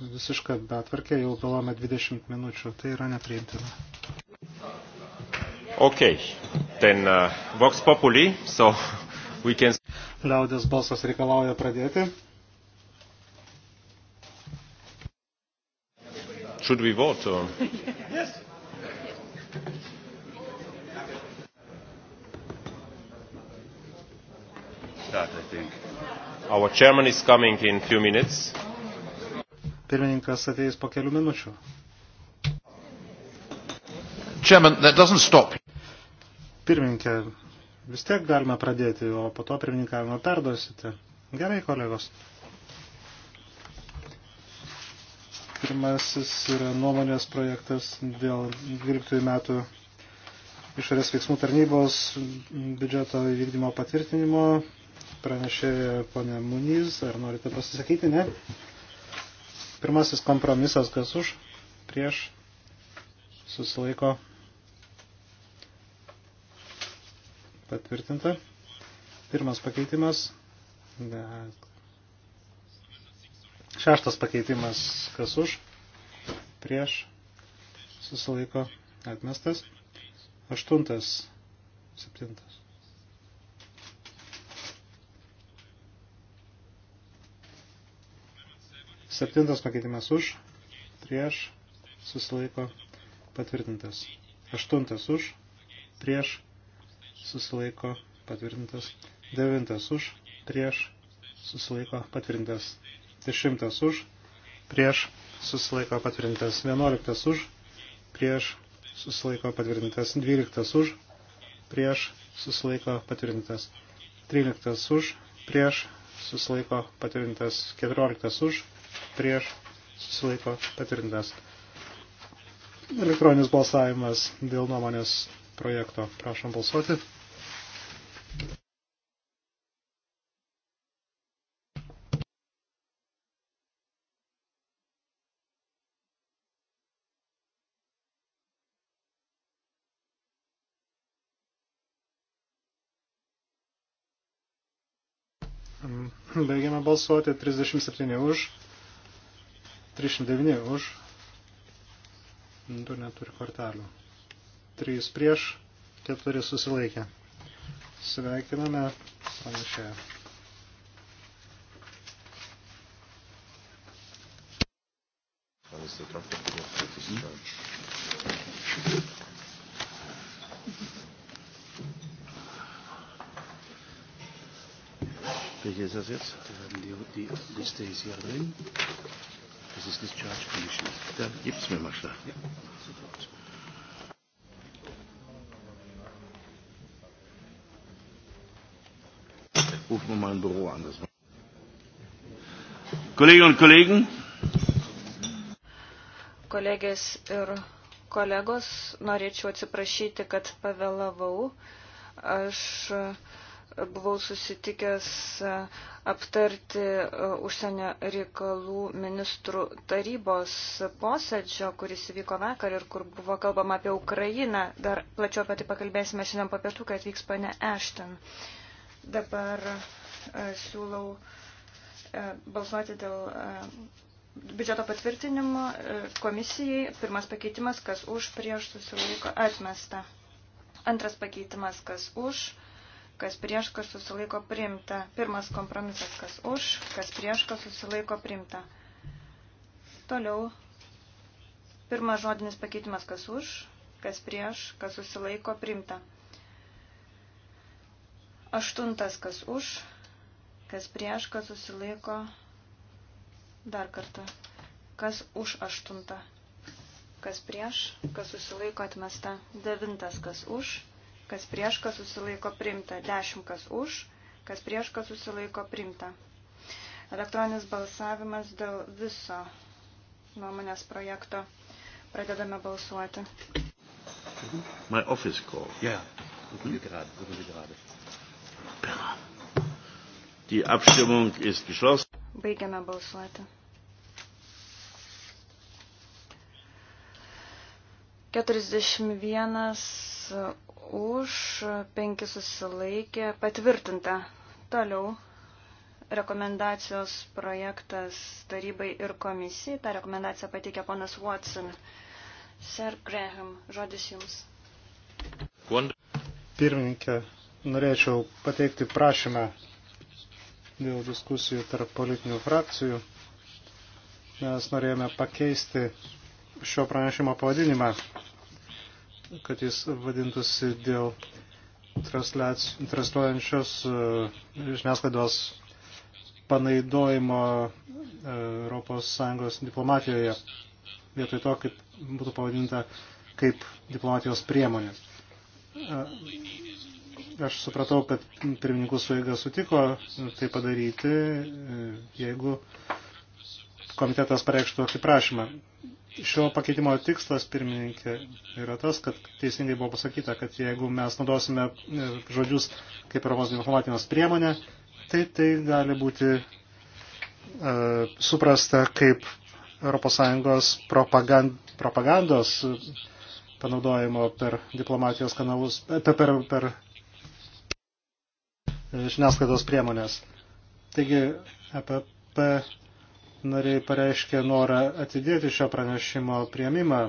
visišką betvarkę, jau vėluojame 20 minučių, tai yra nepriimtina. Ok, ten uh, Vox Populi, so we can... Liaudės balsas reikalauja pradėti. Should we vote? Or? yes. That I think. Our chairman is coming in few minutes. Pirmininkas ateis po kelių minučių. Chairman, that doesn't stop. Pirmininkė, vis tiek galime pradėti, o po to pirmininkavimą perduosite. Gerai, kolegos. Pirmasis yra nuomonės projektas dėl 12 metų išorės veiksmų tarnybos biudžeto įvykdymo patvirtinimo. Pranešė ponė Muniz, ar norite pasisakyti, ne? Pirmasis kompromisas, kas už, prieš, susilaiko, patvirtinta. Pirmas pakeitimas, ne. šeštas pakeitimas, kas už, prieš, susilaiko, atmestas. Aštuntas, septinta. Septintas pakeitimas už, prieš, susilaiko, patvirtintas. Aštuntas už, prieš, susilaiko, patvirtintas. Devintas už, prieš, susilaiko, patvirtintas. Dešimtas už, prieš, susilaiko, patvirtintas. Vienuoliktas už, prieš, susilaiko, patvirtintas. Dvyliktas už, prieš, susilaiko, patvirtintas. Tryliktas už, prieš, susilaiko, patvirtintas. Keturioliktas už, prieš, prieš susilaiko patvirtintas. Elektroninis balsavimas dėl nuomonės projekto. Prašom balsuoti. Baigiame balsuoti 37 už, 309 už. Du neturi kortelių. 3 prieš, 4 susilaikė. Sveikiname panašiai. is the traffic law for this church. Welche ist das jetzt? Die, die Liste ist hier drin. This is discharge conditions. Da gibt's mir mal Schlag. Ja. Super. rufen wir mal ein Büro an. Das Kolleginnen und Kollegen. Kolegės ir kolegos, norėčiau atsiprašyti, kad pavėlavau. Aš uh, buvau susitikęs e, aptarti e, užsienio reikalų ministrų tarybos posėdžio, kuris įvyko vakar ir kur buvo kalbama apie Ukrainą. Dar plačiau apie tai pakalbėsime šiandien po pietų, kai atvyks pane Ešten. Dabar e, siūlau balsuoti dėl biudžeto patvirtinimo komisijai. Pirmas pakeitimas, kas už, prieš susilaiko atmesta. Antras pakeitimas, kas už kas prieš, kas susilaiko priimta. Pirmas kompromisas, kas už, kas prieš, kas susilaiko priimta. Toliau, pirmas žodinis pakeitimas, kas už, kas prieš, kas susilaiko priimta. Aštuntas, kas už, kas prieš, kas susilaiko dar kartą. Kas už aštuntą, kas prieš, kas susilaiko atmesta. Devintas, kas už kas prieš, kas susilaiko primta, 10 kas už, kas prieš, kas susilaiko primta. Elektroninis balsavimas dėl viso nuomonės projekto. Pradedame balsuoti. My office call. Ja, yeah. gerade, gerade. Die Abstimmung ist geschlossen. Baigiame balsuoti. 41 už, 5 susilaikė, patvirtinta. Toliau rekomendacijos projektas tarybai ir komisijai. Ta rekomendacija pateikė ponas Watson. Sir Graham, žodis jums. Pirmininkė, norėčiau pateikti prašymą dėl diskusijų tarp politinių frakcijų. Mes norėjome pakeisti šio pranešimo pavadinimą, kad jis vadintųsi dėl transliuojančios e, žiniasklaidos panaidojimo ES diplomatijoje, vietoj to, kaip būtų pavadinta kaip diplomatijos priemonė. E, aš supratau, kad pirmininkų suėga sutiko tai padaryti, e, jeigu komitetas pareikštų tokį prašymą šio pakeitimo tikslas, pirmininkė, yra tas, kad teisingai buvo pasakyta, kad jeigu mes naudosime e, žodžius kaip paramos diplomatijos priemonė, tai tai gali būti e, suprasta kaip ES propagand, propagandos panaudojimo per diplomatijos kanalus, e, per, per, per e, žiniasklaidos priemonės. Taigi, EPP nariai pareiškė norą atidėti šio pranešimo prieimimą.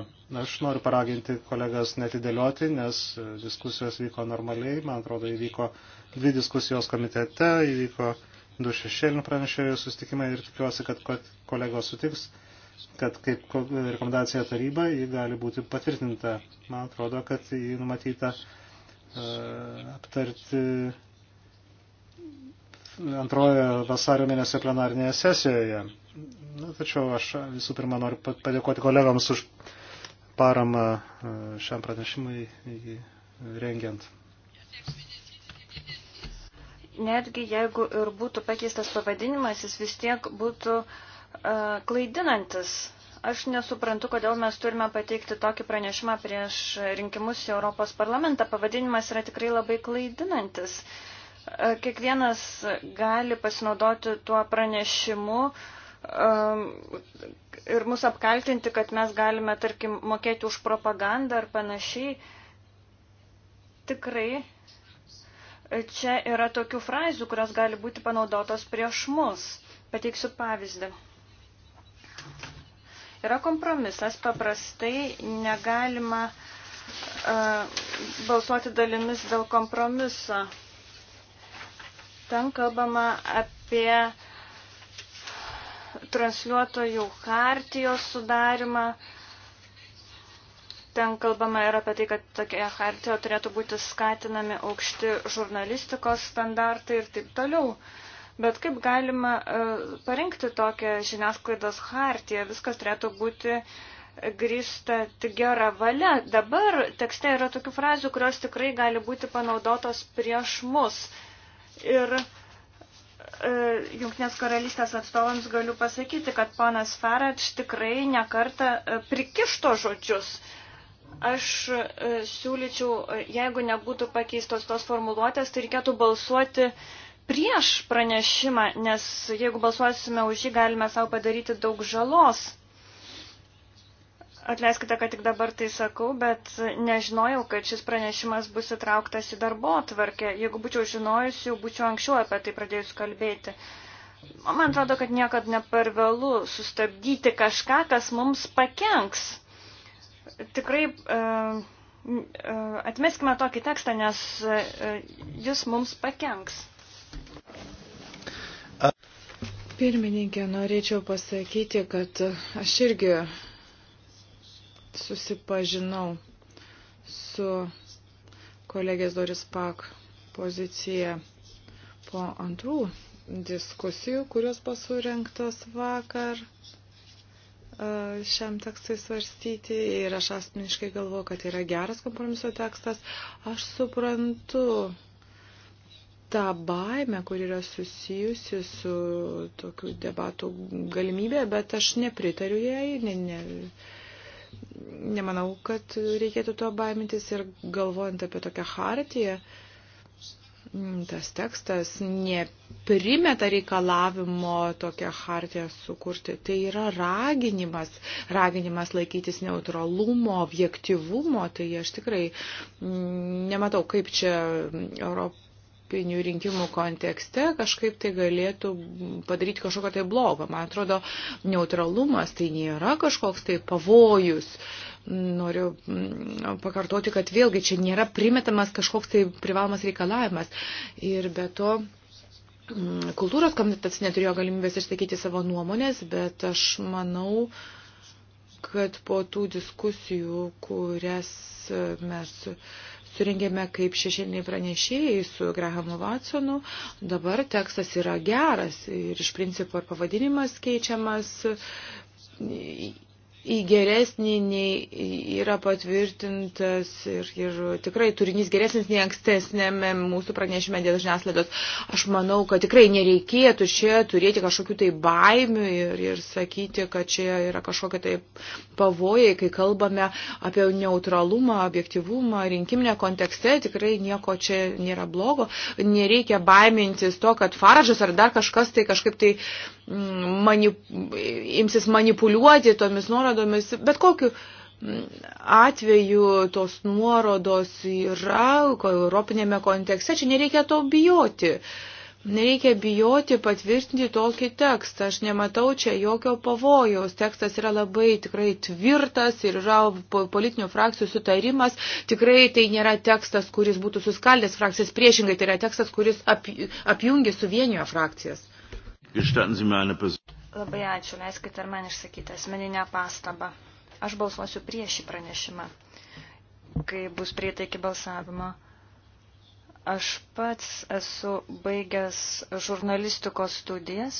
Aš noriu paraginti kolegas netidėlioti, nes diskusijos vyko normaliai. Man atrodo, įvyko dvi diskusijos komitete, įvyko du šešėlinių pranešėjų sustikimai ir tikiuosi, kad kolegos sutiks, kad kaip rekomendacija taryba, ji gali būti patvirtinta. Man atrodo, kad jį numatyta e, aptarti antrojo vasario mėnesio plenarnėje sesijoje. Na, tačiau aš visų pirma noriu padėkoti kolegams už paramą e, šiam pranešimui rengiant. Netgi jeigu ir būtų pakeistas pavadinimas, jis vis tiek būtų uh, klaidinantis. Aš nesuprantu, kodėl mes turime pateikti tokį pranešimą prieš rinkimus į Europos parlamentą. Pavadinimas yra tikrai labai klaidinantis. E, kiekvienas gali pasinaudoti tuo pranešimu uh, ir mus apkaltinti, kad mes galime, tarkim, mokėti už propagandą ar panašiai. Tikrai čia yra tokių frazių, kurios gali būti panaudotos prieš mus. Pateiksiu pavyzdį. Yra kompromisas, paprastai negalima uh, balsuoti dalimis dėl kompromiso. Ten kalbama apie uh, transliuotojų hartijos sudarimą. Ten kalbama ir apie tai, kad tokia hartija turėtų būti skatinami aukšti žurnalistikos standartai ir taip toliau. Bet kaip galima e, parinkti tokią žiniasklaidos hartiją? Viskas turėtų būti grįsta tik gera valia. Dabar tekste yra tokių frazių, kurios tikrai gali būti panaudotos prieš mus. Ir E, Junknės karalystės atstovams galiu pasakyti, kad ponas Farage tikrai nekarta e, prikišto žodžius. Aš e, siūlyčiau, jeigu nebūtų pakeistos tos formuluotės, tai reikėtų balsuoti prieš pranešimą, nes jeigu balsuosime už jį, galime savo padaryti daug žalos. Atleiskite, kad tik dabar tai sakau, bet nežinojau, kad šis pranešimas bus įtrauktas į darbo atvarkę. Jeigu būčiau žinojus, jau būčiau anksčiau apie tai pradėjus kalbėti. Man atrodo, kad niekad ne per vėlų sustabdyti kažką, kas mums pakenks. Tikrai e, e, atmeskime tokį tekstą, nes e, jis mums pakenks. Pirmininkė, norėčiau pasakyti, kad aš irgi susipažinau su kolegės Doris Pak pozicija po antrų diskusijų, kurios buvo surinktos vakar šiam tekstui svarstyti ir aš asmeniškai galvoju, kad yra geras kompromiso tekstas. Aš suprantu tą baimę, kur yra susijusi su tokiu debatu galimybė, bet aš nepritariu jai, ne, ne, nemanau, kad reikėtų to baimintis ir galvojant apie tokią hartiją, mm, tas tekstas neprimeta reikalavimo tokią hartiją sukurti. Tai yra raginimas, raginimas laikytis neutralumo, objektivumo. Tai aš tikrai mm, nematau, kaip čia Europos europinių rinkimų kontekste kažkaip tai galėtų padaryti kažkokią tai blogą. Man atrodo, neutralumas tai nėra kažkoks tai pavojus. Noriu mm, pakartoti, kad vėlgi čia nėra primetamas kažkoks tai privalomas reikalavimas. Ir be to mm, kultūros komitetas neturėjo galimybės išsakyti savo nuomonės, bet aš manau, kad po tų diskusijų, kurias mes surengėme kaip šešėliniai pranešėjai su Grahamu Watsonu. Dabar tekstas yra geras ir iš principo ir pavadinimas keičiamas į geresnį nei yra patvirtintas ir, ir tikrai turinys geresnis nei ankstesnėme mūsų pranešime dėl žiniasklaidos. Aš manau, kad tikrai nereikėtų čia turėti kažkokių tai baimių ir, ir sakyti, kad čia yra kažkokie tai pavojai, kai kalbame apie neutralumą, objektivumą rinkiminę kontekste, tikrai nieko čia nėra blogo. Nereikia baimintis to, kad faržas ar dar kažkas tai kažkaip tai mm, manip, imsis manipuliuoti tomis nuorodomis nuorodomis, bet kokiu mm, atveju tos nuorodos yra europinėme kontekste, čia nereikia to bijoti. Nereikia bijoti patvirtinti tokį tekstą. Aš nematau čia jokio pavojaus. Tekstas yra labai tikrai tvirtas ir yra politinių frakcijų sutarimas. Tikrai tai nėra tekstas, kuris būtų suskaldęs frakcijas. Priešingai, tai yra tekstas, kuris ap, apjungia suvienijo frakcijas. Labai ačiū, leiskite ir man išsakyti asmeninę pastabą. Aš balsuosiu prieš šį pranešimą, kai bus prieita iki balsavimo. Aš pats esu baigęs žurnalistikos studijas,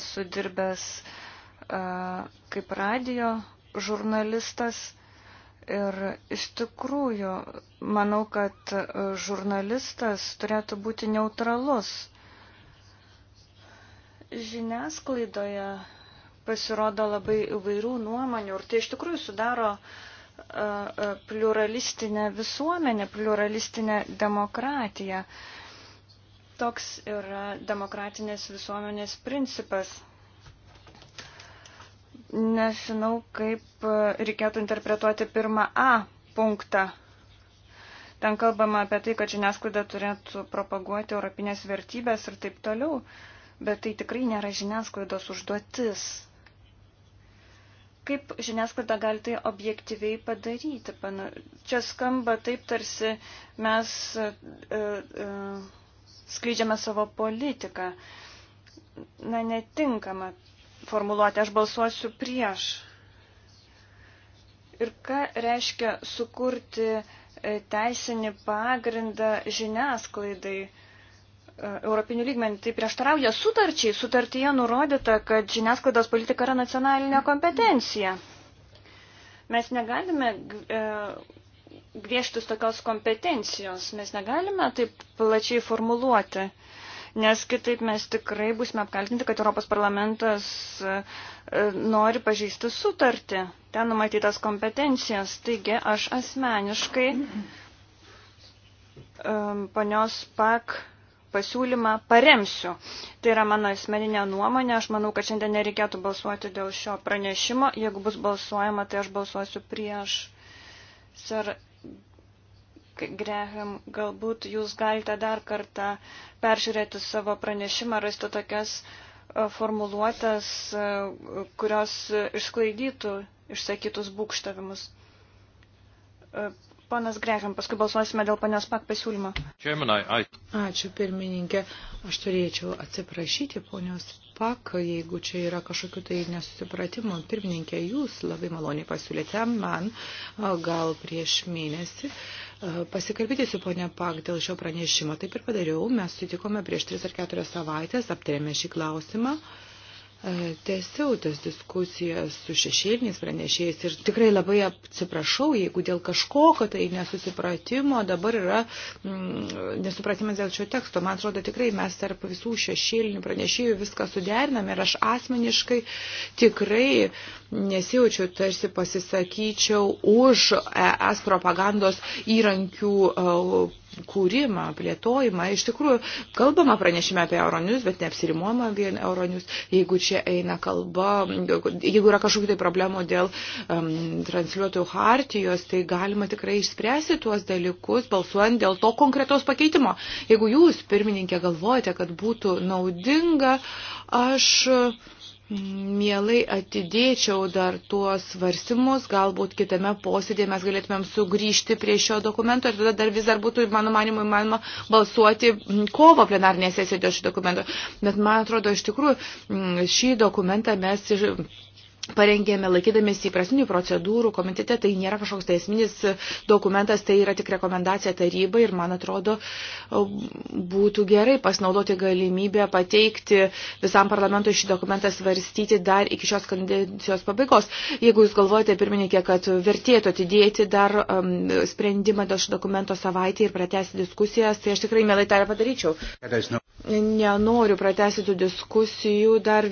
esu dirbęs uh, kaip radio žurnalistas ir iš tikrųjų manau, kad žurnalistas turėtų būti neutralus Žiniasklaidoje pasirodo labai įvairių nuomonių ir tai iš tikrųjų sudaro pluralistinę visuomenę, pluralistinę demokratiją. Toks yra demokratinės visuomenės principas nežinau, kaip reikėtų interpretuoti pirmą A punktą. Ten kalbama apie tai, kad žiniasklaida turėtų propaguoti europinės vertybės ir taip toliau. Uh, bet tai tikrai nėra žiniasklaidos užduotis. Kaip žiniasklaida gali tai objektyviai padaryti? Čia skamba taip, tarsi mes e, e, skleidžiame savo politiką. Na, netinkama formuluoti, aš balsuosiu prieš. Ir ką reiškia sukurti e, teisinį pagrindą žiniasklaidai? E, europinių lygmenį tai prieštarauja sutarčiai. Sutartyje nurodyta, kad žiniasklaidos politika yra nacionalinė kompetencija. Mes negalime e, griežtis tokios kompetencijos, mes negalime taip plačiai formuluoti, nes kitaip mes tikrai būsime apkaltinti, kad Europos parlamentas e, nori pažeisti sutartį. Ten numatytas kompetencijas. Taigi aš asmeniškai panios pak pasiūlymą paremsiu. Tai yra mano asmeninė nuomonė. Aš manau, kad šiandien nereikėtų balsuoti dėl šio pranešimo. Jeigu bus balsuojama, tai aš balsuosiu prieš. Sir Graham, galbūt jūs galite dar kartą peržiūrėti savo pranešimą, rasti tokias e, formuluotės, e, kurios išsklaidytų išsakytus būkštavimus. E, Ponas Greham, paskui balsuosime dėl panios pak pasiūlymo. Ačiū pirmininkė. Aš turėčiau atsiprašyti ponios pak, jeigu čia yra kažkokiu tai nesusipratimu. Pirmininkė, jūs labai maloniai pasiūlėte man gal prieš mėnesį pasikalbėti su ponia Pak dėl šio pranešimo. Taip ir padariau. Mes sutikome prieš tris ar keturias savaitės, aptarėme šį klausimą. Uh, E, tęsiau tas diskusijas su šešėliniais pranešėjais ir tikrai labai atsiprašau, jeigu dėl kažkokio tai nesusipratimo dabar yra mm, nesupratimas dėl šio teksto. Man atrodo, tikrai mes tarp visų šešėlinių pranešėjų viską suderinam ir aš asmeniškai tikrai nesijaučiu, tarsi pasisakyčiau už ES propagandos įrankių e, kūrimą, plėtojimą. Iš tikrųjų, kalbama pranešime apie euronius, bet neapsirimuoma vien euronius, jeigu čia eina kalba, jeigu yra kažkokių tai problemų dėl um, transliuotojų hartijos, tai galima tikrai išspręsti tuos dalykus, balsuojant dėl to konkretaus pakeitimo. Jeigu jūs, pirmininkė, galvojate, kad būtų naudinga, aš. Uh, Mielai atidėčiau dar tuos svarsimus, galbūt kitame posėdėje mes galėtumėm sugrįžti prie šio dokumento ir tada dar vis dar būtų, mano manimu, įmanoma balsuoti kovo plenarnėje sesijoje dėl šio dokumento. Bet man atrodo, iš tikrųjų, šį dokumentą mes parengėme laikydamės įprasminių procedūrų komitete, tai nėra kažkoks tai esminis dokumentas, tai yra tik rekomendacija tarybai ir man atrodo būtų gerai pasinaudoti galimybę pateikti visam parlamentui šį dokumentą svarstyti dar iki šios kandencijos pabaigos. Jeigu jūs galvojate, pirmininkė, kad vertėtų atidėti dar um, sprendimą dėl šio dokumento savaitį ir pratesti diskusijas, tai aš tikrai mielai tą ir padaryčiau. Nenoriu pratesti tų diskusijų, dar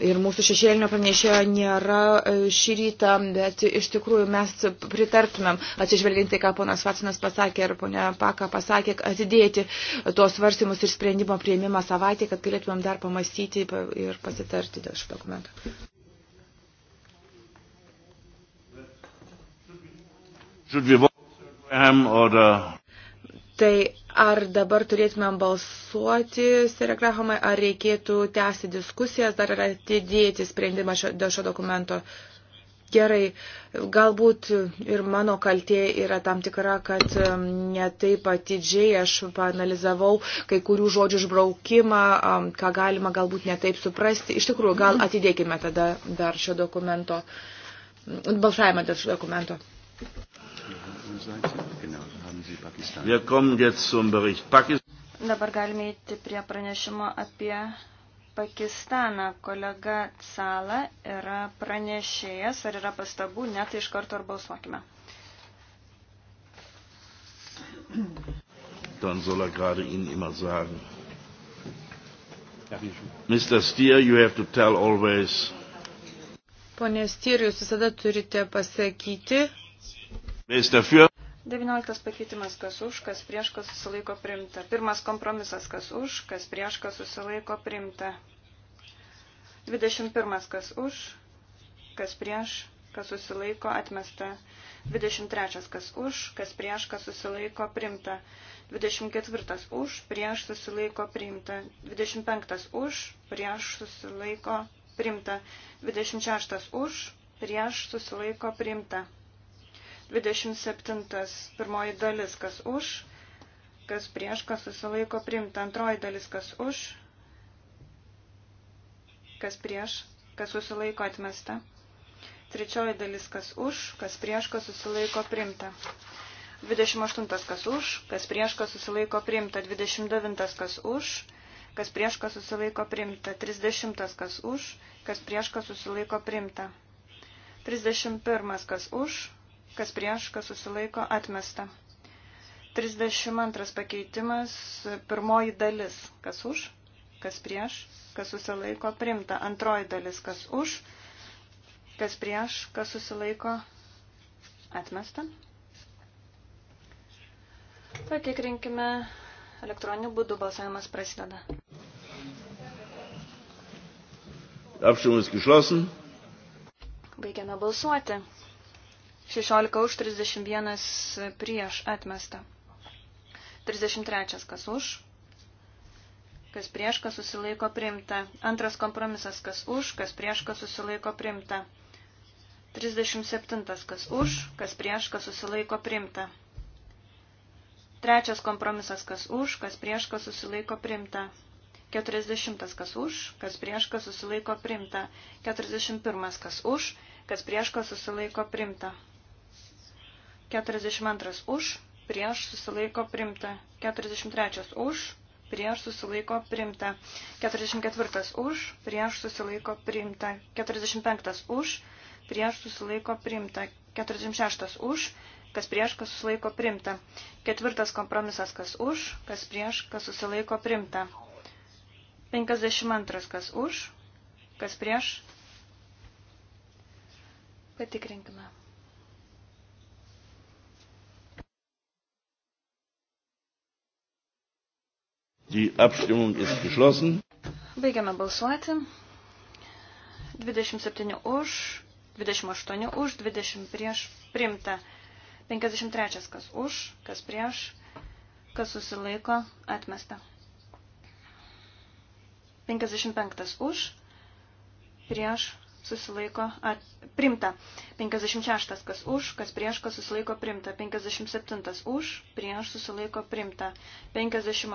ir mūsų šešėlinio pranešėjo nėra e, šį rytą, bet iš tikrųjų mes pritartumėm, atsižvelgiant tai, ką ponas Vatsinas pasakė ir ponia Paka pasakė, atidėti tuos svarstymus ir sprendimo prieimimą savaitę, kad galėtumėm dar pamastyti ir pasitarti dėl šio dokumento. Should we vote Graham or the... Tai Ar dabar turėtumėm balsuoti, Sere Grahamai, ar reikėtų tęsti diskusijas, dar ir atidėti sprendimą šio, dėl šio dokumento? Gerai, galbūt ir mano kaltė yra tam tikra, kad um, netaip atidžiai aš panalizavau kai kurių žodžių išbraukimą, um, ką galima galbūt netaip suprasti. Iš tikrųjų, gal atidėkime tada dar šio dokumento, balsavimą dėl šio dokumento. Exactly. Wir kommen jetzt zum Bericht Pakistan. Dabar galime įti prie pranešimo apie Pakistaną. Kolega Cala yra pranešėjas. Ar yra pastabų? Ne, tai iš karto ar balsuokime. Dann soll er gerade Ihnen immer sagen. Mr. Steer, you have to tell always. Pone Steer, jūs visada turite pasakyti. Wer ist dafür? 19 pakeitimas kas už, kas prieš, kas susilaiko primta. Pirmas kompromisas kas už, kas prieš, kas susilaiko primta. 21 kas už, kas prieš, kas susilaiko atmesta. 23 kas už, kas prieš, kas susilaiko primta. 24 už, prieš susilaiko primta. 25 už, prieš susilaiko primta. 26 už, prieš susilaiko primta. 27. Pirmoji dalis, kas už, kas prieš, kas susilaiko priimta. Antroji dalis, kas už, kas prieš, kas susilaiko atmesta. Trečioji dalis, kas už, kas prieš, kas susilaiko priimta. 28. kas už, kas prieš, kas susilaiko priimta. 29. kas už, kas prieš, kas susilaiko priimta. 30. kas už, kas prieš, kas susilaiko priimta. 31. kas už, kas prieš, kas susilaiko, atmesta. 32 pakeitimas, pirmoji dalis, kas už, kas prieš, kas susilaiko, primta. Antroji dalis, kas už, kas prieš, kas susilaiko, atmesta. Patikrinkime elektroniniu būdu balsavimas prasideda. Abstimmung ist geschlossen. Baigiame balsuoti. 16 už 31 prieš atmesta. 33 kas už, kas prieš, kas susilaiko primta. Antras kompromisas kas už, kas prieš, kas susilaiko primta. 37 kas už, kas prieš, kas susilaiko primta. Trečias kompromisas kas už, kas prieš, kas susilaiko primta. 40 kas už, kas prieš, kas susilaiko primta. 41 kas už, kas prieš, kas susilaiko primta. 42 už, prieš susilaiko primta. 43 už, prieš susilaiko primta. 44 už, prieš susilaiko primta. 45 už, prieš susilaiko primta. 46 už, kas prieš, kas susilaiko primta. Ketvirtas kompromisas, kas už, kas prieš, kas susilaiko primta. 52 kas už, kas prieš. Patikrinkime. Die Abstimmung ist geschlossen. Baigiame balsuoti. 27 už, 28 už, 20 prieš primta. 53 kas už, kas prieš, kas susilaiko, atmesta. 55 už, prieš, susilaiko at, primta. 56. Kas už, kas prieš, kas susilaiko primta. 57. Už, prieš susilaiko primta. 58.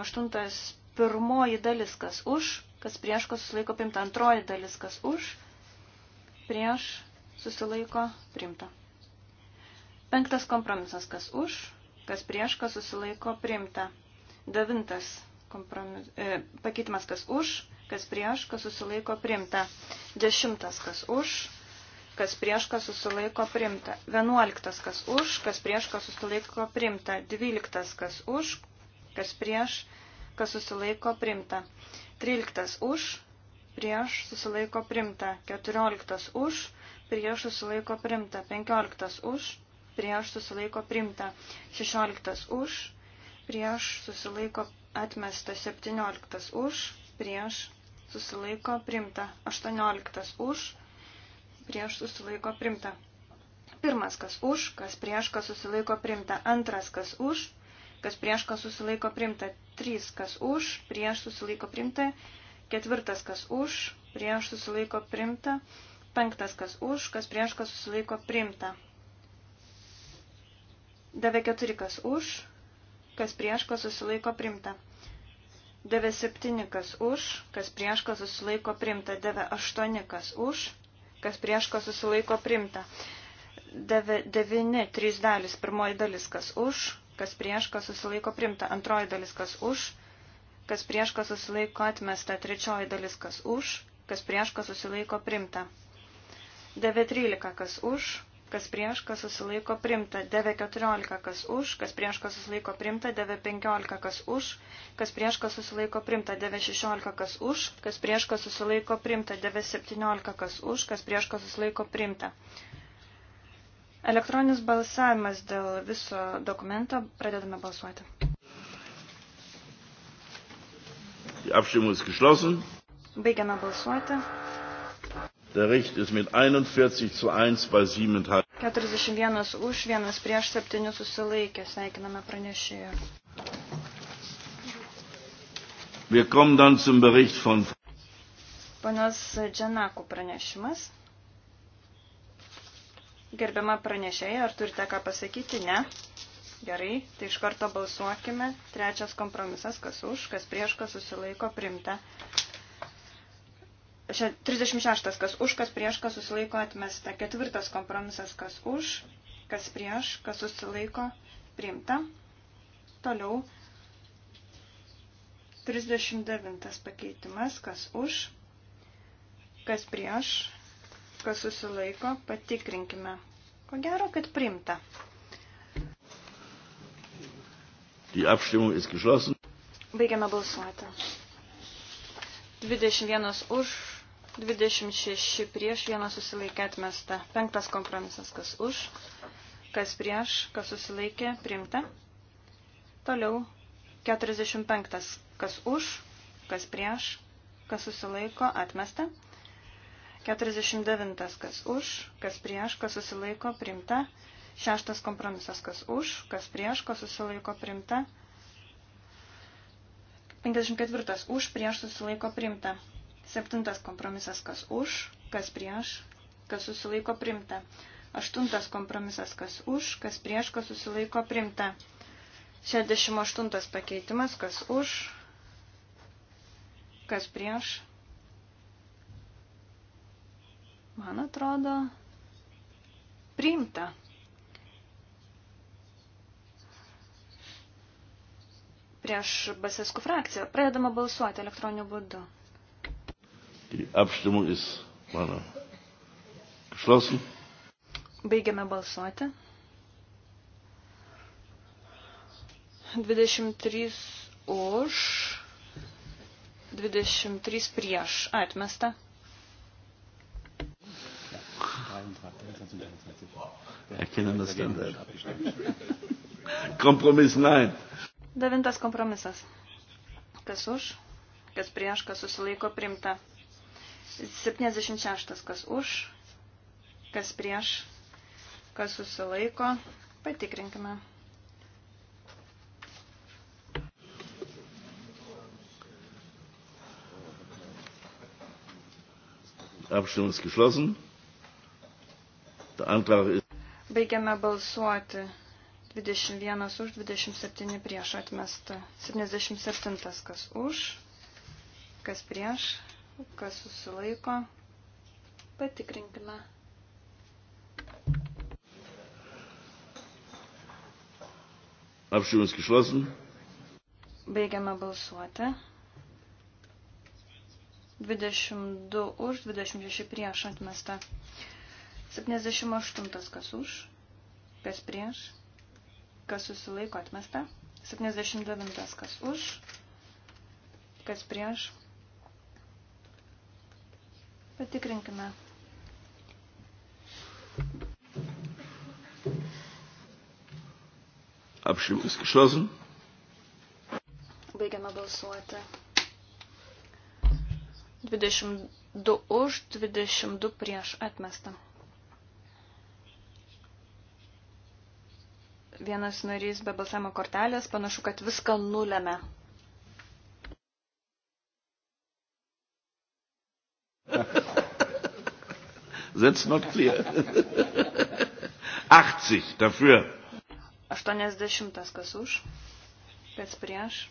Pirmoji dalis, kas už, kas prieš, kas susilaiko primta. Antroji dalis, kas už, prieš susilaiko primta. Penktas kompromisas, kas už, kas prieš, kas susilaiko primta. Devintas Kompromis, e, pakeitimas kas už, kas prieš, kas susilaiko primta. Dešimtas kas už, kas prieš, kas susilaiko primta. Vienuoliktas kas už, kas prieš, kas susilaiko primta. Dvyliktas kas už, kas prieš, kas susilaiko primta. Tryliktas už, prieš susilaiko primta. Keturioliktas už, prieš susilaiko primta. Penkioliktas už, prieš susilaiko primta. Šešioliktas už, prieš susilaiko primta atmesta 17 už, prieš susilaiko primta 18 už, prieš susilaiko primta. Pirmas, kas už, kas prieš, kas susilaiko primta. Antras, kas už, kas prieš, kas susilaiko primta. Trys, kas už, prieš susilaiko primta. Ketvirtas, kas už, prieš susilaiko primta. Penktas, kas už, kas prieš, kas susilaiko primta. Davė keturi, kas už, kas prieš, kas susilaiko primta. 97 kas už, kas prieš, kas susilaiko primta. 98 kas už, kas prieš, kas susilaiko primta. 9, 3 dalis, pirmoji dalis kas už, kas prieš, kas susilaiko primta. Antroji dalis kas už, kas prieš, kas susilaiko atmesta. Trečioji dalis kas už, kas prieš, kas susilaiko primta. 9.13 kas už, kas prieš, kas susilaiko primta, 9.14, kas už, kas prieš, kas susilaiko primta, 9.15, kas už, kas prieš, kas susilaiko primta, 9.16, kas už, kas prieš, kas susilaiko primta, 9.17, kas už, kas prieš, kas susilaiko primta. Elektroninis balsavimas dėl viso dokumento. Pradedame balsuoti. Baigiame balsuoti. Der Richt ist mit 41 zu 1 bei 7 enthalten. 41 už, 1 prieš 7 susilaikė. Sveikiname pranešėją. Wir kommen dann zum Bericht von Ponios Džanakų pranešimas. Gerbiama pranešėja, ar turite ką pasakyti? Ne. Gerai, tai iš karto balsuokime. Trečias kompromisas, kas už, kas prieš, kas susilaiko, primta. 36. Kas už, kas prieš, kas susilaiko atmesta. Ketvirtas kompromisas. Kas už, kas prieš, kas susilaiko priimta. Toliau. 39. Pakeitimas. Kas už, kas prieš, kas susilaiko. Patikrinkime. Ko gero, kad priimta. Die Abstimmung ist geschlossen. Baigiame balsuoti. 21 už, 26 prieš, vienas susilaikė atmesta. Penktas kompromisas, kas už, kas prieš, kas susilaikė, priimta. Toliau 45, kas už, kas prieš, kas susilaiko, atmesta. 49, kas už, kas prieš, kas susilaiko, priimta. Šeštas kompromisas, kas už, kas prieš, kas susilaiko, priimta. 54, už, prieš, susilaiko, priimta. Septintas kompromisas kas už, kas prieš, kas susilaiko primta. Aštuntas kompromisas kas už, kas prieš, kas susilaiko primta. 68 pakeitimas kas už, kas prieš. Man atrodo, priimta. Prieš Basesku frakciją pradedama balsuoti elektroniniu būdu. Die Abstimmung ist meine, geschlossen. Baigiame balsuoti. 23 už, 23 prieš. Atmesta. I can understand that. Kompromis 9. Devintas kompromisas. Kas už, kas prieš, kas susilaiko primta. 76. Kas už, kas prieš, kas susilaiko. Patikrinkime. Abstimmung ist geschlossen. Der Antrag ist. Baigiame balsuoti. 21 už, 27 prieš atmesta. 77 kas už, kas prieš, kas susilaiko. Patikrinkime. Apšymas kišlasim. Baigiame balsuoti. 22 už, 26 prieš atmesta. 78 kas už, kas prieš, kas susilaiko atmesta. 79 kas už, kas prieš, Patikrinkime. Abstimmung ist geschlossen. Baigiame balsuoti. 22 už, 22 prieš atmestą. Vienas narys be balsavimo kortelės, panašu, kad viską nulėmė. That's not clear. 80 dafür. 80 kas už, kas prieš,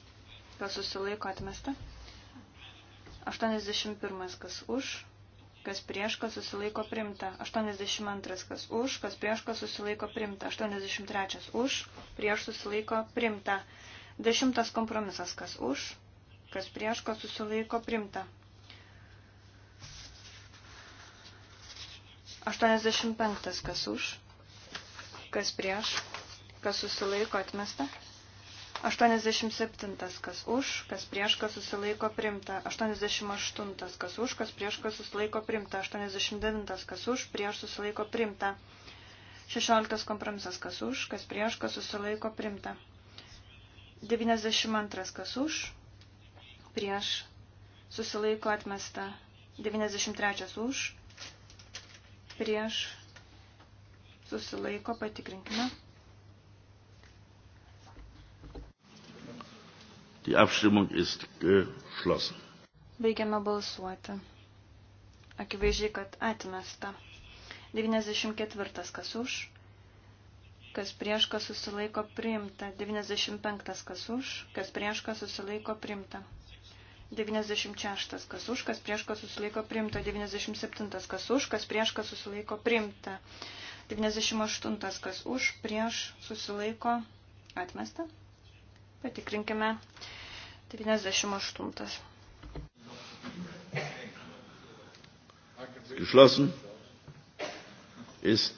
kas susilaiko atmesta. 81 kas už, kas prieš, kas susilaiko primta. 82 kas už, kas prieš, kas susilaiko primta. 83 už, prieš susilaiko primta. 10 kompromisas kas už, kas prieš, kas susilaiko primta. 85. Kas už? Kas prieš? Kas susilaiko atmesta? 87. Kas už? Kas prieš? Kas susilaiko primta? 88. Kas už? Kas prieš? Kas susilaiko primta? 89. Kas už? Prieš susilaiko primta? 16. Kompromisas. Kas už? Kas prieš? Kas susilaiko primta? 92. Kas už? Prieš susilaiko atmesta? 93. Už? prieš susilaiko patikrinkime. Die Abstimmung ist geschlossen. Baigiame balsuoti. Akivaizdžiai, kad atmesta. 94 kas už, kas prieš, kas susilaiko priimta. 95 kas už, kas prieš, kas susilaiko priimta. 96 kas už, kas prieš, kas susilaiko primta. 97 kas už, kas prieš, kas susilaiko primta. 98 kas už, prieš, susilaiko atmesta. Patikrinkime. 98. Geschlossen. Ist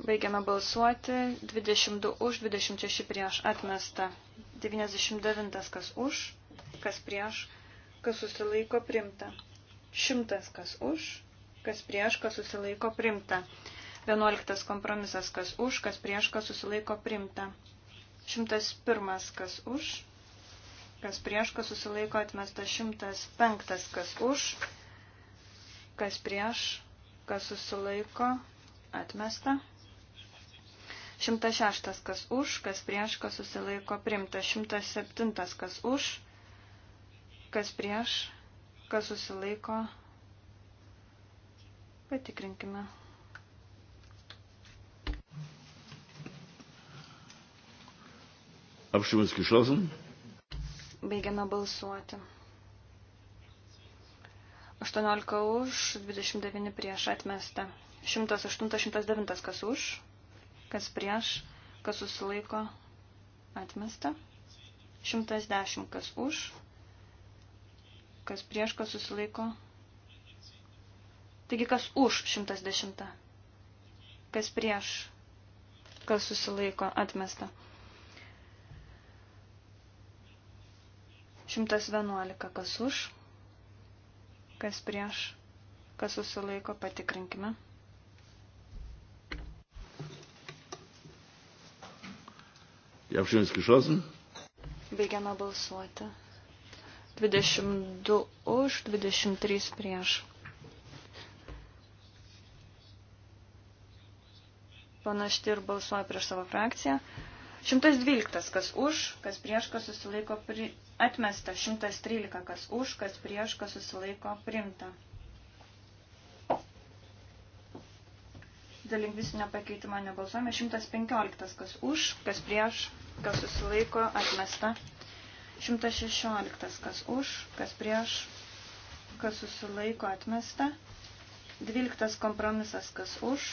Baigiame balsuoti. 22 už, 26 prieš atmesta. 99 kas už, kas prieš kas susilaiko primta. Šimtas kas už, kas prieš, kas susilaiko primta. Vienuoliktas kompromisas kas už, kas prieš, kas susilaiko primta. Šimtas pirmas kas už, kas prieš, kas susilaiko atmesta. Šimtas penktas kas už, kas prieš, kas susilaiko atmesta. 106 kas už, kas prieš, kas susilaiko primta, 107 kas už, Kas prieš, kas susilaiko, patikrinkime. Apšimas geschlossen. Baigiame balsuoti. 18 už, 29 prieš atmesta. 108-109 kas už, kas prieš, kas susilaiko atmesta. 110 kas už, kas prieš, kas susilaiko. Taigi, kas už 110, kas prieš, kas susilaiko, atmesta. 111, kas už, kas prieš, kas susilaiko, patikrinkime. Die Abstimmung ist geschlossen. Baigiame balsuoti. 22 už, 23 prieš. Panašti ir balsuoja prieš savo frakciją. 112, kas už, kas prieš, kas susilaiko pri... atmesta. 113, kas už, kas prieš, kas susilaiko primta. Dėl lingvistinio pakeitimo nebalsuojame. 115, kas už, kas prieš, kas susilaiko atmesta. 116. Kas už, kas prieš, kas susilaiko atmesta. 12. Kompromisas. Kas už,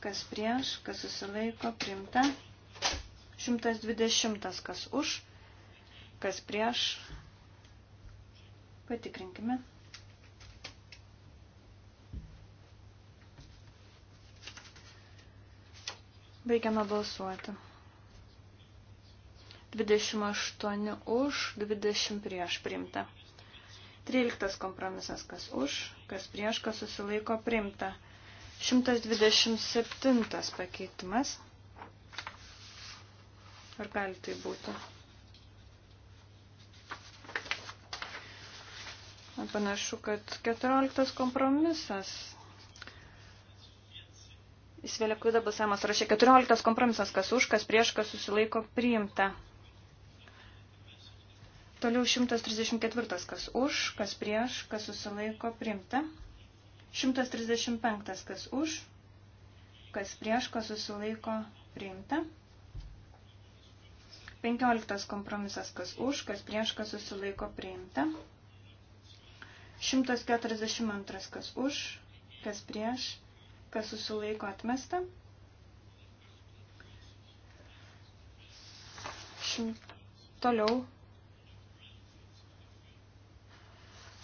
kas prieš, kas susilaiko primta. 120. Kas už, kas prieš. Patikrinkime. Baigiame balsuoti. 28 už, 20 prieš primta. 13 kompromisas, kas už, kas prieš, kas susilaiko primta. 127 pakeitimas. Ar gali tai būti? Panašu, kad 14 kompromisas. Įsivėlė klaida balsavimas rašė 14 kompromisas, kas už, kas prieš, kas susilaiko priimta. Toliau 134, kas už, kas prieš, kas susilaiko priimta. 135, kas už, kas prieš, kas susilaiko priimta. 15 kompromisas, kas už, kas prieš, kas susilaiko priimta. 142, kas už, kas prieš, kas susilaiko atmesta. 100. Toliau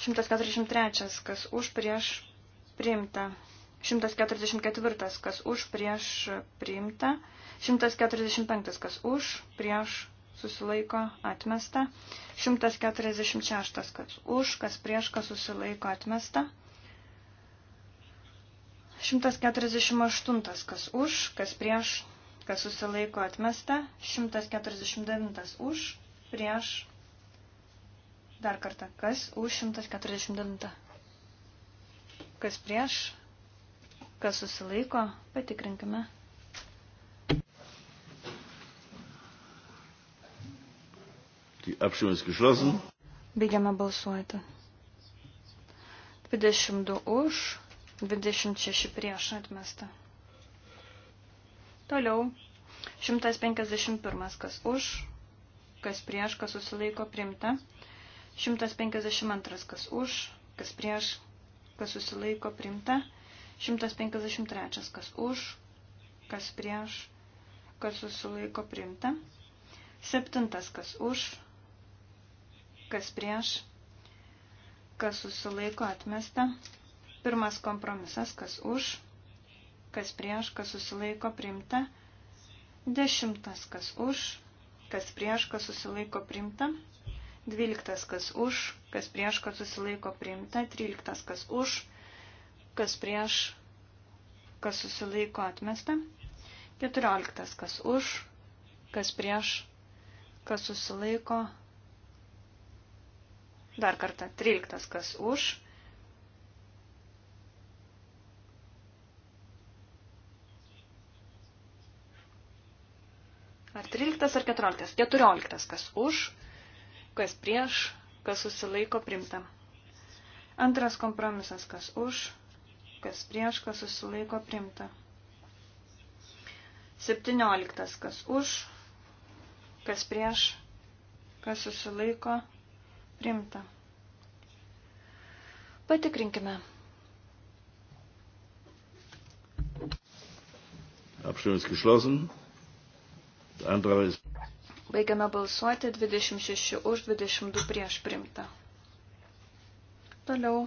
143. Kas už prieš priimta. 144. Kas už prieš priimta. 145. Kas už prieš susilaiko atmesta. 146. Kas už, kas prieš, kas susilaiko atmesta. 148. Kas už, kas prieš, kas susilaiko atmesta. 149. Už, prieš, Dar kartą, kas už 149? Kas prieš? Kas susilaiko? Patikrinkime. Die Abstimmung ist geschlossen. Baigiame balsuoti. 22 už, 26 prieš atmesta. Toliau. 151 kas už, kas prieš, kas susilaiko primta. 152 kas už, kas prieš, kas susilaiko priimta. 153 kas už, kas prieš, kas susilaiko priimta. 7 kas už, kas prieš, kas susilaiko atmesta. Pirmas kompromisas kas už, kas prieš, kas susilaiko priimta. Dešimtas kas už, kas prieš, kas susilaiko priimta. 12 kas už, kas prieš, kad susilaiko priimta, 13 kas už, kas prieš, kas susilaiko atmesta, 14 kas už, kas prieš, kas susilaiko, dar kartą 13 kas už, Ar 13 ar 14? 14 kas už, kas prieš, kas susilaiko primta. Antras kompromisas, kas už, kas prieš, kas susilaiko primta. 17. Kas už, kas prieš, kas susilaiko primta. Patikrinkime. Abstimmung ist geschlossen. Der Antrag ist Baigiame balsuoti 26 už 22 prieš primtą. Toliau.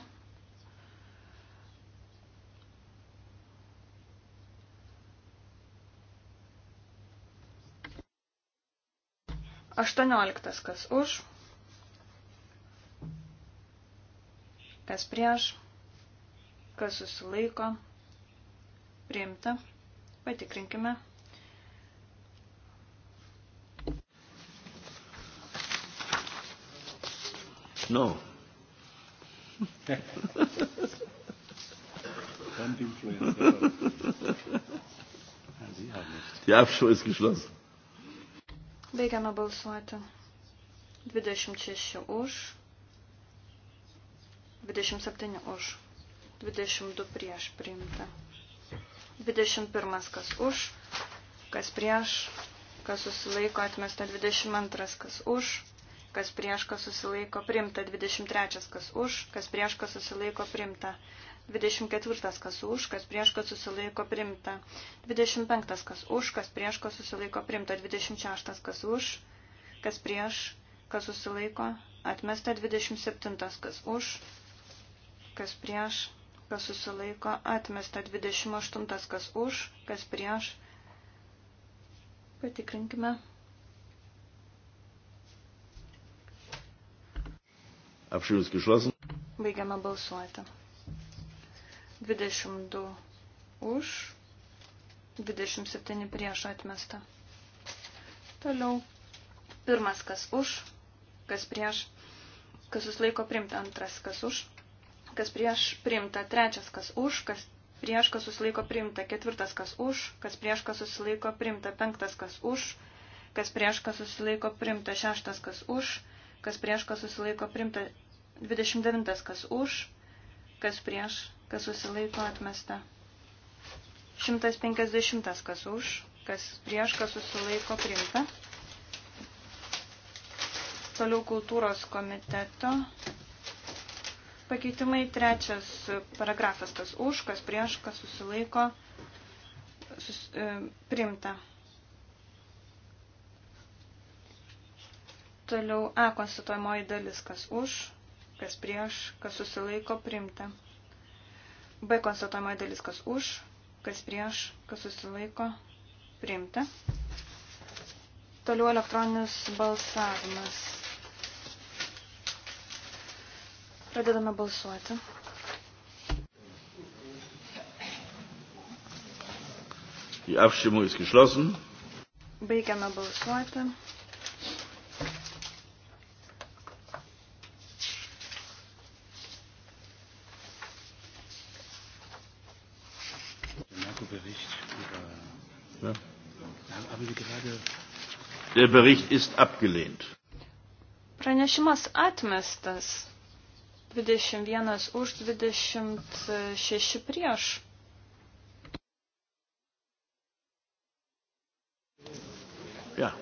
Aštuonioliktas kas už, kas prieš, kas susilaiko, priimta, patikrinkime. No. Die Abstimmung ist geschlossen. Baigiame balsuoti. 26 už, 27 už, 22 prieš priimta. 21 kas už, kas prieš, kas susilaiko atmesta, 22 kas už, kas prieš, kas susilaiko primta, 23 kas už, kas prieš, kas susilaiko primta, 24 kas už, kas prieš, kas susilaiko primta, 25 kas už, kas prieš, kas susilaiko primta, 26 kas už, kas prieš, kas susilaiko, atmesta 27 kas už, kas prieš, kas susilaiko, atmesta 28 kas už, kas prieš, patikrinkime. Apšilius geschlossen. Baigiame balsuoti. 22 už, 27 prieš atmesta. Toliau. Pirmas, kas už, kas prieš, kas susilaiko primta. Antras, kas už, kas prieš primta. Trečias, kas už, kas prieš, kas susilaiko primta. Ketvirtas, kas už, kas prieš, kas susilaiko primta. Penktas, kas už, kas prieš, kas susilaiko primta. Šeštas, kas už, kas prieš, kas susilaiko primta. 29. Kas už, kas prieš, kas susilaiko atmesta. 150. Kas už, kas prieš, kas susilaiko priimta. Toliau kultūros komiteto pakeitimai. Trečias paragrafas, kas už, kas prieš, kas susilaiko sus, e, priimta. Toliau A konstatuojamoji dalis, kas už, kas prieš, kas susilaiko primta. B konstatuojama dalis, kas už, kas prieš, kas susilaiko primta. Toliau elektroninis balsavimas. Pradedame balsuoti. Die Abstimmung ist geschlossen. Baigiame balsuoti. Der Bericht ist abgelehnt. Pranešimas atmestas. 21 už 26 prieš. Ja.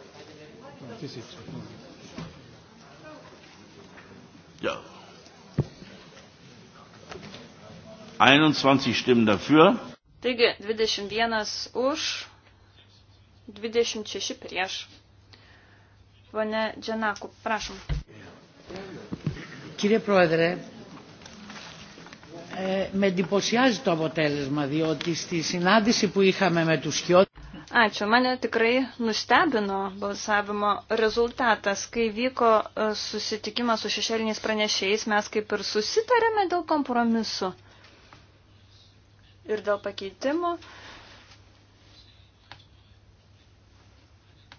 Ja. 21 Stimmen dafür. Taigi 21 už, 26 prieš. Pone Džanaku, prašom. Kyrie Proedrė, με εντυπωσιάζει το αποτέλεσμα, διότι στη συνάντηση που είχαμε με τους Κιώτες... Ačiū, mane tikrai nustebino balsavimo rezultatas. Kai vyko e, susitikimas su šešėliniais pranešėjais, mes kaip ir susitarėme dėl kompromisu ir dėl pakeitimų. Uh,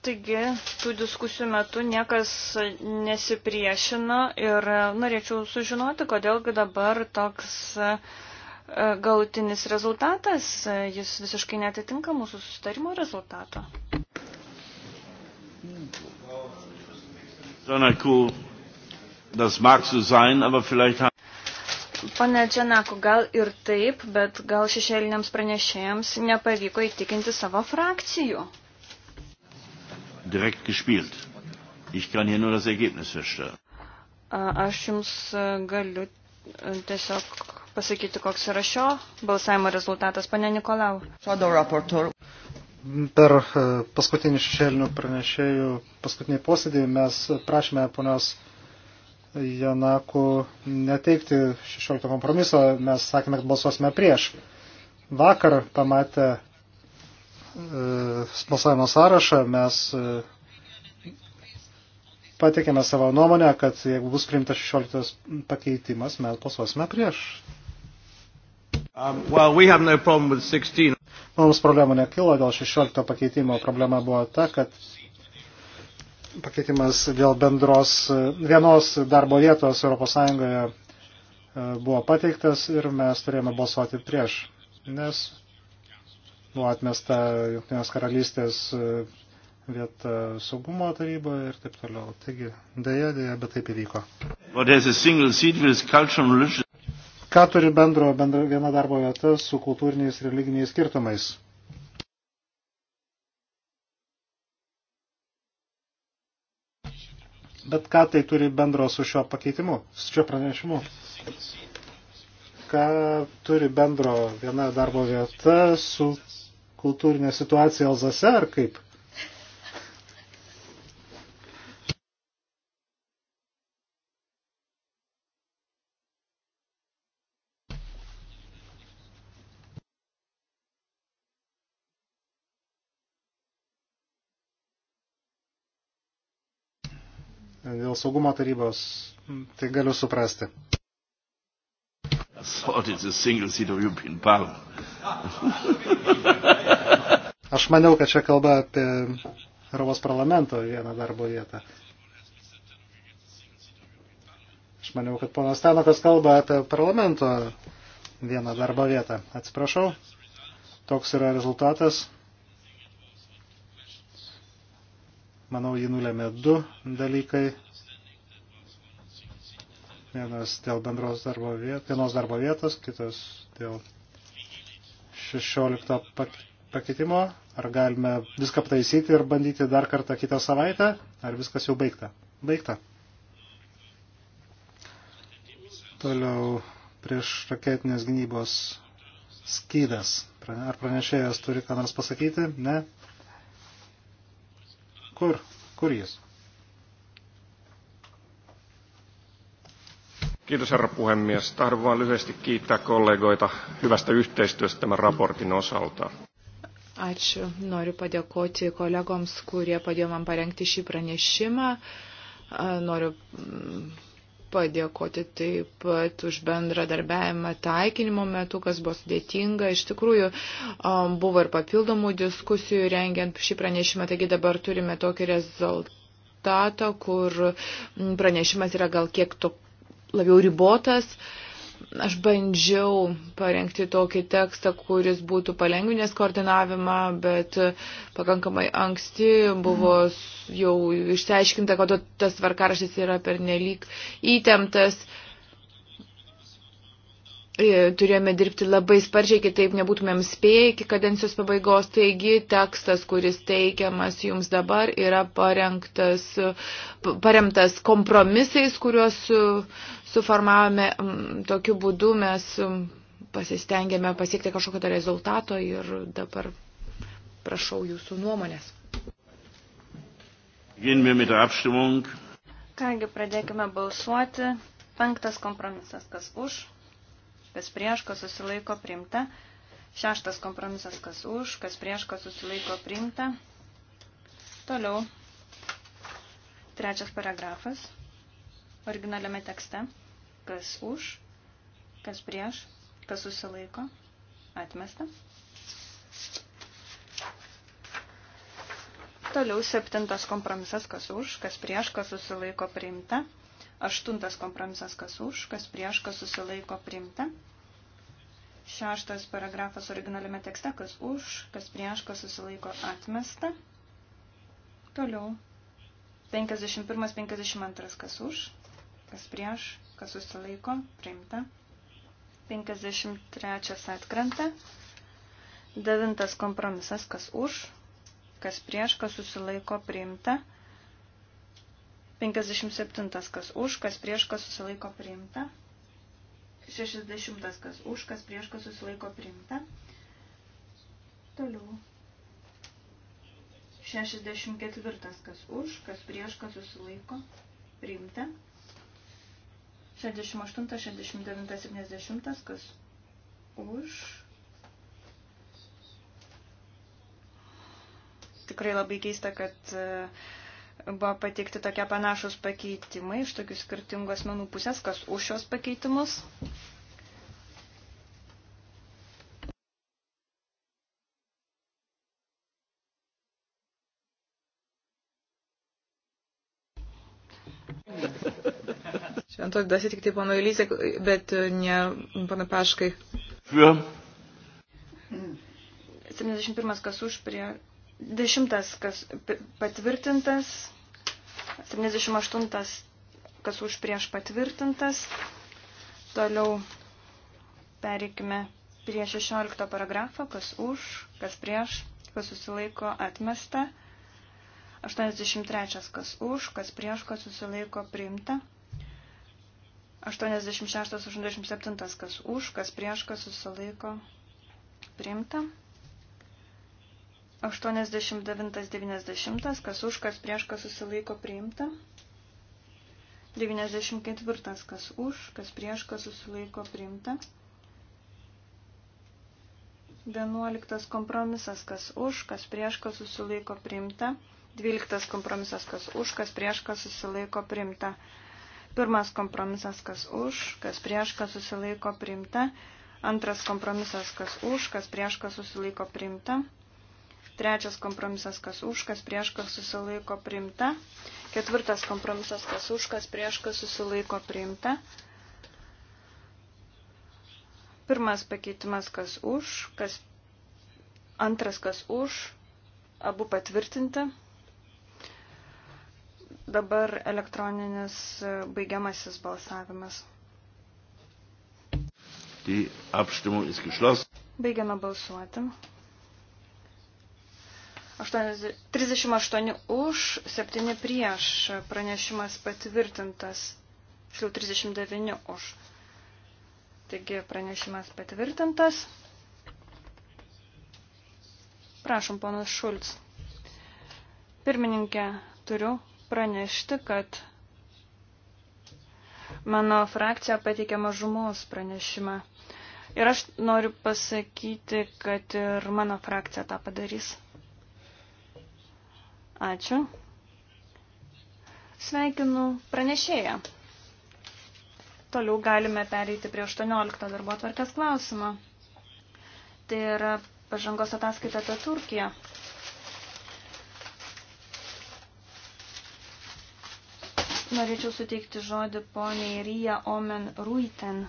Taigi, tų diskusijų metu niekas nesipriešino ir norėčiau sužinoti, kodėlgi dabar toks e, galutinis rezultatas, jis visiškai netitinka mūsų sustarimo rezultato. Pane Čianaku, gal ir taip, bet gal šešėliniams pranešėjams nepavyko įtikinti savo frakcijų direkt gespielt. Ich kann hier nur das Ergebnis feststellen. Aš jums galiu tiesiog pasakyti, koks yra šio balsavimo rezultatas, pane Nikolau. Per paskutinį šešėlinių pranešėjų paskutinį posėdį mes prašėme ponios Janaku neteikti 16 kompromiso, mes sakėme, kad balsuosime prieš. Vakar pamatę E, balsavimo sąrašą, mes e, patikėme savo nuomonę, kad jeigu bus priimtas 16 pakeitimas, mes balsuosime prieš. Um, well, we no Mums problemų nekilo dėl 16 pakeitimo. Problema buvo ta, kad pakeitimas dėl bendros e, vienos darbo vietos ES buvo pateiktas ir mes turėjome balsuoti prieš, nes buvo atmesta Junktinės karalystės e, vieta saugumo taryboje ir taip toliau. Taigi, dėja, dėja, bet taip įvyko. Ką turi bendro, bendro viena darbo vieta su kultūriniais ir religiniais skirtumais? Bet ką tai turi bendro su šiuo pakeitimu, su šiuo pranešimu? Ką turi bendro viena darbo vieta su kultūrinė situacija Alzase ar kaip? dėl saugumo tarybos, tai galiu suprasti thought it's a single seat of European Parliament. Aš maniau, kad čia kalba apie Europos parlamento vieną darbo vietą. Aš maniau, kad ponas Stanokas kalba apie parlamento vieną darbo vietą. Atsiprašau, toks yra rezultatas. Manau, jį nulėmė du dalykai. Vienas dėl bendros darbo vietos, vienos darbo vietos, kitas dėl 16 pakeitimo. Ar galime viską pataisyti ir bandyti dar kartą kitą savaitę? Ar viskas jau baigta? Baigta. Toliau prieš raketinės gynybos skydas. Ar pranešėjas turi ką nors pasakyti? Ne. Kur? Kur jis? Kiitos herra puhemies. Tahdon vain lyhyesti kiittää kollegoita hyvästä yhteistyöstä tämän raportin osalta. Ačiū. Noriu padėkoti kolegoms, kurie padėjo man parengti šį pranešimą. Noriu mm, padėkoti taip pat už bendradarbiavimą taikinimo metu, kas buvo sudėtinga. Iš tikrųjų, buvo ir papildomų diskusijų rengiant šį pranešimą, taigi dabar turime tokį rezultatą, kur mm, pranešimas yra gal kiek to labiau ribotas. Aš bandžiau parengti tokį tekstą, kuris būtų palengvinęs koordinavimą, bet pakankamai anksti buvo jau išsiaiškinta, kad tas varkaraštis yra pernelyg įtemptas. Uh, E, turėjome dirbti labai sparčiai, kitaip nebūtumėm spėję iki kadencijos pabaigos. Taigi tekstas, kuris teikiamas jums dabar, yra parengtas, paremtas kompromisais, kuriuos suformavome. Tokiu būdu mes pasistengėme pasiekti kažkokio tai rezultato ir dabar prašau jūsų nuomonės. Kągi, pradėkime balsuoti. Penktas kompromisas, kas už kas prieš, kas susilaiko priimta. Šeštas kompromisas, kas už, kas prieš, kas susilaiko priimta. Toliau. Trečias paragrafas. Originaliame tekste. Kas už, kas prieš, kas susilaiko. Atmesta. Toliau septintas kompromisas, kas už, kas prieš, kas susilaiko priimta. Aštuntas kompromisas kas už, kas prieš, kas susilaiko priimta. Šeštas paragrafas originaliame tekste, kas už, kas prieš, kas susilaiko atmesta. Toliau. 51-52, kas už, kas prieš, kas susilaiko, priimta. 53 atkrenta. Devintas kompromisas, kas už, kas prieš, kas susilaiko, priimta. 57. Kas už, kas prieš, kas susilaiko priimta. 60. Kas už, kas prieš, kas susilaiko priimta. Toliau. 64. Kas už, kas prieš, kas susilaiko priimta. 68, 69, 70. Kas už. Tikrai labai keista, kad uh, buvo pateikti tokie panašus pakeitimai iš tokių skirtingų asmenų pusės, kas už šios pakeitimus. Šventoji dvasia tik tai pano Elysė, bet e, ne pana Paškai. 71 kas už prie Dešimtas, kas patvirtintas, 78, kas už prieš patvirtintas. Toliau pereikime prie 16 paragrafo, kas už, kas prieš, kas susilaiko atmesta. 83, kas už, kas prieš, kas susilaiko priimta. 86, 87, kas už, kas prieš, kas susilaiko priimta. 89-90, kas už, kas prieš, kas susilaiko priimta. 94, kas už, kas prieš, kas susilaiko priimta. 11 kompromisas, kas už, kas prieš, kas susilaiko priimta. 12 kompromisas, kas už, kas prieš, kas susilaiko priimta. Pirmas kompromisas, kas už, kas prieš, kas susilaiko priimta. Antras kompromisas, kas už, kas prieš, kas susilaiko priimta. Trečias kompromisas, kas už, kas prieš, kas susilaiko priimta. Ketvirtas kompromisas, kas už, kas prieš, kas susilaiko priimta. Pirmas pakeitimas, kas už, kas antras, kas už, abu patvirtinti. Dabar elektroninis e, baigiamasis balsavimas. Die Abstimmung ist geschlossen. Baigiame balsuoti. 38 už, 7 prieš pranešimas patvirtintas, šliau 39 už. Taigi pranešimas patvirtintas. Prašom, ponas Šulc. Pirmininkė, turiu pranešti, kad mano frakcija pateikė mažumos pranešimą. Ir aš noriu pasakyti, kad ir mano frakcija tą padarys. Ačiū. Sveikinu pranešėją. Toliau galime pereiti prie 18 darbo atvarkės klausimą. Tai yra pažangos ataskaita apie Turkiją. Norėčiau suteikti žodį poniai Rija Omen Ruiten.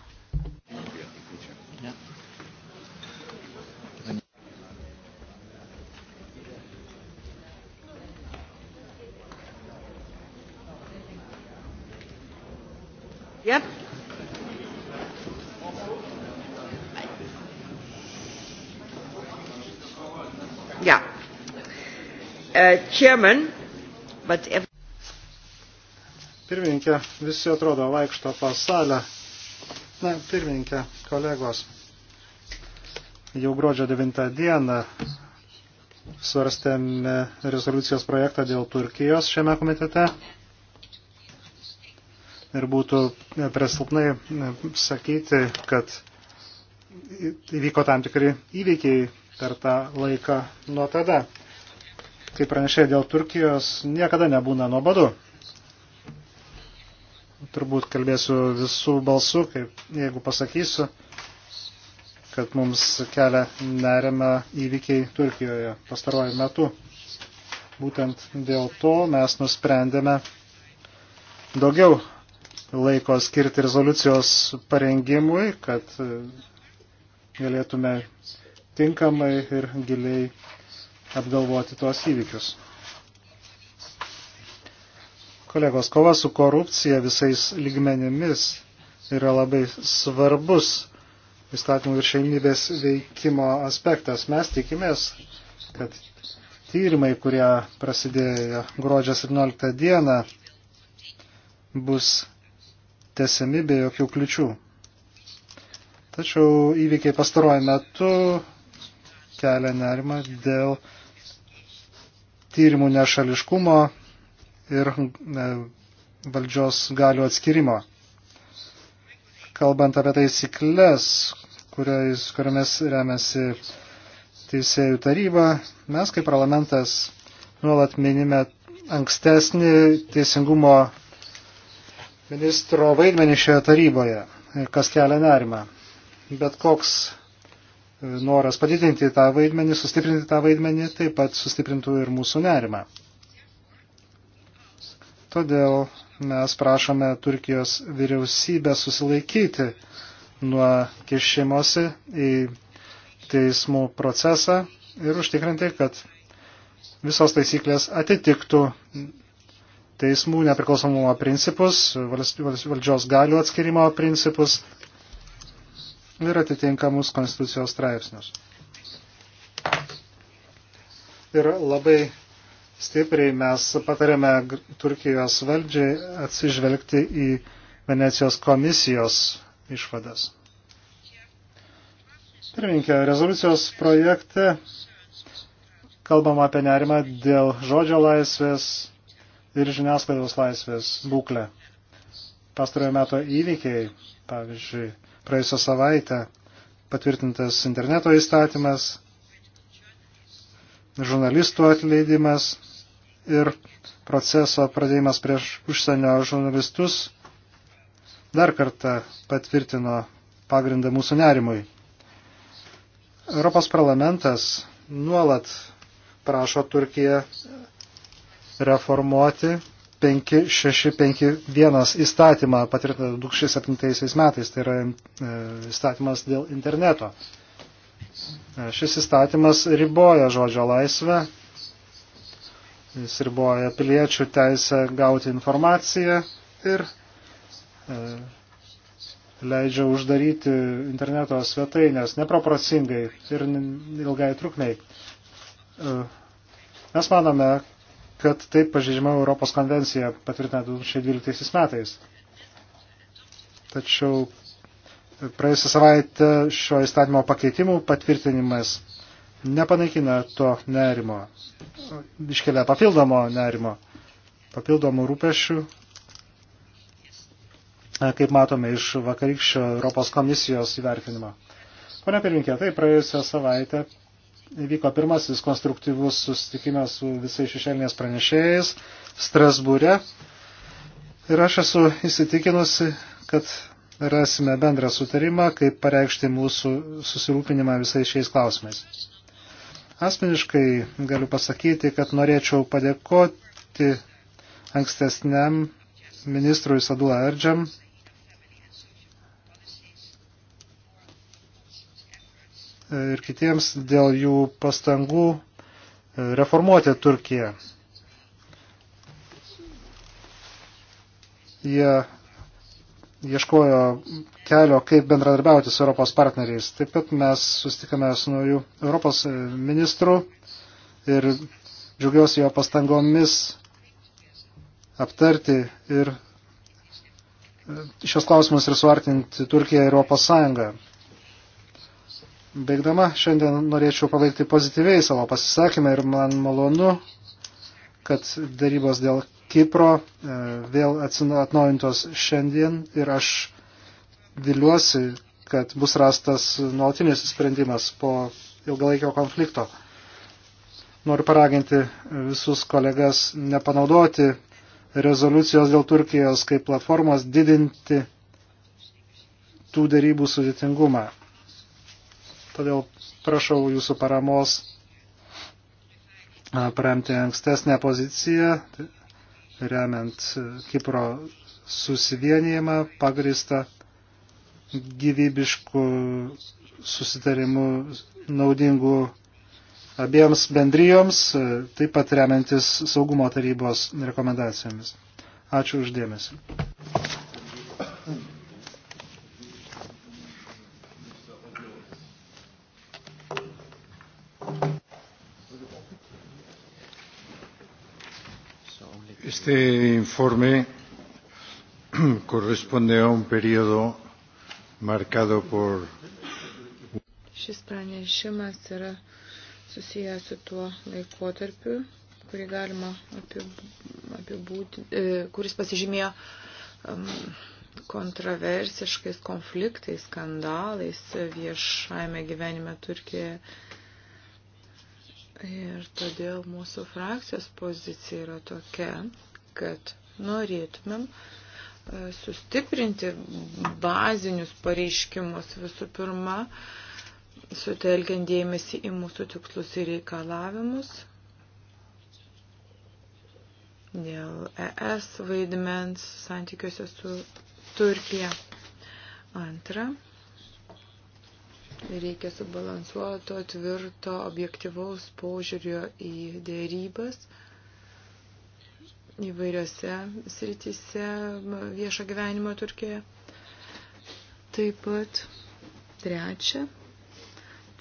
Uh, chairman, but every... Pirmininkė, visi atrodo vaikšto po salę. Na, pirmininkė, kolegos, jau gruodžio 9 dieną svarstėme rezoliucijos projektą dėl Turkijos šiame komitete. Ir būtų e, presilpnai e, sakyti, kad įvyko tam tikri įvykiai per tą laiką nuo tada kaip pranešė dėl Turkijos, niekada nebūna nuobodu. Turbūt kalbėsiu visų balsų, kaip, jeigu pasakysiu, kad mums kelia nerima įvykiai Turkijoje pastaruoju metu. Būtent dėl to mes nusprendėme daugiau laiko skirti rezoliucijos parengimui, kad galėtume tinkamai ir giliai apgalvoti tuos įvykius. Kolegos, kova su korupcija visais lygmenimis yra labai svarbus įstatymų viršeimybės veikimo aspektas. Mes tikimės, kad tyrimai, kurie prasidėjo gruodžio 17 dieną, bus tesiami be jokių kliučių. Tačiau įvykiai pastaruoju metu kelia nerimą dėl tyrimų nešališkumo ir e, valdžios galių atskirimo. Kalbant apie taisyklės, kuriomis remiasi teisėjų taryba, mes kaip parlamentas nuolat minime ankstesnį teisingumo ministro vaidmenį šioje taryboje, kas kelia nerimą. Bet koks noras padidinti tą vaidmenį, sustiprinti tą vaidmenį, taip pat sustiprintų ir mūsų nerimą. Todėl mes prašome Turkijos vyriausybę susilaikyti nuo kišimosi į teismų procesą ir užtikrinti, kad visos taisyklės atitiktų teismų nepriklausomumo principus, valdžios galių atskirimo principus ir atitinkamus konstitucijos straipsnius. Ir labai stipriai mes patarėme Turkijos valdžiai atsižvelgti į Venecijos komisijos išvadas. Pirminkė, rezoliucijos projekte kalbama apie nerimą dėl žodžio laisvės ir žiniasklaidos laisvės būklę. Pastarojo meto įvykiai, pavyzdžiui, praėjusią savaitę patvirtintas interneto įstatymas, žurnalistų atleidimas ir proceso pradėjimas prieš užsienio žurnalistus dar kartą patvirtino pagrindą mūsų nerimui. Europos parlamentas nuolat prašo Turkiją reformuoti 5651 įstatymą patvirtintą 2007 metais, tai yra e, įstatymas dėl interneto. E, šis įstatymas riboja žodžio laisvę, jis riboja piliečių teisę gauti informaciją ir e, leidžia uždaryti interneto svetainės neproporcingai ir ilgai trukmiai. Mes manome, kad taip pažeidžiama Europos konvencija patvirtina 2012 metais. Tačiau praėjusią savaitę šio įstatymo pakeitimų patvirtinimas nepanaikina to nerimo, iškelia papildomo nerimo, papildomų rūpešių, kaip matome iš vakarykščio Europos komisijos įvertinimo. Pone pirminkė, tai praėjusią savaitę įvyko pirmasis konstruktyvus susitikimas su visais šešėlinės pranešėjais Strasbūre. Ir aš esu įsitikinusi, kad rasime bendrą sutarimą, kaip pareikšti mūsų susirūpinimą visais šiais klausimais. Asmeniškai galiu pasakyti, kad norėčiau padėkoti ankstesniam ministrui Sadula Erdžiam ir kitiems dėl jų pastangų e, reformuoti Turkiją. Jie ieškojo kelio, kaip bendradarbiauti su Europos partneriais. Taip pat mes sustikame su naujų Europos ministru ir džiaugiuosi jo pastangomis aptarti ir e, šios klausimus ir suartinti Turkiją ir Europos Sąjungą. Baigdama, šiandien norėčiau pabaigti pozityviai savo pasisakymą ir man malonu, kad darybos dėl Kipro e, vėl atnaujintos šiandien ir aš viliuosi, kad bus rastas nuotinis sprendimas po ilgalaikio konflikto. Noriu paraginti visus kolegas nepanaudoti rezoliucijos dėl Turkijos kaip platformos didinti tų darybų sudėtingumą. Todėl prašau jūsų paramos paremti ankstesnę poziciją, tai remiant Kipro susivienijimą pagristą gyvybiškų susitarimų naudingų abiems bendrijoms, taip pat remiantis saugumo tarybos rekomendacijomis. Ačiū uždėmesi. este informe corresponde a un periodo marcado por. Šis pranešimas yra susijęs su tuo laikotarpiu, kurį galima apibūti, e, kuris pasižymėjo kontroversiškais konfliktais, skandalais viešajame gyvenime Turkijoje Ir todėl mūsų frakcijos pozicija yra tokia, kad norėtumėm e, sustiprinti bazinius pareiškimus visų pirma, sutelkiant dėmesį į mūsų tikslus ir reikalavimus dėl ES vaidmens santykiuose su Turkija. Antra, Reikia subalansuoto, tvirto, objektivaus požiūrio į dėrybas įvairiose srityse viešo gyvenimo Turkijoje. Taip pat trečia,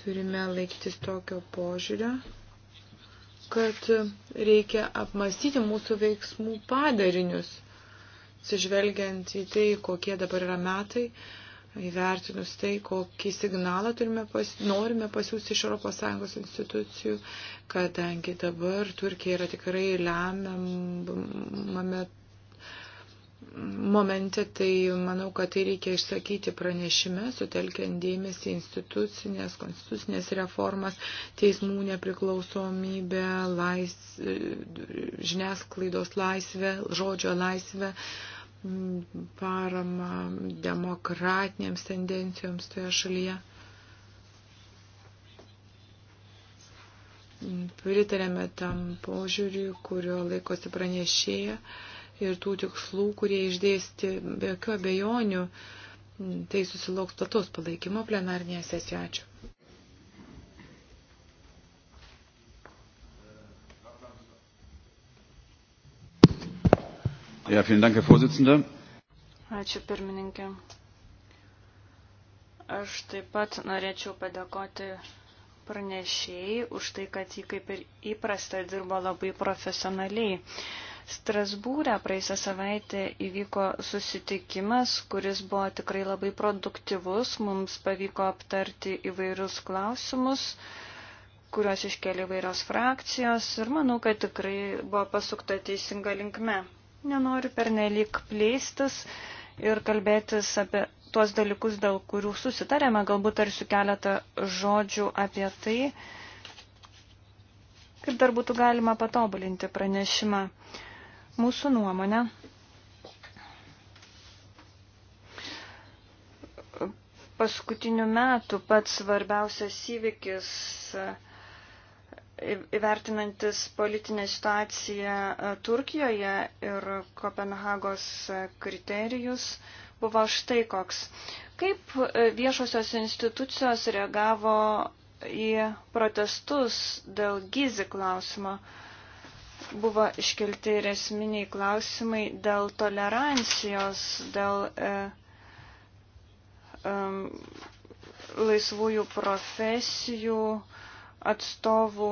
turime laikytis tokio požiūrio, kad reikia apmastyti mūsų veiksmų padarinius, sižvelgiant į tai, kokie dabar yra metai, uh, įvertinus tai, kokį signalą turime pas, norime pasiūsti iš ES institucijų, kadangi dabar Turkija yra tikrai lemiamame momente, tai manau, kad tai reikia išsakyti pranešime, sutelkiant dėmesį institucinės, konstitucinės reformas, teismų nepriklausomybę, lais, žiniasklaidos laisvę, žodžio laisvę. Uh, paramą demokratinėms tendencijoms toje šalyje. Pritarėme tam požiūriui, kurio laikosi pranešėja ir tų tikslų, kurie išdėsti be jokių abejonių, tai susilauks platos palaikymo plenarnėje sesijoje. Ačiū. Ja, vielen Dank, Herr Vorsitzender. Ačiū pirmininkė. Aš taip pat norėčiau padėkoti pranešėjai už tai, kad jį kaip ir įprasta dirbo labai profesionaliai. Strasbūrė praeisą savaitę įvyko susitikimas, kuris buvo tikrai labai produktyvus. Mums pavyko aptarti įvairius klausimus, kuriuos iškėlė įvairios frakcijos ir manau, kad tikrai buvo pasukta teisinga linkme. Nenoriu pernelyg plėstis ir kalbėtis apie tuos dalykus, dėl kurių susitarėme, galbūt tarsiu keletą žodžių apie tai, kaip dar būtų galima patobulinti pranešimą. Mūsų nuomonė. Paskutinių metų pats svarbiausias įvykis įvertinantis politinę situaciją e, Turkijoje ir Kopenhagos e, kriterijus buvo štai koks. Kaip e, viešosios institucijos reagavo į protestus dėl gizi klausimo? Buvo iškelti ir esminiai klausimai dėl tolerancijos, dėl e, um, laisvųjų profesijų, e, atstovų,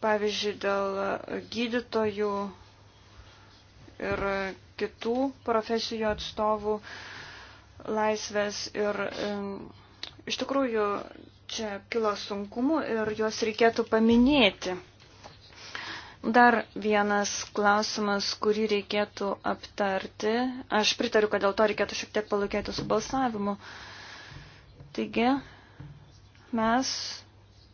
pavyzdžiui, dėl gydytojų ir kitų profesijų atstovų laisvės. Ir e, iš tikrųjų čia kilo sunkumų ir juos reikėtų paminėti. Dar vienas klausimas, kurį reikėtų aptarti. Aš pritariu, kad dėl to reikėtų šiek tiek palūkėti su balsavimu. Taigi, mes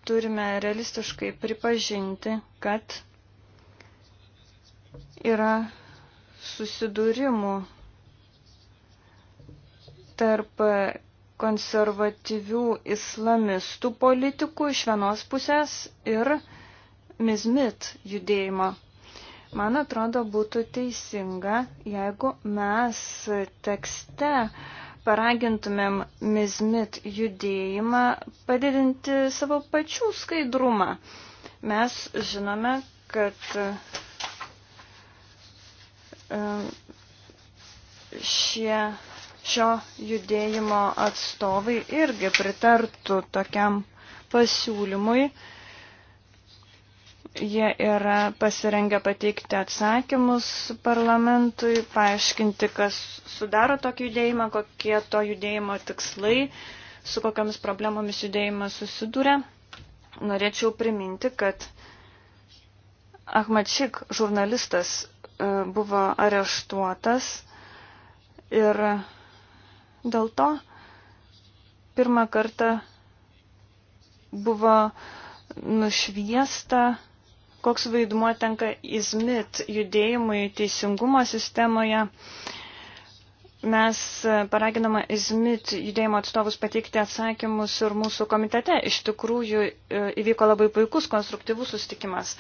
turime realistiškai pripažinti, kad yra susidūrimų tarp konservatyvių islamistų politikų iš vienos pusės ir mizmit judėjimo. Man atrodo, būtų teisinga, jeigu mes tekste uh, paragintumėm Mizmit judėjimą padidinti savo pačių skaidrumą. Mes žinome, kad e, šie, šio judėjimo atstovai irgi pritartų tokiam pasiūlymui. Uh, Jie yra pasirengę pateikti atsakymus parlamentui, paaiškinti, kas sudaro tokį judėjimą, kokie to judėjimo tikslai, su kokiamis problemomis judėjimas susiduria. Norėčiau priminti, kad Ahmadšik žurnalistas e, buvo areštuotas ir dėl to pirmą kartą buvo nušviesta koks vaidmuo tenka įsmit judėjimui teisingumo sistemoje. Mes e, paraginama izmit judėjimo atstovus pateikti atsakymus ir mūsų komitete. Iš tikrųjų e, įvyko labai puikus konstruktyvus sustikimas.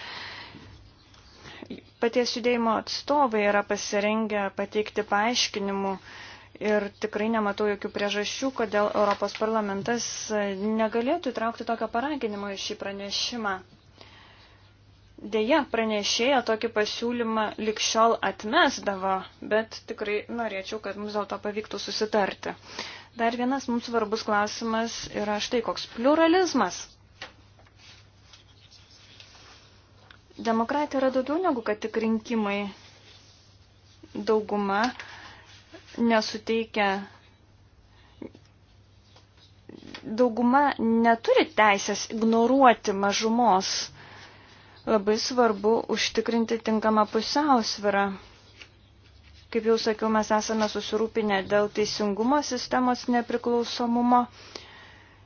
Paties judėjimo atstovai yra pasirengę pateikti paaiškinimų ir tikrai nematau jokių priežasčių, kodėl Europos parlamentas e, negalėtų įtraukti tokio paraginimo į šį pranešimą. Deja, pranešėja tokį pasiūlymą likščiol atmesdavo, bet tikrai norėčiau, kad mums dėl to pavyktų susitarti. Dar vienas mums svarbus klausimas yra štai koks pluralizmas. Demokratija yra daugiau negu kad tik rinkimai. Dauguma nesuteikia. Dauguma neturi teisės ignoruoti mažumos labai svarbu užtikrinti tinkamą pusiausvirą. Kaip jau sakiau, mes esame susirūpinę dėl teisingumo sistemos nepriklausomumo.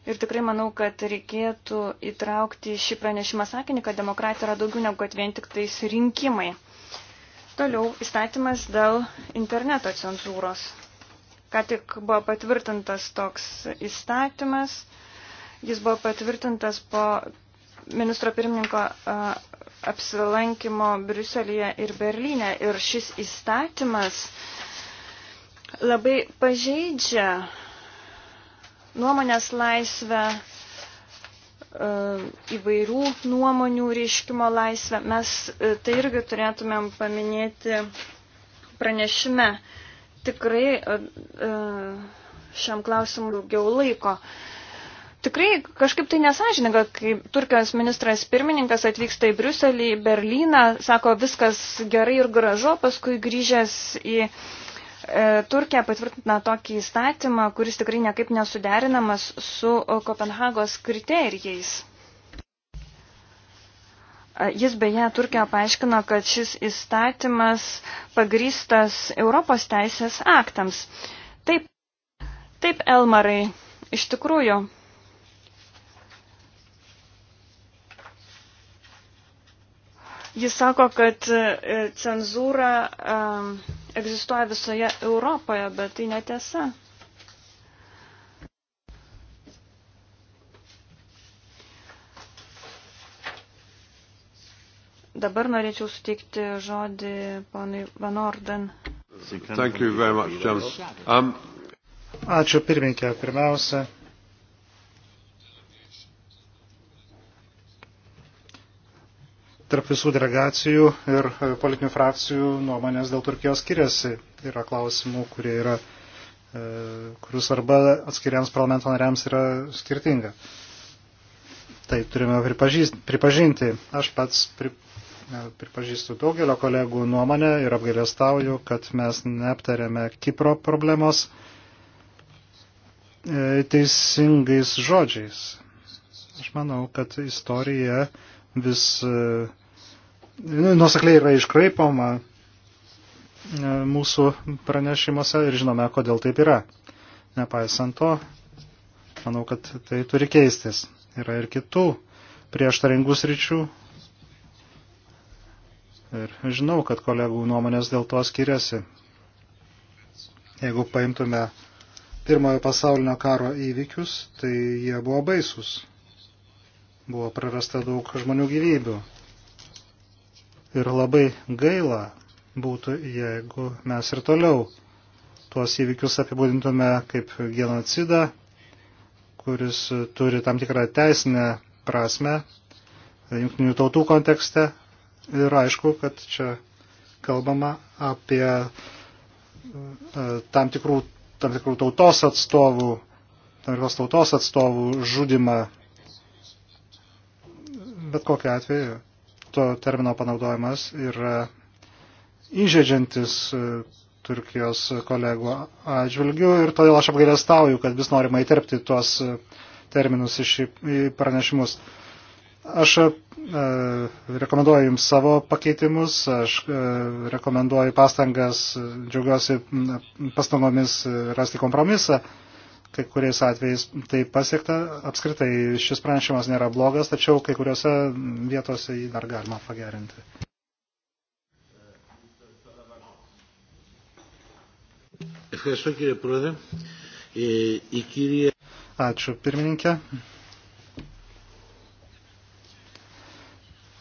Ir tikrai manau, kad reikėtų įtraukti šį pranešimą sakinį, kad demokratija yra daugiau negu kad vien tik tais rinkimai. Toliau įstatymas dėl interneto cenzūros. Ką tik buvo patvirtintas toks įstatymas. Jis buvo patvirtintas po ministro pirmininko apsilankimo Briuselėje ir Berlyne. Ir šis įstatymas labai pažeidžia nuomonės laisvę, įvairių nuomonių reiškimo laisvę. Mes tai irgi turėtumėm paminėti pranešime. Tikrai šiam klausimui daugiau laiko. Uh, tikrai kažkaip tai nesažininga, kai Turkijos ministras pirmininkas atvyksta į Briuselį, į Berliną, sako viskas gerai ir gražu, paskui grįžęs į e, Turkiją patvirtina tokį įstatymą, kuris tikrai nekaip nesuderinamas su e, Kopenhagos kriterijais. E, jis beje Turkija paaiškino, kad šis įstatymas pagrystas Europos teisės aktams. Taip, taip Elmarai, iš tikrųjų, Jis sako, kad e, cenzūra um, egzistuoja visoje Europoje, bet tai netiesa. Dabar norėčiau suteikti žodį ponui Van Orden. Much, um... Ačiū pirmininkė. Pirmiausia, tarp visų delegacijų ir e, politinių frakcijų nuomonės dėl Turkijos skiriasi. Yra klausimų, kurie yra, e, kurių svarba atskiriams parlamento nariams yra skirtinga. Tai turime pripažinti. Aš pats pri, e, pripažįstu daugelio kolegų nuomonę ir apgailestauju, kad mes neaptarėme Kipro problemos teisingais žodžiais. Aš manau, kad istorija vis e, nuosekliai yra iškraipoma e, mūsų pranešimuose ir žinome, kodėl taip yra. Nepaisant to, manau, kad tai turi keistis. Yra ir kitų prieštaringų sričių. Ir žinau, kad kolegų nuomonės dėl to skiriasi. Jeigu paimtume pirmojo pasaulinio karo įvykius, tai jie buvo baisus. Buvo prarasta daug žmonių gyvybių. Ir labai gaila būtų, jeigu mes ir toliau tuos įvykius apibūdintume kaip genocidą, kuris turi tam tikrą teisinę prasme jungtinių tautų kontekste. Ir aišku, kad čia kalbama apie e, tam tikrų, tam tikrų tautos atstovų, tam tikros tautos atstovų žudimą Bet kokiu atveju to termino panaudojimas yra įžeidžiantis e, Turkijos kolegų atžvilgių ir todėl aš apgailestauju, kad vis norima įterpti tuos e, terminus iš pranešimus. Aš e, rekomenduoju Jums savo pakeitimus, aš e, rekomenduoju pastangas, džiaugiuosi pastangomis e, rasti kompromisą, kai kuriais atvejais tai pasiekta. Apskritai šis pranešimas nėra blogas, tačiau kai kuriuose vietose jį dar galima pagerinti. Ačiū pirmininkė.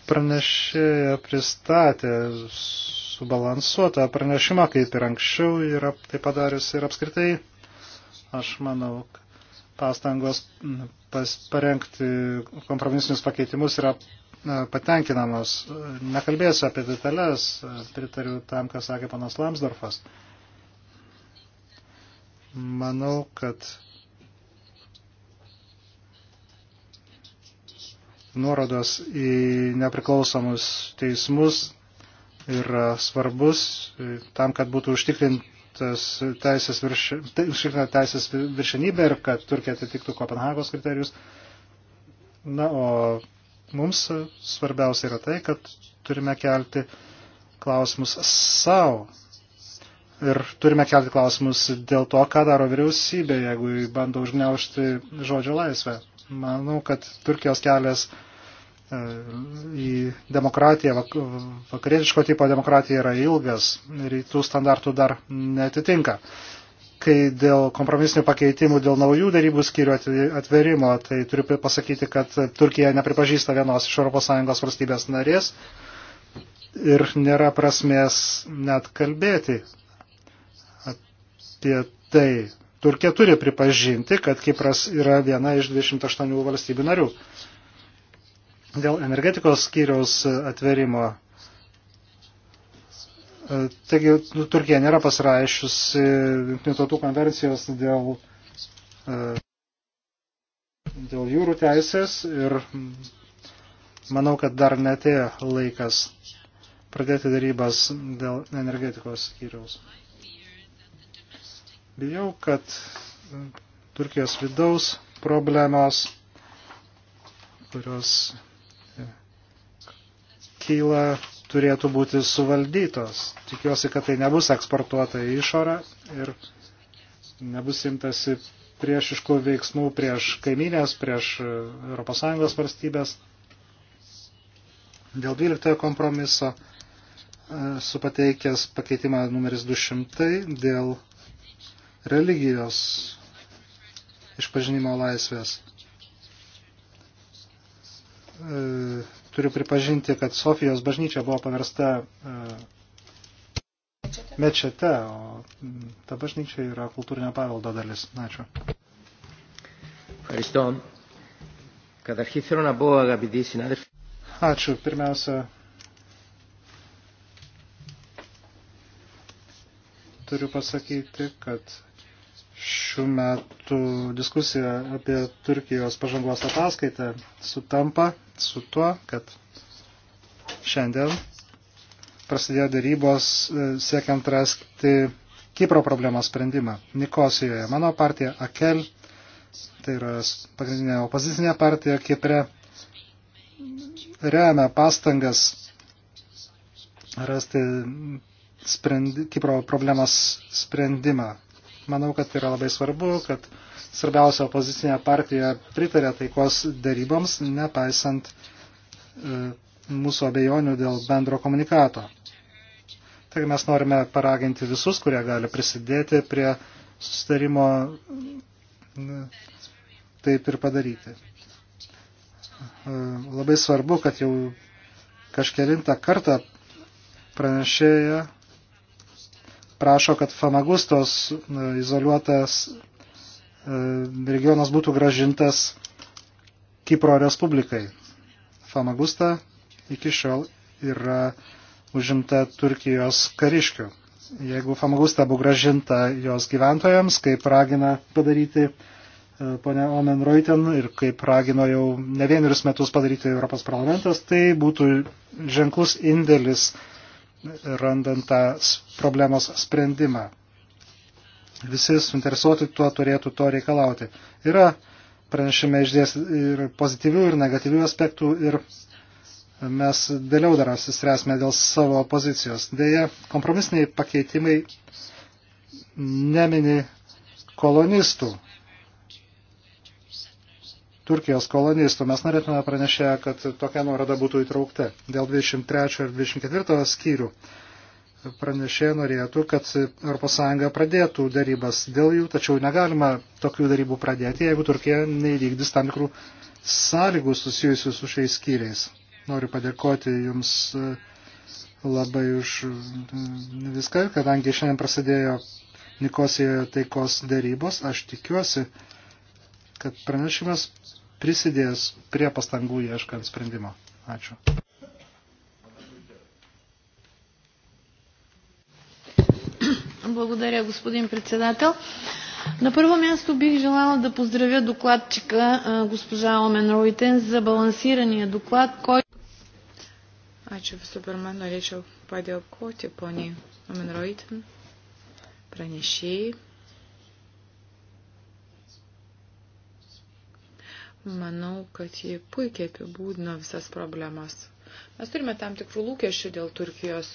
Pranešėja pristatė subalansuotą pranešimą, kaip ir anksčiau yra tai padarius ir apskritai Aš manau, pastangos pas, parengti kompromisinius pakeitimus yra e, patenkinamos. Nekalbėsiu apie detalės, e, pritariu tam, ką sakė panas Lamsdorfas. Manau, kad nuorodos į nepriklausomus teismus yra svarbus e, tam, kad būtų užtikrinti teisės, virš, tai, teisės viršenybę ir kad Turkija atitiktų Kopenhagos kriterijus. Na, o mums svarbiausia yra tai, kad turime kelti klausimus savo. Ir turime kelti klausimus dėl to, ką daro vyriausybė, jeigu bando užgneušti žodžio laisvę. Manau, kad Turkijos kelias į demokratiją, vakarietiško tipo demokratija yra ilgas ir tų standartų dar netitinka. Kai dėl kompromisinių pakeitimų, dėl naujų darybų skyrių atverimo, tai turiu pasakyti, kad Turkija nepripažįsta vienos iš ES valstybės narės ir nėra prasmės net kalbėti apie tai. Turkija turi pripažinti, kad Kipras yra viena iš 28 valstybių narių. Dėl energetikos skyriaus e, atverimo. E, taigi, nu, Turkija nėra pasirašiusi Junktinių tautų konvencijos dėl, e, dėl jūrų teisės ir manau, kad dar netėjo laikas pradėti darybas dėl energetikos skyriaus. Bijau, kad Turkijos vidaus problemos, kurios kyla, turėtų būti suvaldytos. Tikiuosi, kad tai nebus eksportuota į išorą ir nebus imtasi priešiškų veiksmų prieš kaiminės, prieš ES valstybės. Dėl 12 kompromiso e, su pateikęs pakeitimą numeris 200 dėl religijos išpažinimo laisvės e, turiu pripažinti, kad Sofijos bažnyčia buvo paversta e, mečete, o ta bažnyčia yra kultūrinio paveldo dalis. Ačiū. Ευχαριστώ. Καταρχήν θέλω να πω αγαπητοί συνάδελφοι. Ačiū. Pirmiausia, turiu pasakyti, kad šių metų diskusija apie Turkijos pažangos ataskaitą sutampa su tuo, kad šiandien prasidėjo darybos e, siekiant rasti Kipro problemos sprendimą Nikosijoje. Mano partija Akel, tai yra pagrindinė opozicinė partija Kipre, remia pastangas rasti sprendi, Kipro problemos sprendimą Manau, kad tai yra labai svarbu, kad svarbiausia opozicinė partija pritarė taikos daryboms, nepaisant e, mūsų abejonių dėl bendro komunikato. Taigi mes norime paraginti visus, kurie gali prisidėti prie sustarimo, taip ir padaryti. E, labai svarbu, kad jau kažkelintą kartą pranešėja prašo, kad Famagustos e, izoliuotas e, regionas būtų gražintas Kipro Respublikai. Famagusta iki šiol yra užimta Turkijos kariškių. Jeigu Famagusta buvo gražinta jos gyventojams, kaip ragina padaryti e, ponia Omen Reuten ir kaip ragino jau ne vienerius metus padaryti Europos parlamentas, tai būtų ženklus indėlis randant tą problemos sprendimą. Visi suinteresuoti tuo turėtų to reikalauti. Yra pranešime išdės ir pozityvių, ir negatyvių aspektų, ir mes vėliau dar apsispręsime dėl savo pozicijos. Deja, kompromisiniai pakeitimai nemini kolonistų. Turkijos kolonistų. Mes norėtume pranešę, kad tokia nuorada būtų įtraukta. Dėl 23 ir 24 skyrių pranešė norėtų, kad ES pradėtų darybas dėl jų, tačiau negalima tokių darybų pradėti, jeigu Turkija neįvykdys tam tikrų sąlygų susijusių su šiais skyriais. Noriu padėkoti Jums e, labai už e, viską, kadangi šiandien prasidėjo Nikosijoje taikos darybos, aš tikiuosi, kad pranešimas prisidės prie pastangų ieškant sprendimo. Ačiū. Благодаря, господин председател. На първо място бих желала да поздравя докладчика госпожа Омен Ройтен за балансирания доклад, който... Ačiū visų pirma, norėčiau padėkoti poniai Omen Roitен, pranešėjai, manau, kad jie puikiai apibūdino visas problemas. Mes turime tam tikrų lūkesčių dėl Turkijos.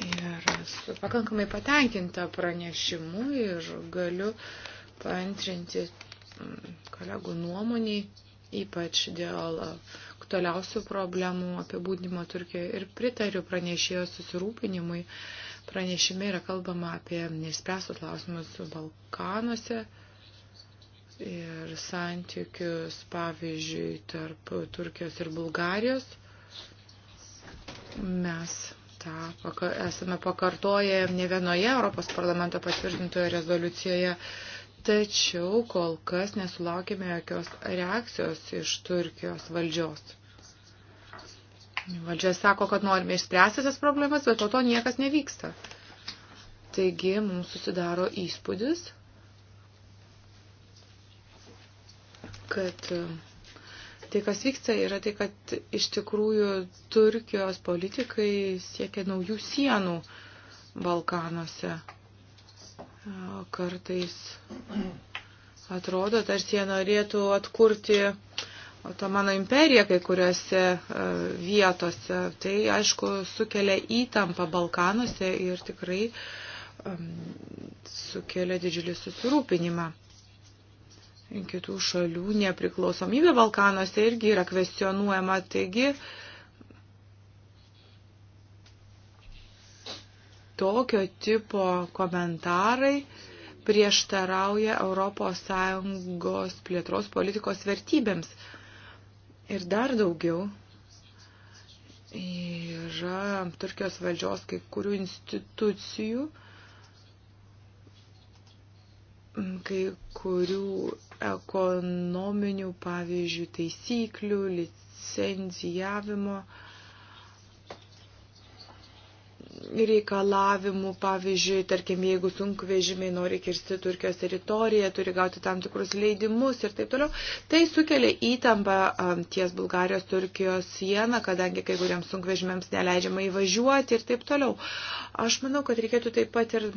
Ir esu pakankamai patenkinta pranešimu ir galiu paantrinti mm, kolegų nuomoniai, ypač dėl aktualiausių problemų apibūdimo Turkijoje ir pritariu pranešėjo susirūpinimui. Pranešime yra kalbama apie nespręstus klausimus Balkanuose ir santykius, pavyzdžiui, tarp Turkijos ir Bulgarijos. Mes tą paka, esame pakartoję ne vienoje Europos parlamento patvirtintoje rezoliucijoje, tačiau kol kas nesulaukime jokios reakcijos iš Turkijos valdžios. Valdžia sako, kad norime išspręsti tas problemas, bet po to niekas nevyksta. Taigi mums susidaro įspūdis, kad e, tai, kas vyksta, yra tai, kad iš tikrųjų Turkijos politikai siekia naujų sienų Balkanuose. E, kartais atrodo, tarsi jie norėtų atkurti Otomano imperiją kai kuriuose e, vietose. Tai, aišku, sukelia įtampą Balkanuose ir tikrai um, sukelia didžiulį susirūpinimą kitų šalių nepriklausomybė Balkanuose irgi yra kvestionuojama. Taigi tokio tipo komentarai prieštarauja ES plėtros politikos vertybėms. Ir dar daugiau yra Turkijos valdžios kai kurių institucijų, uh, kai kurių ekonominių, pavyzdžiui, taisyklių, licenzijavimo uh, reikalavimų, pavyzdžiui, tarkim, jeigu sunkvežimiai nori kirsti Turkijos teritoriją, turi gauti tam tikrus leidimus ir taip toliau. Tai sukelia įtampą um, ties Bulgarijos-Turkijos sieną, kadangi kai kuriems sunkvežimiams neleidžiama įvažiuoti ir taip toliau. Aš manau, kad reikėtų taip pat ir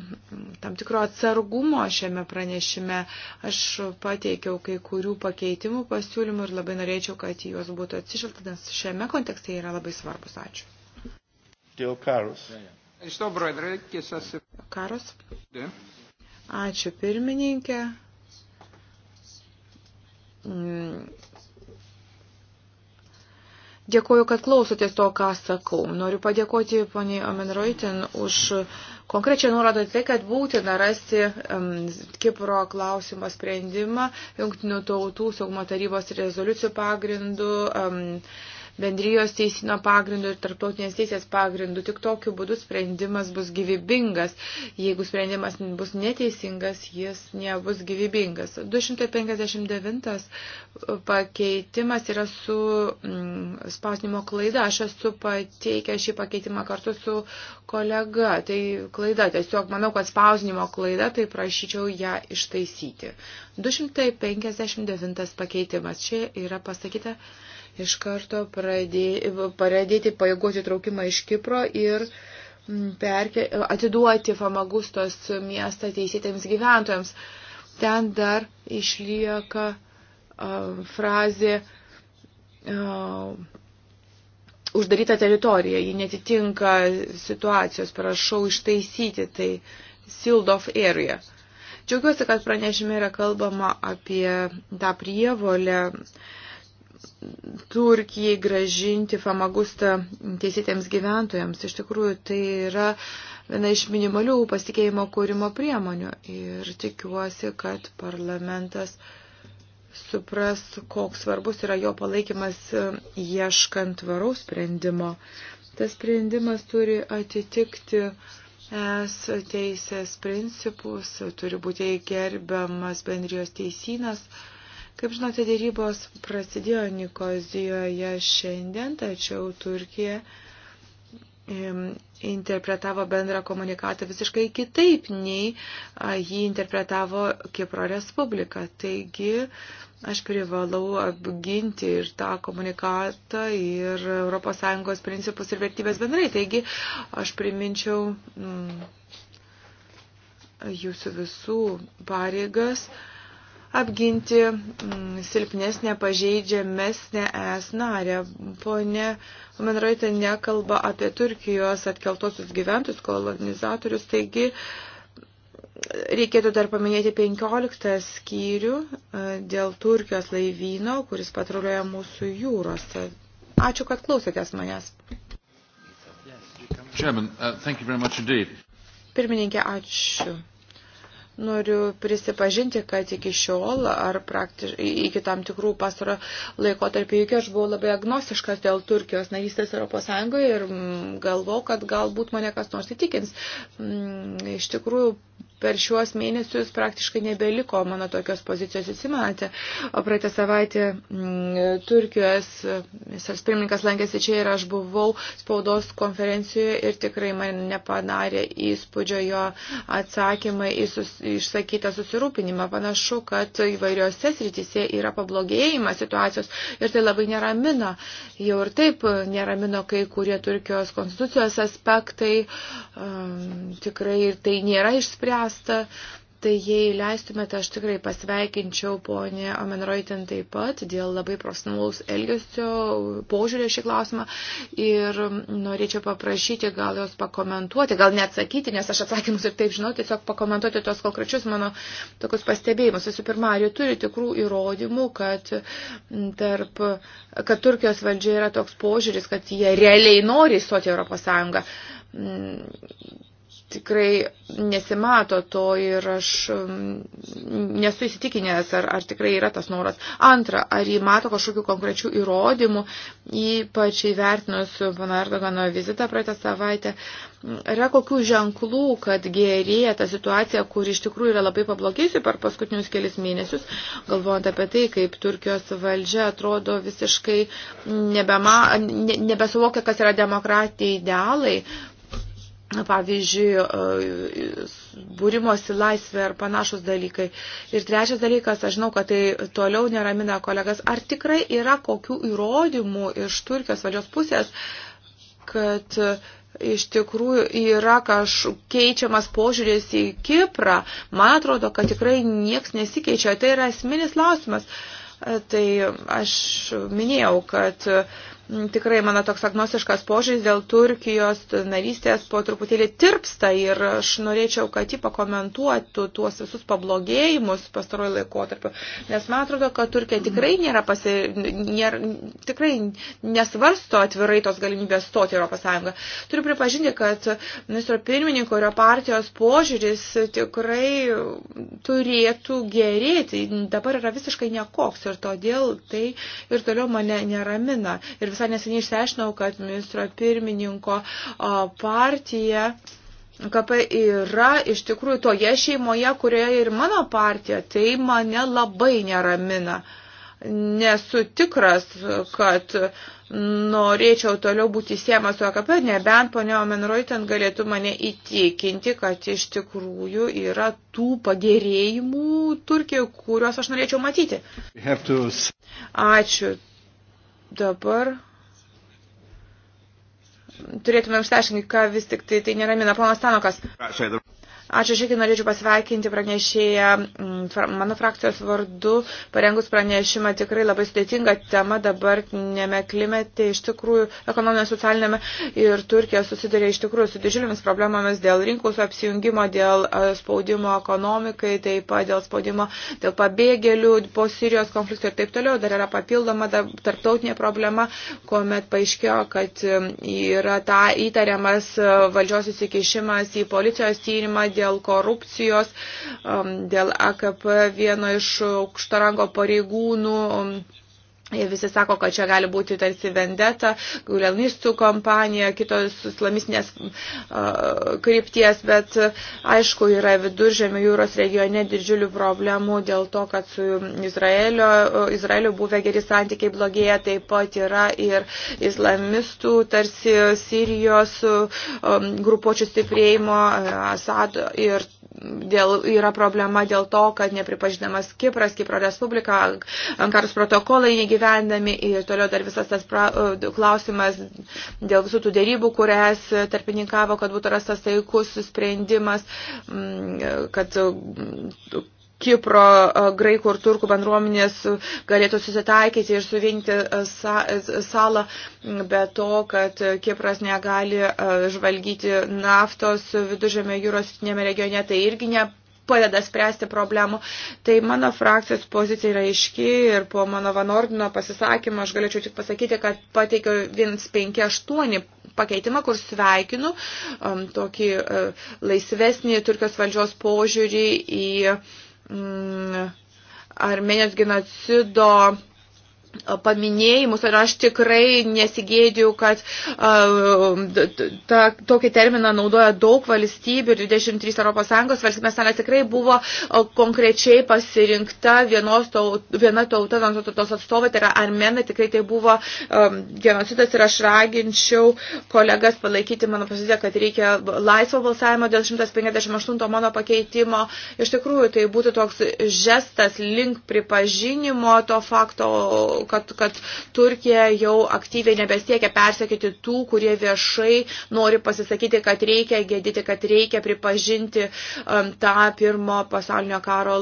tam tikro atsargumo šiame pranešime. Aš pateikiau kai kurių pakeitimų pasiūlymų ir labai norėčiau, kad juos būtų atsižvelgta, nes šiame kontekste yra labai svarbus. Ačiū. Teokarus. Ευχαριστώ, Πρόεδρε, και σας ευχαριστώ. Ačiū pirmininkė. Mm. Dėkuoju, kad klausotės to, ką sakau. Noriu padėkoti poniai Omenroitin už konkrečiai nurodą tai, kad būtina rasti um, Kipro klausimo sprendimą jungtinių tautų saugumo tarybos rezoliucijų pagrindų. Um, bendrijos teisino pagrindu ir tarptautinės teisės pagrindu. Tik tokiu būdu sprendimas bus gyvybingas. Jeigu sprendimas bus neteisingas, jis nebus gyvybingas. 259 uh, pakeitimas yra su mm, spausnimo klaida. Aš esu pateikęs šį pakeitimą kartu su kolega. Tai klaida. Tiesiog manau, kad spausnimo klaida, tai prašyčiau ją ištaisyti. 259 pakeitimas. Čia yra pasakyta iš karto pradėti pajėgos įtraukimą iš Kipro ir mm, perke, atiduoti Famagustos miestą teisėtėms gyventojams. Ten dar išlieka uh, frazė uh, uždaryta teritorija, ji netitinka situacijos, prašau ištaisyti tai sealed off area. Džiaugiuosi, kad pranešime yra kalbama apie tą prievolę uh, Turkijai gražinti Famagustą teisėtėms gyventojams. Iš tikrųjų, tai yra viena iš minimalių pasitikėjimo kūrimo priemonių. Ir tikiuosi, kad parlamentas supras, koks svarbus yra jo palaikymas e, ieškant tvaraus sprendimo. Tas sprendimas turi atitikti es teisės principus, turi būti gerbiamas bendrijos teisynas. Kaip žinote, dėrybos prasidėjo Nikozijoje šiandien, tačiau Turkija interpretavo bendrą komunikatą visiškai kitaip, nei jį interpretavo Kipro Respublika. Taigi aš privalau apginti ir tą komunikatą, ir ES principus ir vertybės bendrai. Taigi aš priminčiau mm, jūsų visų pareigas. Mm, apginti mm, silpnesnę, pažeidžiamesnę es narę. Pone Menraitė nekalba apie Turkijos atkeltosius gyventus kolonizatorius, taigi reikėtų dar paminėti 15 skyrių e, dėl Turkijos laivyno, kuris patruliuoja mūsų jūrose. Ačiū, kad klausėtės manęs. Chairman, uh, thank you very much indeed. Pirmininkė, ačiū. Noriu prisipažinti, kad iki šiol ar praktiškai iki tam tikrų pastaro laiko tarp įvykių aš buvau labai agnostiškas dėl Turkijos narystės Europos Sąjungoje ir mm, galvau, kad galbūt mane kas nors įtikins. Mm, iš tikrųjų, per šiuos mėnesius praktiškai nebeliko mano tokios pozicijos. Įsimenate, praeitą savaitę m, mm, Turkijos mm, visas pirmininkas lankėsi čia ir aš buvau spaudos konferencijoje ir tikrai man nepadarė įspūdžio jo atsakymai į sus, išsakytą susirūpinimą. Panašu, kad įvairiose srityse yra pablogėjimas situacijos ir tai labai neramina. Jau ir taip neramino kai kurie Turkijos konstitucijos aspektai. Um, tikrai ir tai nėra išspręsta mastą. Tai jei leistumėte, aš tikrai pasveikinčiau ponė Omenroitin taip pat dėl labai profesionalaus elgesio požiūrė šį klausimą ir norėčiau paprašyti gal jos pakomentuoti, gal neatsakyti, nes aš atsakymus ir taip žinau, tiesiog pakomentuoti tos konkrečius mano tokius pastebėjimus. Visų pirma, ar jie turi tikrų įrodymų, kad, tarp, kad Turkijos valdžia yra toks požiūris, kad jie realiai nori įstoti Europos Sąjungą tikrai nesimato to ir aš um, nesu įsitikinęs, ar, ar tikrai yra tas noras. Antra, ar jį mato kažkokių konkrečių įrodymų, ypač įvertinus pana Erdogano vizitą praeitą savaitę, yra kokių ženklų, kad gerėja ta situacija, kur iš tikrųjų yra labai pablogėjusi per paskutinius kelias mėnesius, galvojant apie tai, kaip Turkijos valdžia atrodo visiškai nebema, ne, nebesuvokia, kas yra demokratija idealai pavyzdžiui, e, būrimosi laisvė ar panašus dalykai. Ir trečias dalykas, aš žinau, kad tai toliau neramina kolegas, ar tikrai yra kokių įrodymų iš Turkijos valdžios pusės, kad e, iš tikrųjų yra kažkoks keičiamas požiūrės į Kiprą. Man atrodo, kad tikrai nieks nesikeičia. Tai yra esminis klausimas. E, tai aš minėjau, kad uh, Mm, tikrai mano toks agnostiškas požiūris dėl Turkijos narystės po truputėlį tirpsta ir aš norėčiau, kad ji pakomentuotų tuos visus pablogėjimus pastaruoju laikotarpiu, nes man atrodo, kad Turkija tikrai nėra pasi, nėra, tikrai nesvarsto atvirai tos galimybės stoti Europos Sąjungą. Turiu pripažinti, kad ministro pirmininko ir jo partijos požiūris tikrai turėtų gerėti. Dabar yra visiškai nekoks ir todėl tai ir toliau mane neramina. Ir visai neseniai išsiaiškinau, kad ministro pirmininko partija KP yra iš tikrųjų toje šeimoje, kurioje ir mano partija, tai mane labai neramina. Nesu tikras, kad norėčiau toliau būti siemas su AKP, nebent ponia Omenroitin galėtų mane įtikinti, kad iš tikrųjų yra tų pagerėjimų Turkijoje, kuriuos aš norėčiau matyti. To... Ačiū dabar turėtumėm išsiaiškinti, ką vis tik tai, tai neramina. Ponas Tanokas. Ačiū, šiandien norėčiau pasveikinti pranešėją mm, mano frakcijos vardu, parengus pranešimą tikrai labai sudėtinga tema dabartinėme klimete, iš tikrųjų ekonominėme, socialinėme ir Turkija susiduria iš tikrųjų su didžiulėmis problemomis dėl rinkos apsijungimo, dėl e, spaudimo ekonomikai, taip pat dėl spaudimo dėl pabėgėlių po Sirijos konflikto ir taip toliau. Dar yra papildoma dar, tarptautinė problema, kuomet paaiškėjo, kad e, yra ta įtariamas e, valdžios įsikišimas į policijos tyrimą dėl korupcijos, um, dėl AKP vieno iš aukštarango pareigūnų um, Jie visi sako, kad čia gali būti tarsi vendeta, gulenistų kompanija, kitos islamistinės uh, krypties, bet aišku yra viduržėmio jūros regione didžiulių problemų dėl to, kad su Izraelio, uh, Izraelio buvę geri santykiai blogėja, taip pat yra ir islamistų tarsi Sirijos um, grupuočių stiprėjimo uh, Asado ir dėl, yra problema dėl to, kad nepripažinamas Kipras, Kipro Respublika, Ankaros protokolai negyvena įgyvendami ir toliau dar visas tas pra, klausimas dėl visų tų dėrybų, kurias tarpininkavo, kad būtų rastas taikus sprendimas, mm, kad mm, Kipro, graikų ir turkų bendruomenės galėtų susitaikyti ir suvienyti e, e, salą, mm, be to, kad Kipras negali e, žvalgyti naftos viduržėme jūros rytinėme regione, tai irgi ne padeda spręsti problemų. Tai mano frakcijos pozicija yra aiški ir po mano Vanordino pasisakymo aš galėčiau tik pasakyti, kad pateikiau 158 pakeitimą, kur sveikinu um, tokį uh, laisvesnį Turkijos valdžios požiūrį į um, Armenijos genocido paminėjimus ir aš tikrai nesigėdžiu, kad uh, ta, tokį terminą naudoja daug valstybių ir 23 ES valstybės narės tikrai buvo konkrečiai pasirinkta vienos taut, viena tauta, vienos tautos atstovai, tai yra armenai, tikrai tai buvo um, genocidas ir aš raginčiau kolegas palaikyti mano poziciją, kad reikia laisvo balsavimo dėl 158 mano pakeitimo. Iš tikrųjų, tai būtų toks žestas link pripažinimo to fakto, kad, kad Turkija jau aktyviai nebesiekia persekyti tų, kurie viešai nori pasisakyti, kad reikia gėdyti, kad reikia pripažinti um, tą pirmo pasaulinio karo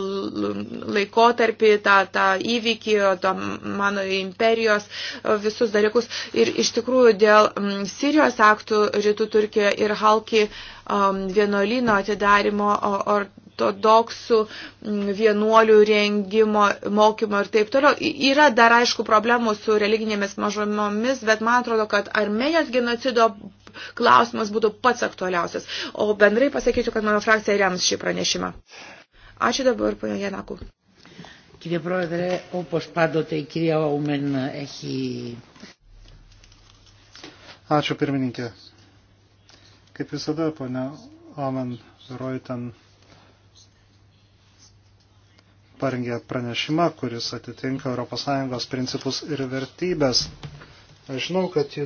laikotarpį, tą, tą įvykį, tą mano imperijos, uh, visus dalykus. Ir iš tikrųjų dėl um, Sirijos aktų rytų Turkijoje ir Halki um, vienuolino atidarimo. Or, ortodoksų mm, vienuolių rengimo, mokymo ir taip toliau. Yra dar aišku problemų su religinėmis mažomomis, bet man atrodo, kad Armenijos genocido klausimas būtų pats aktualiausias. O bendrai pasakyčiau, kad mano frakcija rems šį pranešimą. Ačiū dabar, ponia Janaku. Κύριε Πρόεδρε, όπως πάντοτε η κυρία Όμεν έχει... Ačiū pirmininkė. Kaip visada, ponia Omen Roitan parengė pranešimą, kuris atitinka ES principus ir vertybės. Aš žinau, kad ji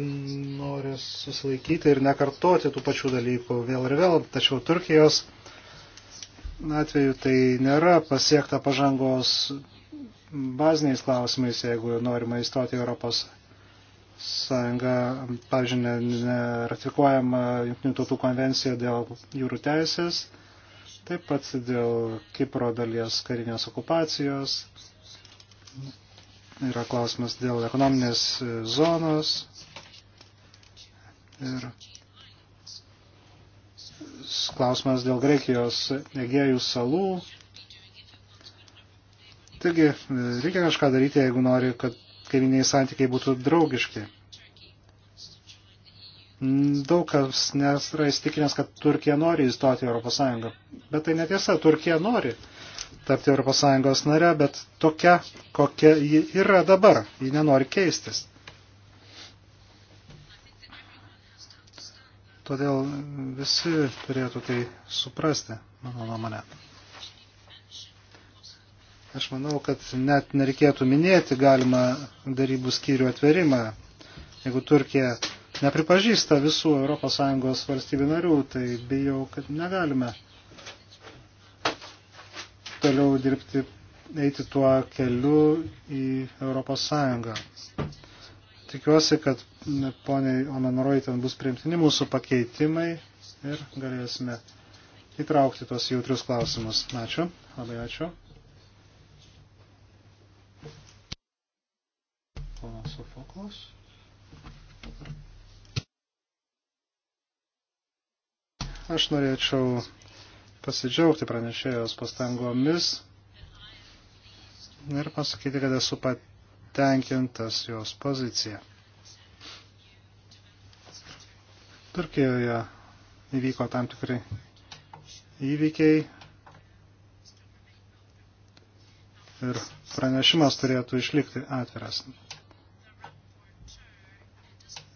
nori susilaikyti ir nekartoti tų pačių dalykų vėl ir vėl, tačiau Turkijos atveju tai nėra pasiekta pažangos baziniais klausimais, jeigu norima įstoti Europos sąjunga, pavyzdžiui, neratifikuojama Junktinių tautų konvencija dėl jūrų teisės Taip pat dėl Kipro dalies karinės okupacijos. Yra klausimas dėl ekonominės e, zonos. Ir klausimas dėl Graikijos Egejų salų. Taigi, e, reikia kažką daryti, jeigu nori, kad kaiminiai santykiai būtų draugiški daug kas nes yra įstikinęs, kad Turkija nori įstoti į Europos Sąjungą. Bet tai netiesa, Turkija nori tapti Europos Sąjungos nare, bet tokia, kokia ji yra dabar, ji nenori keistis. Todėl visi turėtų tai suprasti, mano nuomonė. Aš manau, kad net nereikėtų minėti galima darybų skyrių atverimą, jeigu Turkija nepripažįsta visų ES valstybių narių, tai bijau, kad negalime toliau dirbti, eiti tuo keliu į ES. Tikiuosi, kad poniai Omenoroj ten bus priimtini mūsų pakeitimai ir galėsime įtraukti tuos jautrius klausimus. Ačiū, labai ačiū. Ponas Sofoklas. Aš norėčiau pasidžiaugti pranešėjos pastangomis ir pasakyti, kad esu patenkintas jos pozicija. Turkijoje įvyko tam tikri įvykiai ir pranešimas turėtų išlikti atviras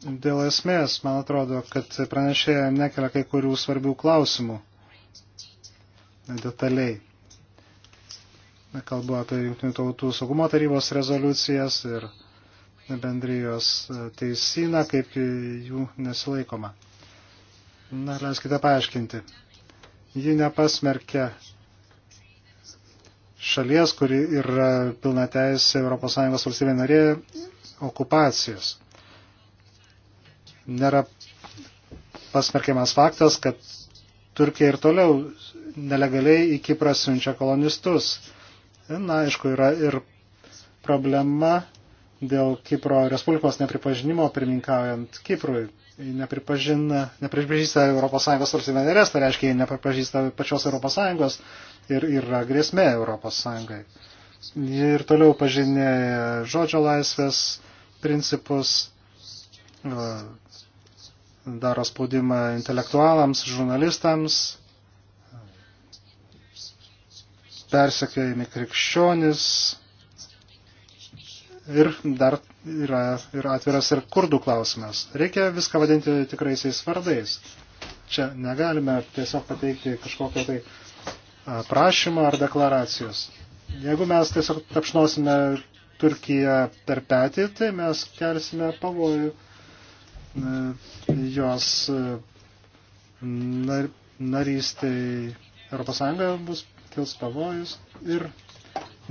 dėl esmės, man atrodo, kad pranešėja nekelia kai kurių svarbių klausimų detaliai. Kalbu apie Junktinių tautų saugumo tarybos rezoliucijas ir bendrijos teisiną, kaip jų nesilaikoma. Na, leiskite paaiškinti. Ji nepasmerkia šalies, kuri yra pilna teisė ES valstybė narė, okupacijas nėra pasmerkiamas faktas, kad Turkija ir toliau nelegaliai į Kiprą siunčia kolonistus. Na, aišku, yra ir problema dėl Kipro Respublikos nepripažinimo pirmininkaujant Kiprui. Nepripažina, nepripažįsta ES valstybė narės, tai reiškia, jie nepripažįsta pačios ES ir yra grėsmė ES. Jie ir toliau pažinė žodžio laisvės principus, daro spaudimą intelektualams, žurnalistams, persekiojami krikščionis ir dar yra ir atviras ir kurdų klausimas. Reikia viską vadinti tikraisiais vardais. Čia negalime tiesiog pateikti kažkokio tai prašymo ar deklaracijos. Jeigu mes tiesiog tapšnosime Turkiją per petį, tai mes kelsime pavojų E, jos e, nar, narystai Europos Sąjungoje bus kils pavojus ir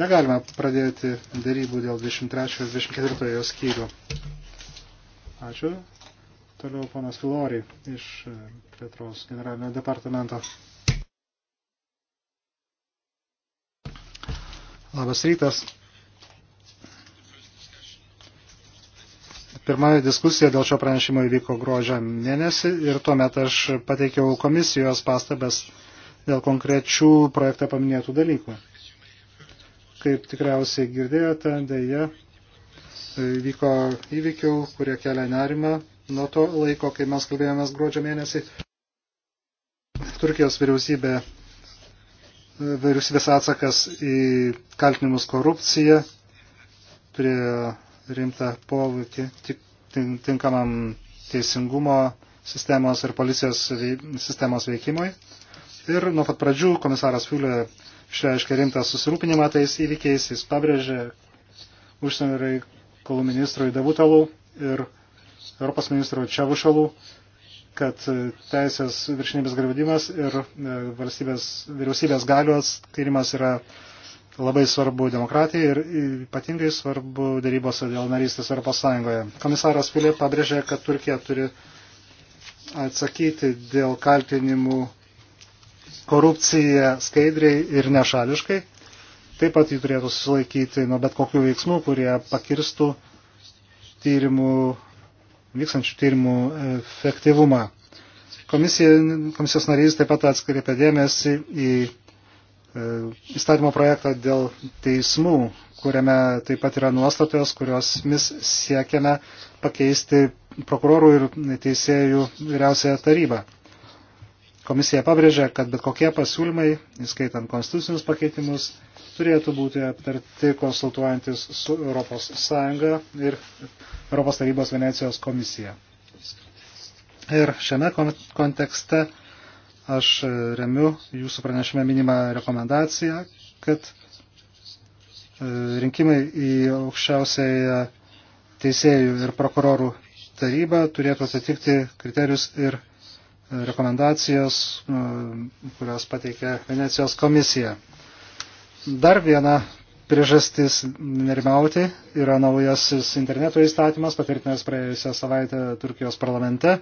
negalime pradėti darybų dėl 23 ir 24 skyrių. Ačiū. Toliau ponas Filori iš e, Petros generalinio departamento. Labas rytas. Pirmoji diskusija dėl šio pranešimo įvyko gruodžio mėnesį ir tuomet aš pateikiau komisijos pastabas dėl konkrečių projekte paminėtų dalykų. Kaip tikriausiai girdėjote, dėja, vyko įvykių, kurie kelia nerimą nuo to laiko, kai mes kalbėjomės gruodžio mėnesį. Turkijos vyriausybė, vyriausybės atsakas į kaltinimus korupciją turėjo rimtą poveikį tinkamam teisingumo sistemos ir policijos sistemos veikimui. Ir nuo pat pradžių komisaras Fiulė išreiškė rimtą susirūpinimą tais įvykiais, jis pabrėžė užsienio reikalų ministrui Davutalų ir Europos ministrui Čiavušalų, kad e, teisės viršinybės gravedimas ir e, valstybės, vyriausybės galios tyrimas yra labai svarbu demokratijai ir ypatingai svarbu darybose dėl narystės Europos Sąjungoje. Komisaras Filip pabrėžė, kad Turkija turi atsakyti dėl kaltinimų korupciją skaidriai ir nešališkai. Taip pat jį turėtų susilaikyti nuo bet kokių veiksmų, kurie pakirstų tyrimų, vykstančių tyrimų efektyvumą. Komisija, komisijos narys taip pat atskirė dėmesį į E, įstatymo projektą dėl teismų, kuriame taip pat yra nuostatos, kurios mes siekiame pakeisti prokurorų ir teisėjų vyriausiąją tarybą. Komisija pabrėžia, kad bet kokie pasiūlymai, įskaitant konstitucinius pakeitimus, turėtų būti aptarti konsultuojantis su ES ir ES Venecijos komisija. Ir šiame kontekste Aš remiu jūsų pranešime minimą rekomendaciją, kad e, rinkimai į aukščiausiąją teisėjų ir prokurorų tarybą turėtų atitikti kriterijus ir e, rekomendacijos, e, kurios pateikė Venecijos komisija. Dar viena priežastis nerimauti yra naujasis interneto įstatymas, patvirtinęs praėjusią savaitę Turkijos parlamente.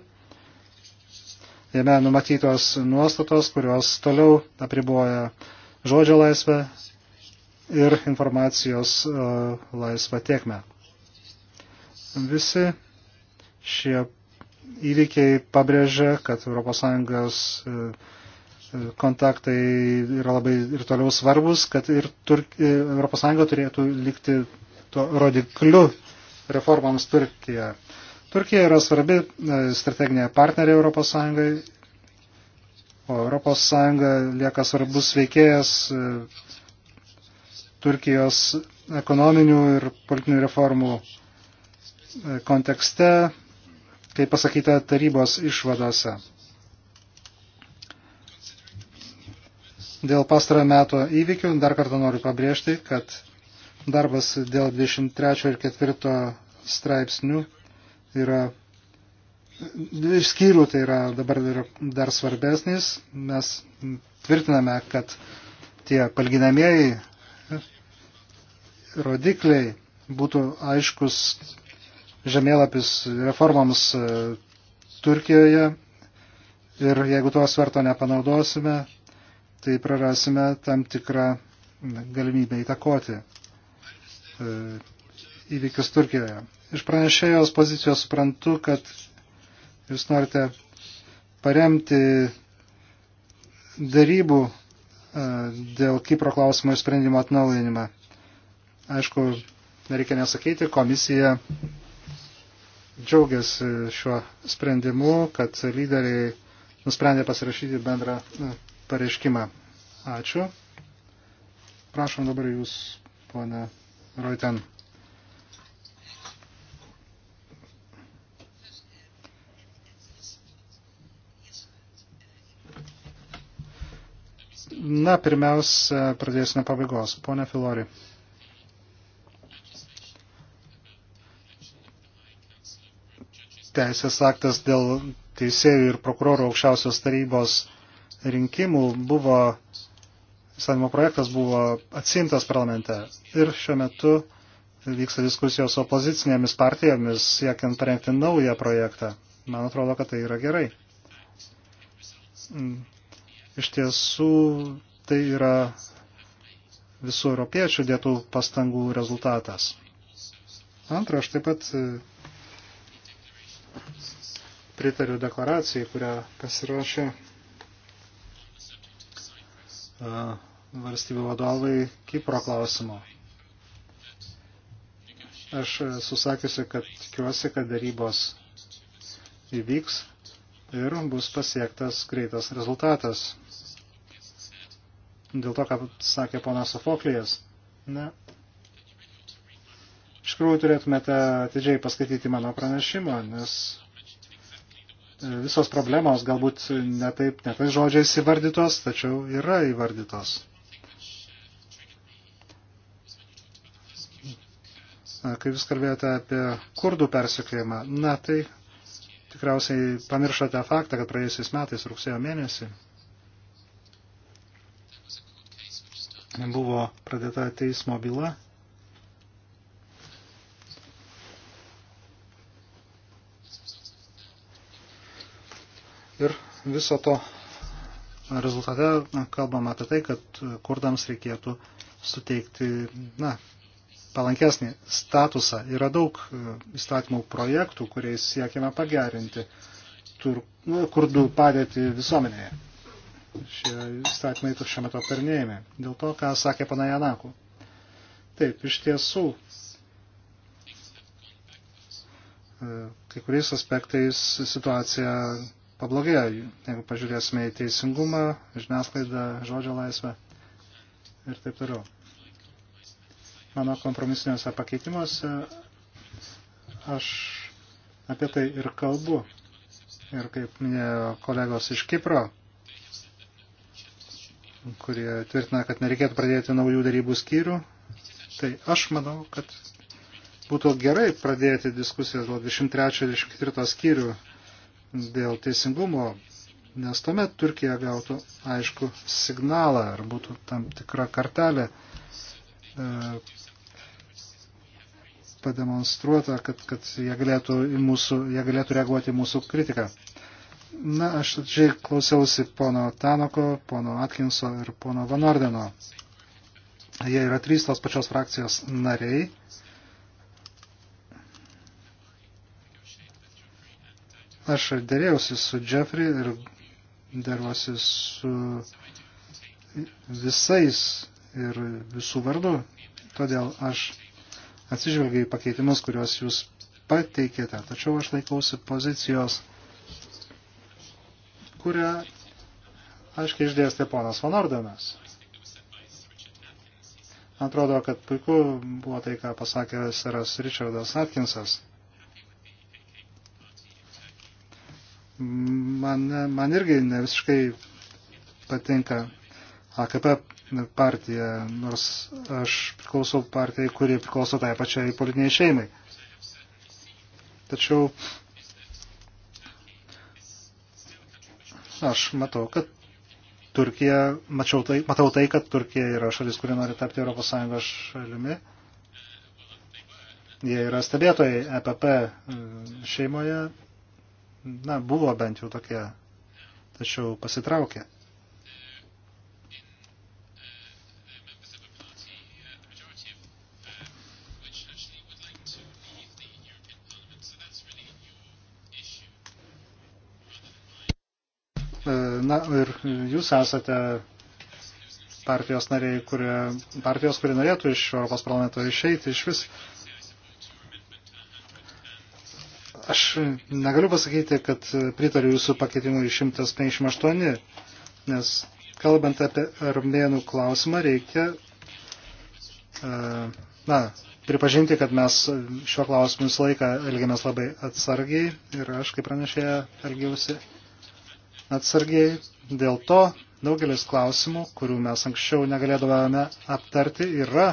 Jame numatytos nuostatos, kurios toliau apriboja žodžio laisvę ir informacijos e, laisvą tiekmę. Visi šie įvykiai pabrėžia, kad ES e, e, kontaktai yra labai ir toliau svarbus, kad ir Turk... ES turėtų likti to rodikliu reformams Turkijoje. Turkija yra svarbi e, strateginė partnerė ES, o ES lieka svarbus veikėjas e, Turkijos ekonominių ir politinių reformų e, kontekste, kaip pasakyta tarybos išvadose. Dėl pastarojo meto įvykių dar kartą noriu pabrėžti, kad darbas dėl 23 ir 4 straipsnių yra iš skyrių, tai yra dabar yra dar svarbesnis. Mes tvirtiname, kad tie palginamieji rodikliai būtų aiškus žemėlapis reformams e, Turkijoje ir jeigu to sverto nepanaudosime, tai prarasime tam tikrą galimybę įtakoti e, įvykius Turkijoje. Iš pranešėjos pozicijos suprantu, kad jūs norite paremti darybų e, dėl Kipro klausimo sprendimo atnaujinimą. Aišku, nereikia nesakyti, komisija džiaugiasi šiuo sprendimu, kad lyderiai nusprendė pasirašyti bendrą e, pareiškimą. Ačiū. Prašom dabar jūs, ponė Roiten. Na, pirmiausia, pradėsime pabaigos. Pone Filori. Teisės aktas dėl teisėjų ir prokurorų aukščiausios tarybos rinkimų buvo, įstatymo projektas buvo atsimtas parlamente. Ir šiuo metu vyksta diskusijos su opozicinėmis partijomis, siekiant parengti naują projektą. Man atrodo, kad tai yra gerai. Iš tiesų tai yra visų europiečių dėtų pastangų rezultatas. Antra, aš taip pat e, pritariu deklaracijai, kurią pasirašė e, valstybių vadovai Kipro klausimo. Aš susakysiu, kad tikiuosi, kad darybos įvyks ir bus pasiektas greitas rezultatas dėl to, ką sakė ponas Sofoklijas. Na, iš tikrųjų turėtumėte atidžiai paskaityti mano pranešimą, nes e, visos problemos galbūt netaip, netais žodžiais įvardytos, tačiau yra įvardytos. Kai jūs kalbėjote apie kurdų persikėjimą, na tai tikriausiai pamiršote faktą, kad praėjusiais metais rugsėjo mėnesį buvo pradėta teismo byla. Ir viso to rezultate kalbam apie tai, kad kurdams reikėtų suteikti na, palankesnį statusą. Yra daug e, įstatymų projektų, kuriais siekime pagerinti tur, nu, kurdų padėti visuomenėje šie įstatymai šiuo metu aptarnėjami. Dėl to, ką sakė pana Janaku. Taip, iš tiesų, e, kai kuriais aspektais situacija pablogėjo, jeigu pažiūrėsime į teisingumą, žiniasklaidą, žodžio laisvę ir taip toliau. Mano kompromisiniuose pakeitimuose aš apie tai ir kalbu. Ir kaip minėjo kolegos iš Kipro, kurie tvirtina, kad nereikėtų pradėti naujų darybų skyrių. Tai aš manau, kad būtų gerai pradėti diskusijas dėl 23-24 skyrių dėl teisingumo, nes tuomet Turkija gautų aišku signalą ar būtų tam tikra kartelė e, pademonstruota, kad, kad jie, galėtų mūsų, jie galėtų reaguoti į mūsų kritiką. Na, aš atžiai klausiausi pono Tanoko, pono Atkinso ir pono Van Ordeno. Jie yra trys tos pačios frakcijos nariai. Aš dėrėjausi su Jeffrey ir dėrėjusi su visais ir visų vardu. Todėl aš atsižvelgiu į pakeitimus, kuriuos jūs pateikėte. Tačiau aš laikausi pozicijos kurią aiškiai išdėstė ponas Van Ordenas. Atrodo, kad puiku buvo tai, ką pasakė seras Richardas Atkinsas. Man, man irgi ne visiškai patinka AKP partija, nors aš priklausau partijai, kuri priklauso tai pačiai politiniai šeimai. Tačiau Aš matau, kad Turkija, mačiau tai, matau tai, kad Turkija yra šalis, kuri nori tapti ES šalimi. Jie yra stebėtojai EPP e, šeimoje, na, buvo bent jau tokie, tačiau pasitraukė. Na ir jūs esate partijos nariai, kurie, partijos, kurie norėtų iš Europos parlamento išeiti iš vis. Aš negaliu pasakyti, kad pritariu jūsų pakeitimui 158, nes kalbant apie armėnų klausimą, reikia e, na, pripažinti, kad mes šiuo klausimu visą laiką elgiamės labai atsargiai ir aš kaip pranešėja elgiausi atsargiai. Dėl to daugelis klausimų, kurių mes anksčiau negalėdavome aptarti, yra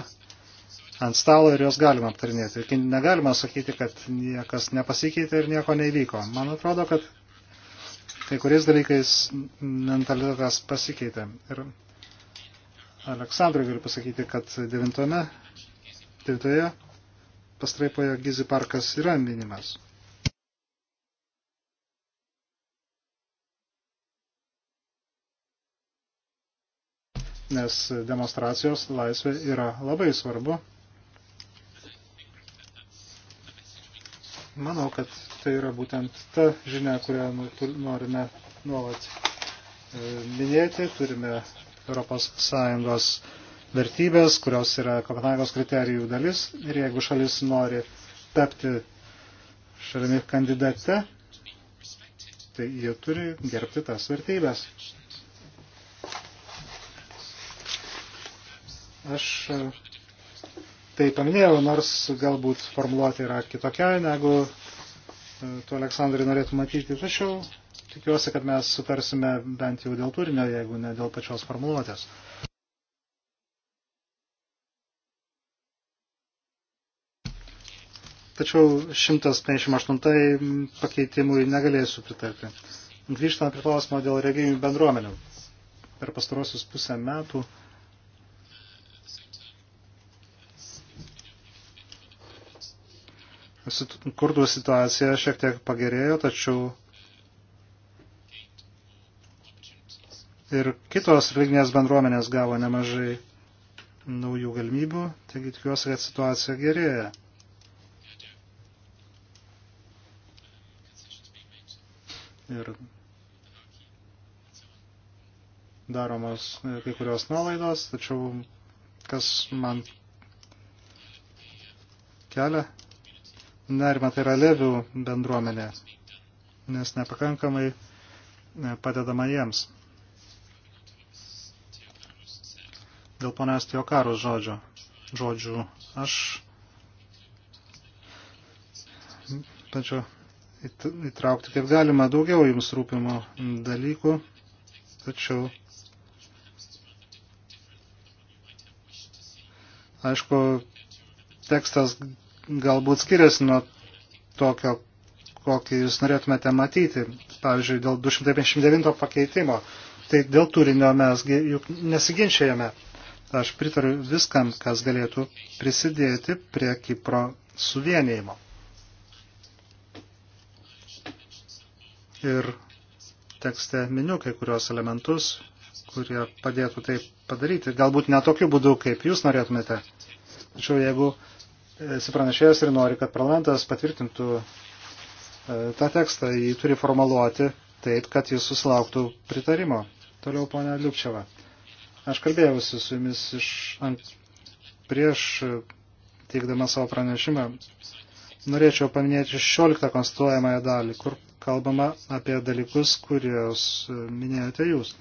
ant stalo ir juos galima aptarinėti. Ir negalima sakyti, kad niekas nepasikeitė ir nieko nevyko. Man atrodo, kad kai kuriais dalykais mentalitetas pasikeitė. Ir Aleksandrui galiu pasakyti, kad devintame, devintoje pastraipoje Gizi parkas yra minimas. nes demonstracijos laisvė yra labai svarbu. Manau, kad tai yra būtent ta žinia, kurią nu- norime nuolat e, minėti. Turime ES vertybės, kurios yra Kopenhagos kriterijų dalis. Ir jeigu šalis nori tapti šalimi kandidate, tai jie turi gerbti tas vertybės. Aš e, tai paminėjau, nors galbūt formuluoti yra kitokia, negu e, tu, Aleksandrai, norėtų matyti. Tačiau tikiuosi, kad mes sutarsime bent jau dėl turinio, jeigu ne dėl pačios formuluotės. Tačiau 158 pakeitimui negalėsiu pritarti. Grįžtame prie klausimo dėl regėjimų bendruomenių. Per pastarosius pusę metų kurdų situacija šiek tiek pagerėjo, tačiau ir kitos religinės bendruomenės gavo nemažai naujų galimybių, taigi tikiuosi, kad situacija gerėja. Ir daromos kai kurios nuolaidos, tačiau kas man kelia nerimą, tai yra levių bendruomenė, nes nepakankamai e, padedama jiems. Dėl ponės Tiokaros žodžio, žodžių aš pačio įtraukti kaip galima daugiau jums rūpimo dalykų, tačiau aišku, tekstas galbūt skiriasi nuo tokio, kokį jūs norėtumėte matyti. Pavyzdžiui, dėl 259 pakeitimo. Tai dėl turinio mes juk nesiginčiajame. Aš pritariu viskam, kas galėtų prisidėti prie Kipro suvienėjimo. Ir tekste miniu kai kurios elementus, kurie padėtų tai padaryti. Galbūt ne tokiu būdu, kaip jūs norėtumėte. Tačiau jeigu uh, esi pranešėjas ir nori, kad parlamentas patvirtintų e, tą tekstą, jį turi formuluoti taip, kad jis susilauktų pritarimo. Toliau, ponia Liupčiava. Aš kalbėjausi su jumis iš ant, prieš e, teikdama savo pranešimą. Norėčiau paminėti 16 konstruojamąją dalį, kur kalbama apie dalykus, kuriuos e, minėjote jūs.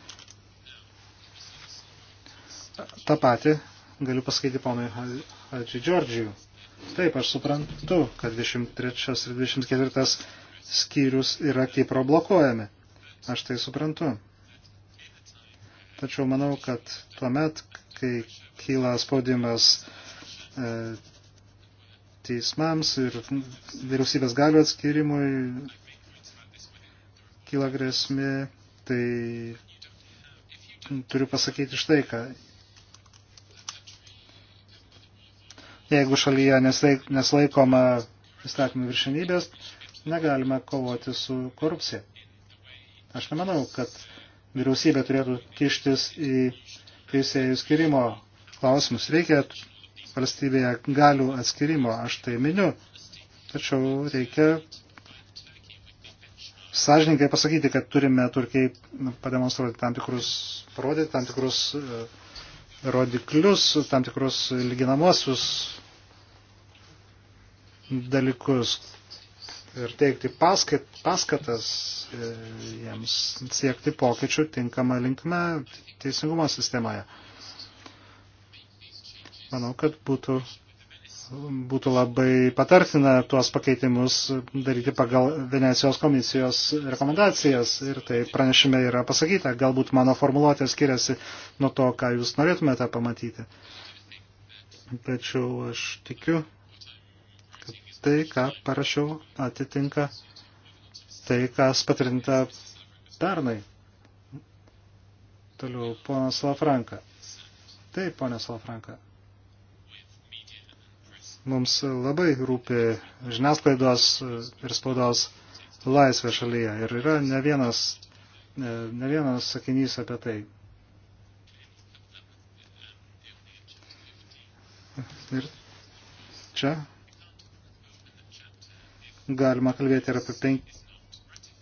Ta pati galiu pasakyti ponui Hadži Džordžijui. Taip, aš suprantu, kad 23 ir 24 skyrius yra Kipro blokuojami. Aš tai suprantu. Tačiau manau, kad tuomet, kai kyla spaudimas e, teismams ir vyriausybės galių atskirimui, kyla grėsmė, tai turiu pasakyti štai ką. Jeigu šalyje neslaikoma įstatymų viršinybės, negalima kovoti su korupcija. Aš nemanau, kad vyriausybė turėtų kištis į teisėjų skirimo klausimus. Reikia valstybėje galių atskirimo, aš tai miniu, tačiau reikia sąžininkai pasakyti, kad turime Turkiai pademonstruoti tam tikrus, parodyti tam tikrus e, rodiklius, tam tikrus lyginamosius dalykus ir teikti paskait, paskatas e, jiems siekti pokyčių tinkamą linkmę teisingumo sistemoje. Manau, kad būtų būtų labai patartina tuos pakeitimus daryti pagal Venecijos komisijos rekomendacijas. Ir tai pranešime yra pasakyta. Galbūt mano formuluotė skiriasi nuo to, ką jūs norėtumėte pamatyti. Tačiau aš tikiu, kad tai, ką parašiau, atitinka tai, kas patrinta pernai. Toliau, ponas Lafranka. Taip, ponas Lafranka. Mums labai rūpi žiniasklaidos ir spaudos laisvė šalyje ir yra ne vienas, ne vienas sakinys apie tai. Ir čia galima kalbėti ir apie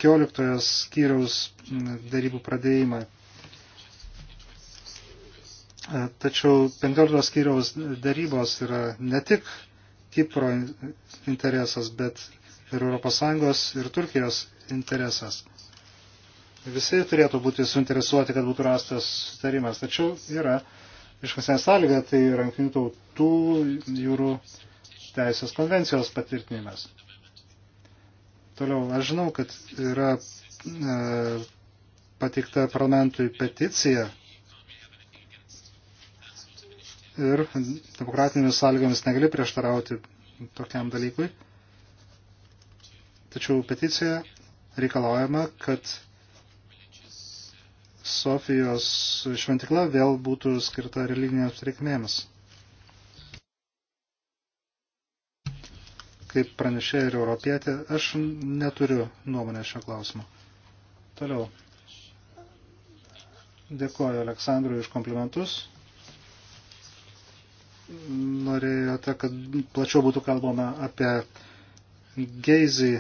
15 skyriaus darybų pradėjimą. Tačiau 15 skyriaus darybos yra ne tik Kipro interesas, bet ir ES ir Turkijos interesas. Visi turėtų būti suinteresuoti, kad būtų rastas sutarimas. Tačiau yra iškasinė sąlyga, tai rankinių tautų jūrų teisės konvencijos patvirtinimas. Toliau, aš žinau, kad yra e, pateikta parlamentui peticija ir demokratinėmis sąlygomis negali prieštarauti tokiam dalykui. Tačiau peticija reikalaujama, kad Sofijos šventikla vėl būtų skirta religinėms reikmėms. Kaip pranešė ir europietė, aš neturiu nuomonę šio klausimo. Toliau. Dėkoju Aleksandrui už komplimentus norėjote, kad plačiau būtų kalbama apie geizį.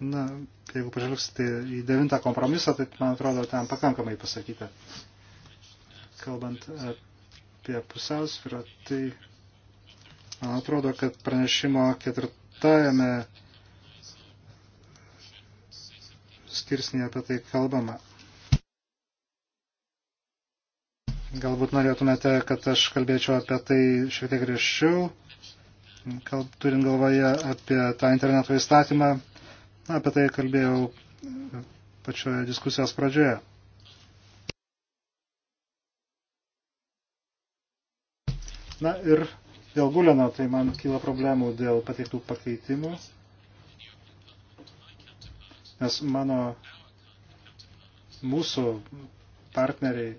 Na, jeigu pažvelgsite į devintą kompromisą, tai man atrodo, ten pakankamai pasakyta. Kalbant apie pusiausvyrą, tai man atrodo, kad pranešimo ketvirtajame skirsnėje apie tai kalbama. Galbūt norėtumėte, kad aš kalbėčiau apie tai šiek tiek griežčiau, turint galvoje apie tą interneto įstatymą. Na, apie tai kalbėjau pačioje diskusijos pradžioje. Na ir dėl Guleno, tai man kyla problemų dėl pateiktų pakeitimų, nes mano mūsų partneriai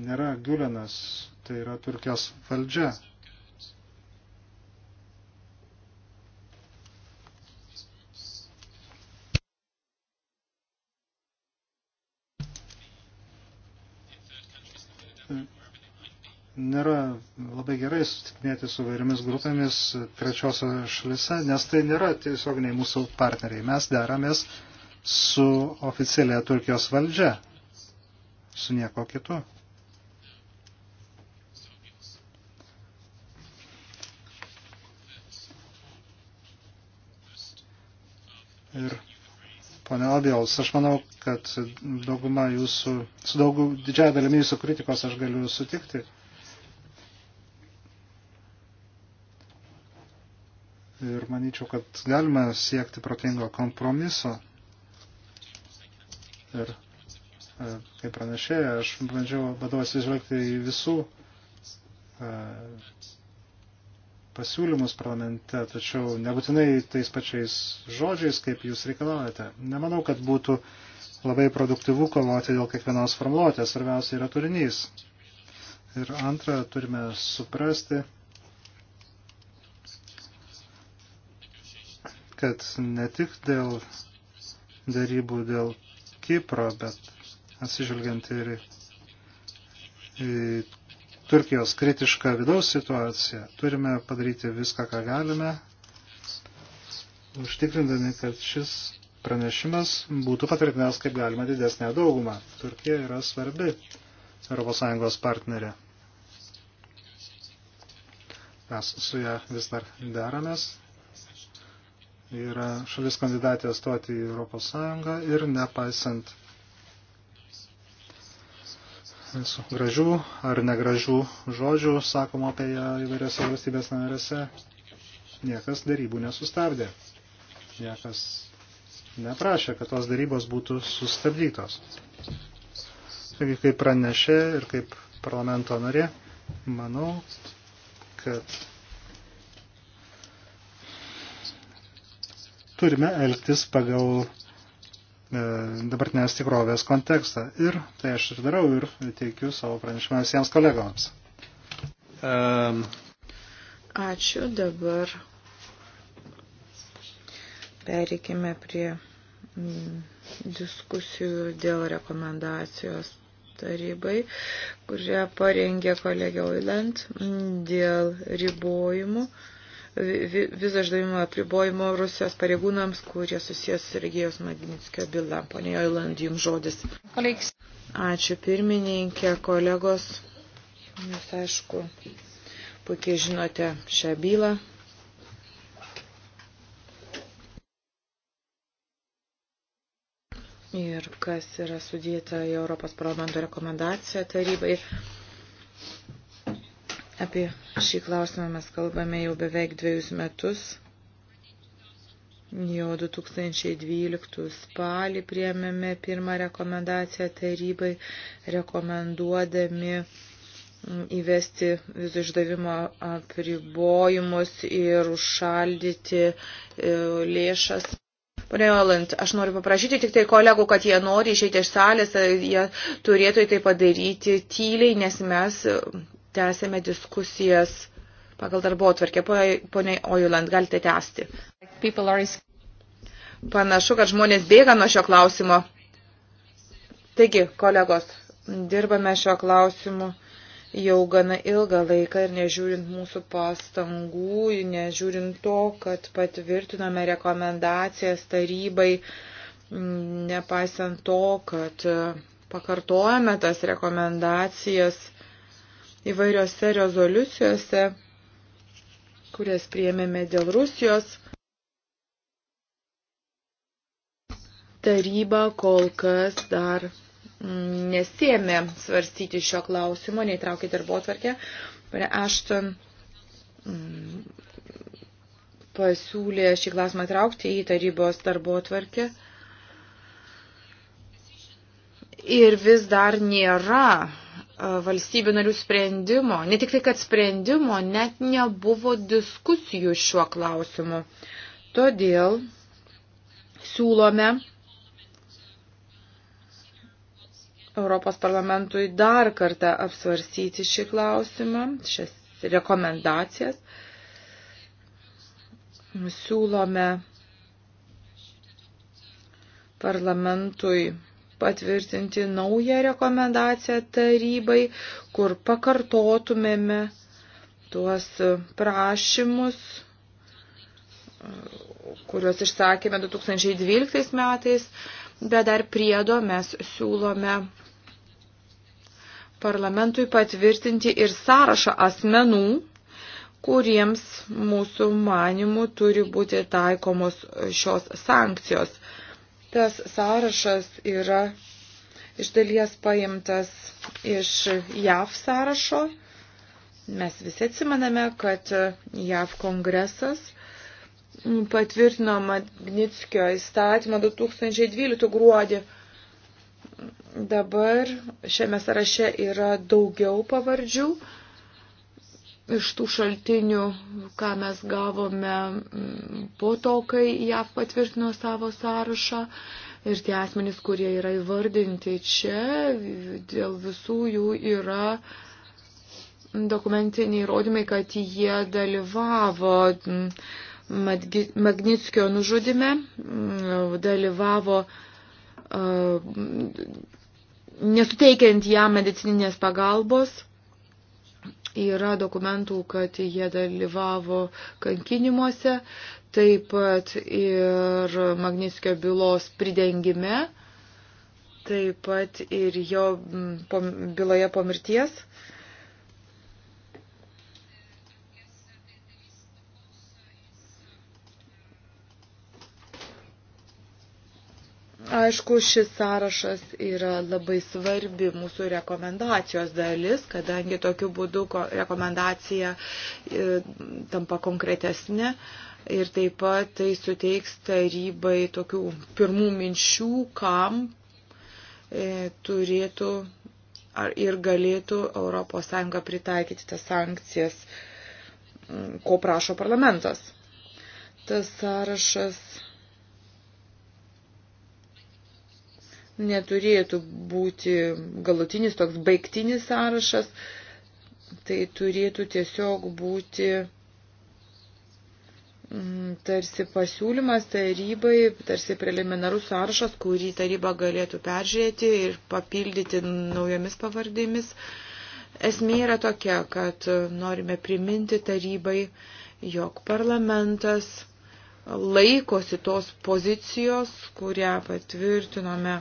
nėra Gulenas, tai yra Turkijos valdžia. nėra labai gerai susitikinėti su vairiomis grupėmis trečiosios šalise, nes tai nėra tiesioginiai mūsų partneriai. Mes deramės su oficialia Turkijos valdžia, su nieko kitu. ir Pone Abijos, aš manau, kad dauguma jūsų, su daugų, didžiaja dalimi jūsų kritikos aš galiu sutikti. Ir manyčiau, kad galima siekti protingo kompromiso. Ir e, kaip pranešėja, aš bandžiau vadovas išvelgti į visų e, pasiūlymus parlamente, tačiau nebūtinai tais pačiais žodžiais, kaip jūs reikalaujate. Nemanau, kad būtų labai produktyvu kovoti dėl kiekvienos formuluotės. Svarbiausia yra turinys. Ir antra, turime suprasti, kad ne tik dėl darybų dėl Kipro, bet atsižvelgiant ir į Turkijos kritišką vidaus situaciją, turime padaryti viską, ką galime, užtikrindami, kad šis pranešimas būtų patvirtinęs kaip galima didesnę daugumą. Turkija yra svarbi ES partnerė. Mes su ją vis dar deramės. Yra šalis kandidatė stoti į ES ir nepaisant visų gražių ar negražių žodžių sakoma apie ją įvairiose valstybės narėse, niekas darybų nesustabdė. Niekas neprašė, kad tos darybos būtų sustabdytos. Taigi, kaip pranešė ir kaip parlamento narė, manau, kad turime elgtis pagal E, dabartinės tikrovės kontekstą. Ir tai aš ir darau ir teikiu savo pranešimą visiems kolegoms. Um. Ačiū dabar. Pereikime prie mm, diskusijų dėl rekomendacijos tarybai, kurią parengė kolegė Oiland mm, dėl ribojimų. Uh, vizų išdavimo apribojimo Rusijos pareigūnams, kurie susijęs su Regijos Magnitskio byla. Pone Joiland, jums žodis. Kolegs. Ačiū pirmininkė, kolegos. Jūs, aišku, puikiai žinote šią bylą. Ir kas yra sudėta į Europos parlamento rekomendaciją tarybai. Apie šį klausimą mes kalbame jau beveik dviejus metus. Jau 2012 spalį priemėme pirmą rekomendaciją tarybai, rekomenduodami įvesti vizų išdavimo apribojimus ir užšaldyti e, lėšas. Pane Oland, aš noriu paprašyti tik tai kolegų, kad jie nori išeiti iš salės, jie turėtų tai padaryti tyliai, nes mes tęsėme diskusijas pagal darbo atvarkę. Pone Ojuland, galite tęsti. Panašu, kad žmonės bėga nuo šio klausimo. Taigi, kolegos, dirbame šio klausimu jau gana ilgą laiką ir nežiūrint mūsų pastangų, nežiūrint to, kad patvirtiname rekomendacijas tarybai, nepaisant to, kad pakartojame tas rekomendacijas įvairiose rezoliucijose, kurias priėmėme dėl Rusijos. Taryba kol kas dar mm, nesėmė svarstyti šio klausimo, neįtraukė darbo atvarkę. Pane Ašton mm, pasiūlė šį klausimą traukti į tarybos darbo atvarkę. Ir vis dar nėra E, valstybių narių sprendimo, ne tik tai, kad sprendimo, net nebuvo diskusijų šiuo klausimu. Todėl siūlome Europos parlamentui dar kartą apsvarsyti šį klausimą, šias rekomendacijas. Siūlome parlamentui patvirtinti naują rekomendaciją tarybai, kur pakartotumėme tuos prašymus, kuriuos išsakėme 2012 metais, bet dar priedo mes siūlome parlamentui patvirtinti ir sąrašą asmenų, kuriems mūsų manimų turi būti taikomos šios sankcijos. Tas sąrašas yra iš dalies paimtas iš JAV sąrašo. Mes visi atsimename, kad JAV kongresas patvirtino Magnitskio įstatymą 2012 gruodį. Dabar šiame sąraše yra daugiau pavardžių iš tų šaltinių, ką mes gavome mm, po to, kai JAV patvirtino savo sąrašą. Ir tie asmenys, kurie yra įvardinti čia, dėl visų jų yra dokumentiniai įrodymai, kad jie dalyvavo mm, Magnitskio nužudime, mm, dalyvavo e, nesuteikiant jam medicininės pagalbos Yra dokumentų, kad jie dalyvavo kankinimuose, taip pat ir Magniskio bylos pridengime, taip pat ir jo byloje po mirties. Aišku, šis sąrašas yra labai svarbi mūsų rekomendacijos dalis, kadangi tokiu būdu rekomendacija e, tampa konkretesnė ir taip pat tai suteiks tarybai tokių pirmų minčių, kam e, turėtų ir galėtų ES pritaikyti tas sankcijas, ko prašo parlamentas. Tas sąrašas neturėtų būti galutinis toks baigtinis sąrašas, tai turėtų tiesiog būti mm, tarsi pasiūlymas tarybai, tarsi preliminarus sąrašas, kurį taryba galėtų peržiūrėti ir papildyti naujomis pavardėmis. Esmė yra tokia, kad norime priminti tarybai, jog parlamentas laikosi tos pozicijos, kurią patvirtinome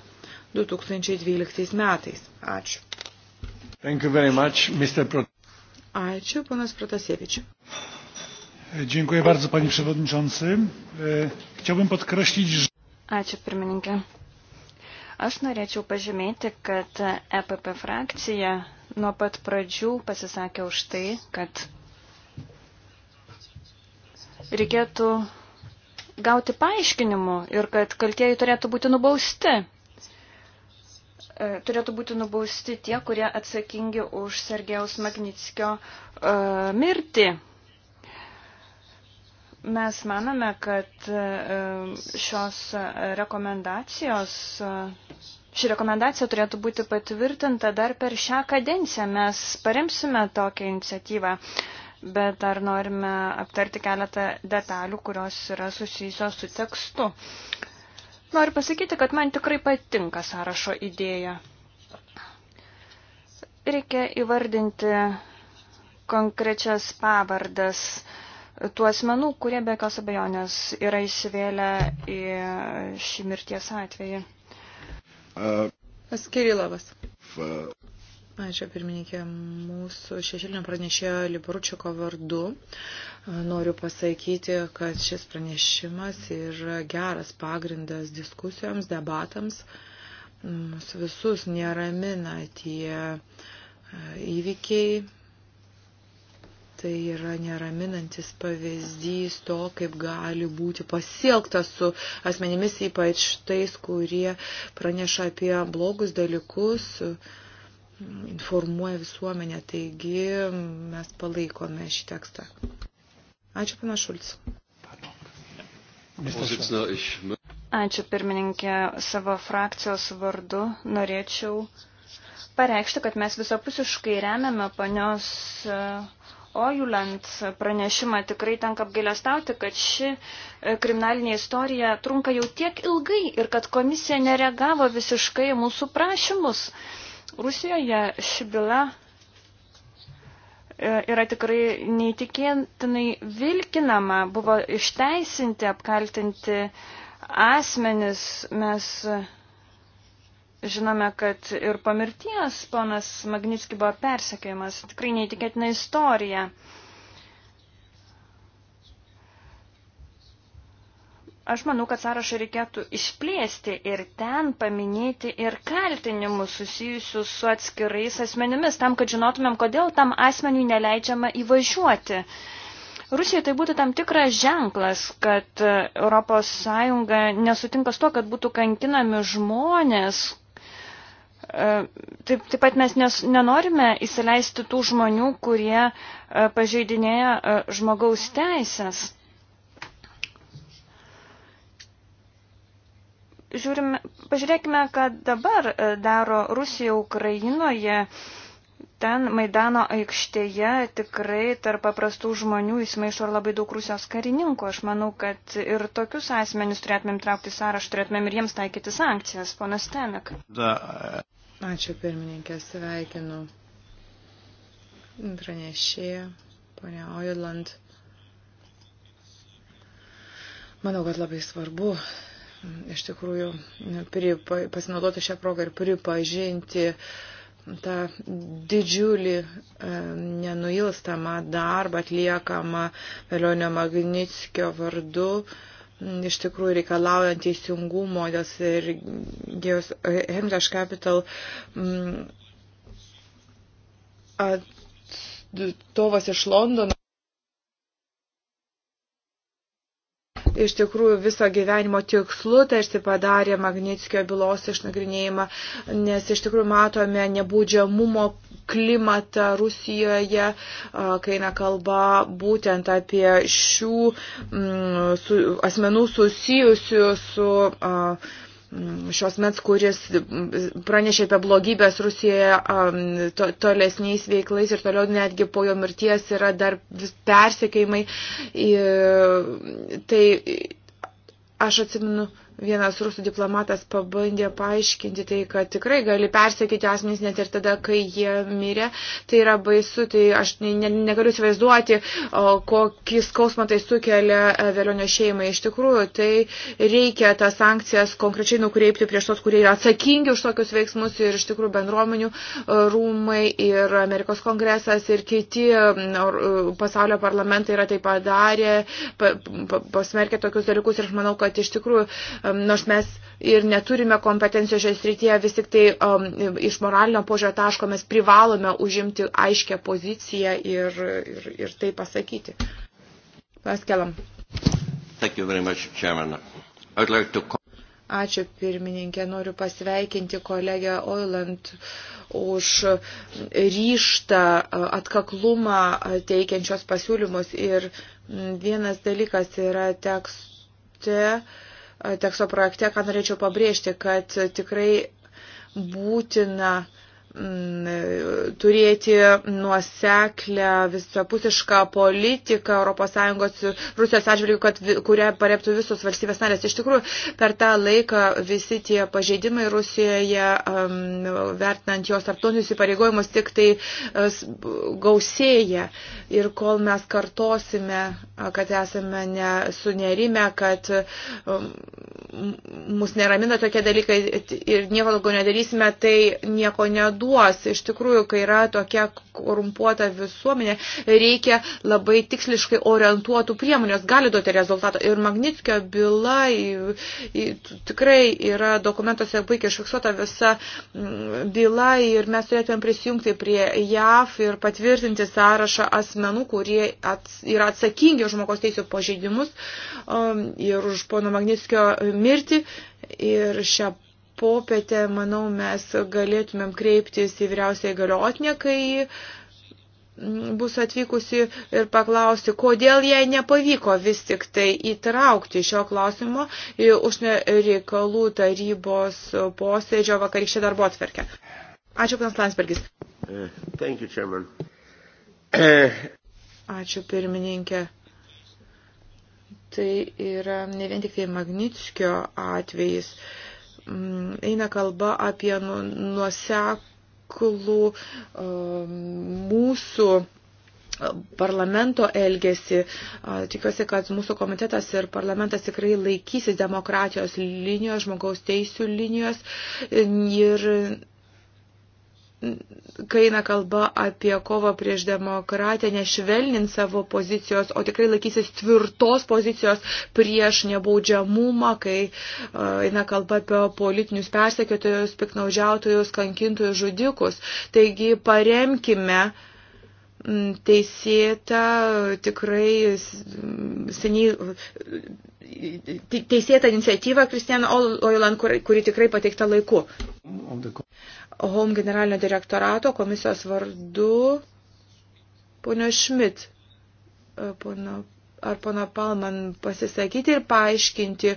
2012 metais. Ačiū. Thank you very much, Mr. Pro... Ačiū, ponas Protasievičiu. Dziękuję bardzo, panie przewodniczący. E, chciałbym podkreślić, że... Ačiū, pirmininkė. Aš norėčiau pažymėti, kad EPP frakcija nuo pat pradžių pasisakė už tai, kad reikėtų gauti paaiškinimų ir kad kaltieji turėtų būti nubausti. E, turėtų būti nubausti tie, kurie atsakingi už Sergejaus Magnitskio e, mirtį. Mes manome, kad e, šios rekomendacijos, ši rekomendacija turėtų būti patvirtinta dar per šią kadenciją. Mes paremsime tokią iniciatyvą, bet dar norime aptarti keletą detalių, kurios yra susijusios su tekstu. Noriu pasakyti, kad man tikrai patinka sąrašo idėja. Reikia įvardinti konkrečias pavardas tų asmenų, kurie be jokios abejonės yra įsivėlę į šį mirties atvejį. Uh. Skirilovas. Uh. Ačiū pirmininkė, mūsų šešėlinio pranešėjo Libručiko vardu. E, noriu pasakyti, kad šis pranešimas yra geras pagrindas diskusijoms, debatams. Mus visus neramina tie e, įvykiai. Tai yra neraminantis pavyzdys to, kaip gali būti pasielgta su asmenimis, ypač tais, kurie praneša apie blogus dalykus. Su, informuoja visuomenę, taigi mes palaikome šį tekstą. Ačiū, pana Šulc. Ačiū, pirmininkė, savo frakcijos vardu norėčiau pareikšti, kad mes visapusiškai remiame panios e, Ojuland pranešimą. Tikrai tenka apgailestauti, kad ši e, kriminalinė istorija trunka jau tiek ilgai ir kad komisija nereagavo visiškai mūsų prašymus. Rusijoje ši byla e, yra tikrai neįtikėtinai vilkinama. Buvo išteisinti, apkaltinti asmenis. Mes žinome, kad ir pamirties ponas Magnitski buvo persekėjimas. Tikrai neįtikėtina istorija. Aš manau, kad sąrašą reikėtų išplėsti ir ten paminėti ir kaltinimus susijusius su atskirais asmenimis, tam, kad žinotumėm, kodėl tam asmeniui neleidžiama įvažiuoti. Rusijai tai būtų tam tikras ženklas, kad ES nesutinka su to, kad būtų kankinami žmonės. E, taip, taip pat mes nes, nenorime įsileisti tų žmonių, kurie e, pažeidinėja e, žmogaus teisės. žiūrime, pažiūrėkime, kad dabar e, daro Rusija Ukrainoje. Ten Maidano aikštėje tikrai tarp paprastų žmonių įsimaišo ir labai daug Rusijos karininkų. Aš manau, kad ir tokius asmenius turėtumėm traukti sąrašą, turėtumėm ir jiems taikyti sankcijas, ponas Tenek. E, Ačiū pirmininkė, sveikinu. Pranešėja, ponia Oiland. Manau, kad labai svarbu iš tikrųjų pripa, pasinaudoti šią progą ir pripažinti tą didžiulį e, nenuilstamą darbą atliekamą Velionio Magnitskio vardu, iš tikrųjų reikalaujant teisingumo, nes ir Geos e, Hemdash Capital m, mm, atstovas iš Londono iš tikrųjų viso gyvenimo tikslu, tarsi padarė Magnitskio bylos išnagrinėjimą, nes iš tikrųjų matome nebūdžiamumo klimatą Rusijoje, kai eina kalba būtent apie šių m, mm, su, asmenų susijusių su. A, Mm, šios mets, kuris pranešė apie blogybės Rusijoje to, tolesniais veiklais ir toliau netgi po jo mirties yra dar vis persekėjimai. Tai aš atsiminu, vienas rusų diplomatas pabandė paaiškinti tai, kad tikrai gali persekyti asmenys net ir tada, kai jie mirė. Tai yra baisu, tai aš ne, negaliu įsivaizduoti, kokį skausmą tai sukelia e, vėlionio šeimai. Iš tikrųjų, tai reikia tas sankcijas konkrečiai nukreipti prieš tos, kurie yra atsakingi už tokius veiksmus ir iš tikrųjų bendruomenių e, rūmai ir Amerikos kongresas ir kiti e, pasaulio parlamentai yra tai padarę, pasmerkė tokius dalykus ir aš manau, kad iš tikrųjų nors mes ir neturime kompetencijos šioje srityje, vis tik tai um, iš moralinio požiūrio taško mes privalome užimti aiškę poziciją ir, ir, ir tai pasakyti. Paskelam. Ačiū pirmininkė, noriu pasveikinti kolegę Oiland už ryštą, atkaklumą teikiančios pasiūlymus. Ir vienas dalykas yra tekste teksto projekte, ką norėčiau pabrėžti, kad tikrai būtina uh, turėti nuoseklę visapusišką politiką ES Rusijos atžvilgių, kad kurią pareptų visos valstybės narės. Iš tikrųjų, per tą laiką visi tie pažeidimai Rusijoje, vertinant jos tarptautinius įpareigojimus, tik tai e, gausėja. Ir kol mes kartosime, kad esame sunerime, kad mus neramina tokie dalykai ir nieko daugiau nedarysime, tai nieko nedu neduos. Iš tikrųjų, kai yra tokia korumpuota visuomenė, reikia labai tiksliškai orientuotų priemonės, gali duoti rezultatą. Ir Magnitskio byla į, į, tikrai yra dokumentuose puikiai išfiksuota visa mm, byla ir mes turėtume prisijungti prie JAF ir patvirtinti sąrašą asmenų, kurie ats, yra atsakingi už žmogaus teisų pažeidimus um, ir už pono Magnitskio mirtį. Ir šią popietę, manau, mes galėtumėm kreiptis į vyriausiai galiotinę, kai bus atvykusi ir paklausti, kodėl jai nepavyko vis tik tai įtraukti šio klausimo į užsienio reikalų tarybos posėdžio vakarykščią darbo atverkę. Ačiū, panas Landsbergis. Eh, thank you, Chairman. Eh. Ačiū, pirmininkė. Tai yra ne vien tik tai Magnitskio atvejis. Uh, Mm, eina kalba apie nu, nuoseklų um, mūsų parlamento elgesį. Tikiuosi, kad mūsų komitetas ir parlamentas tikrai laikysis demokratijos linijos, žmogaus teisų linijos ir kai eina kalba apie kovą prieš demokratiją, nešvelnint savo pozicijos, o tikrai laikysis tvirtos pozicijos prieš nebaudžiamumą, kai e, eina kalba apie politinius persekiotojus, piknaudžiautojus, kankintojus, žudikus. Taigi paremkime teisėta, tikrai seniai teisėta iniciatyva Kristian Oiland, kuri, kuri tikrai pateikta laiku. Home generalinio direktorato komisijos vardu pono Šmit, e, pono ar pono Palman pasisakyti ir paaiškinti,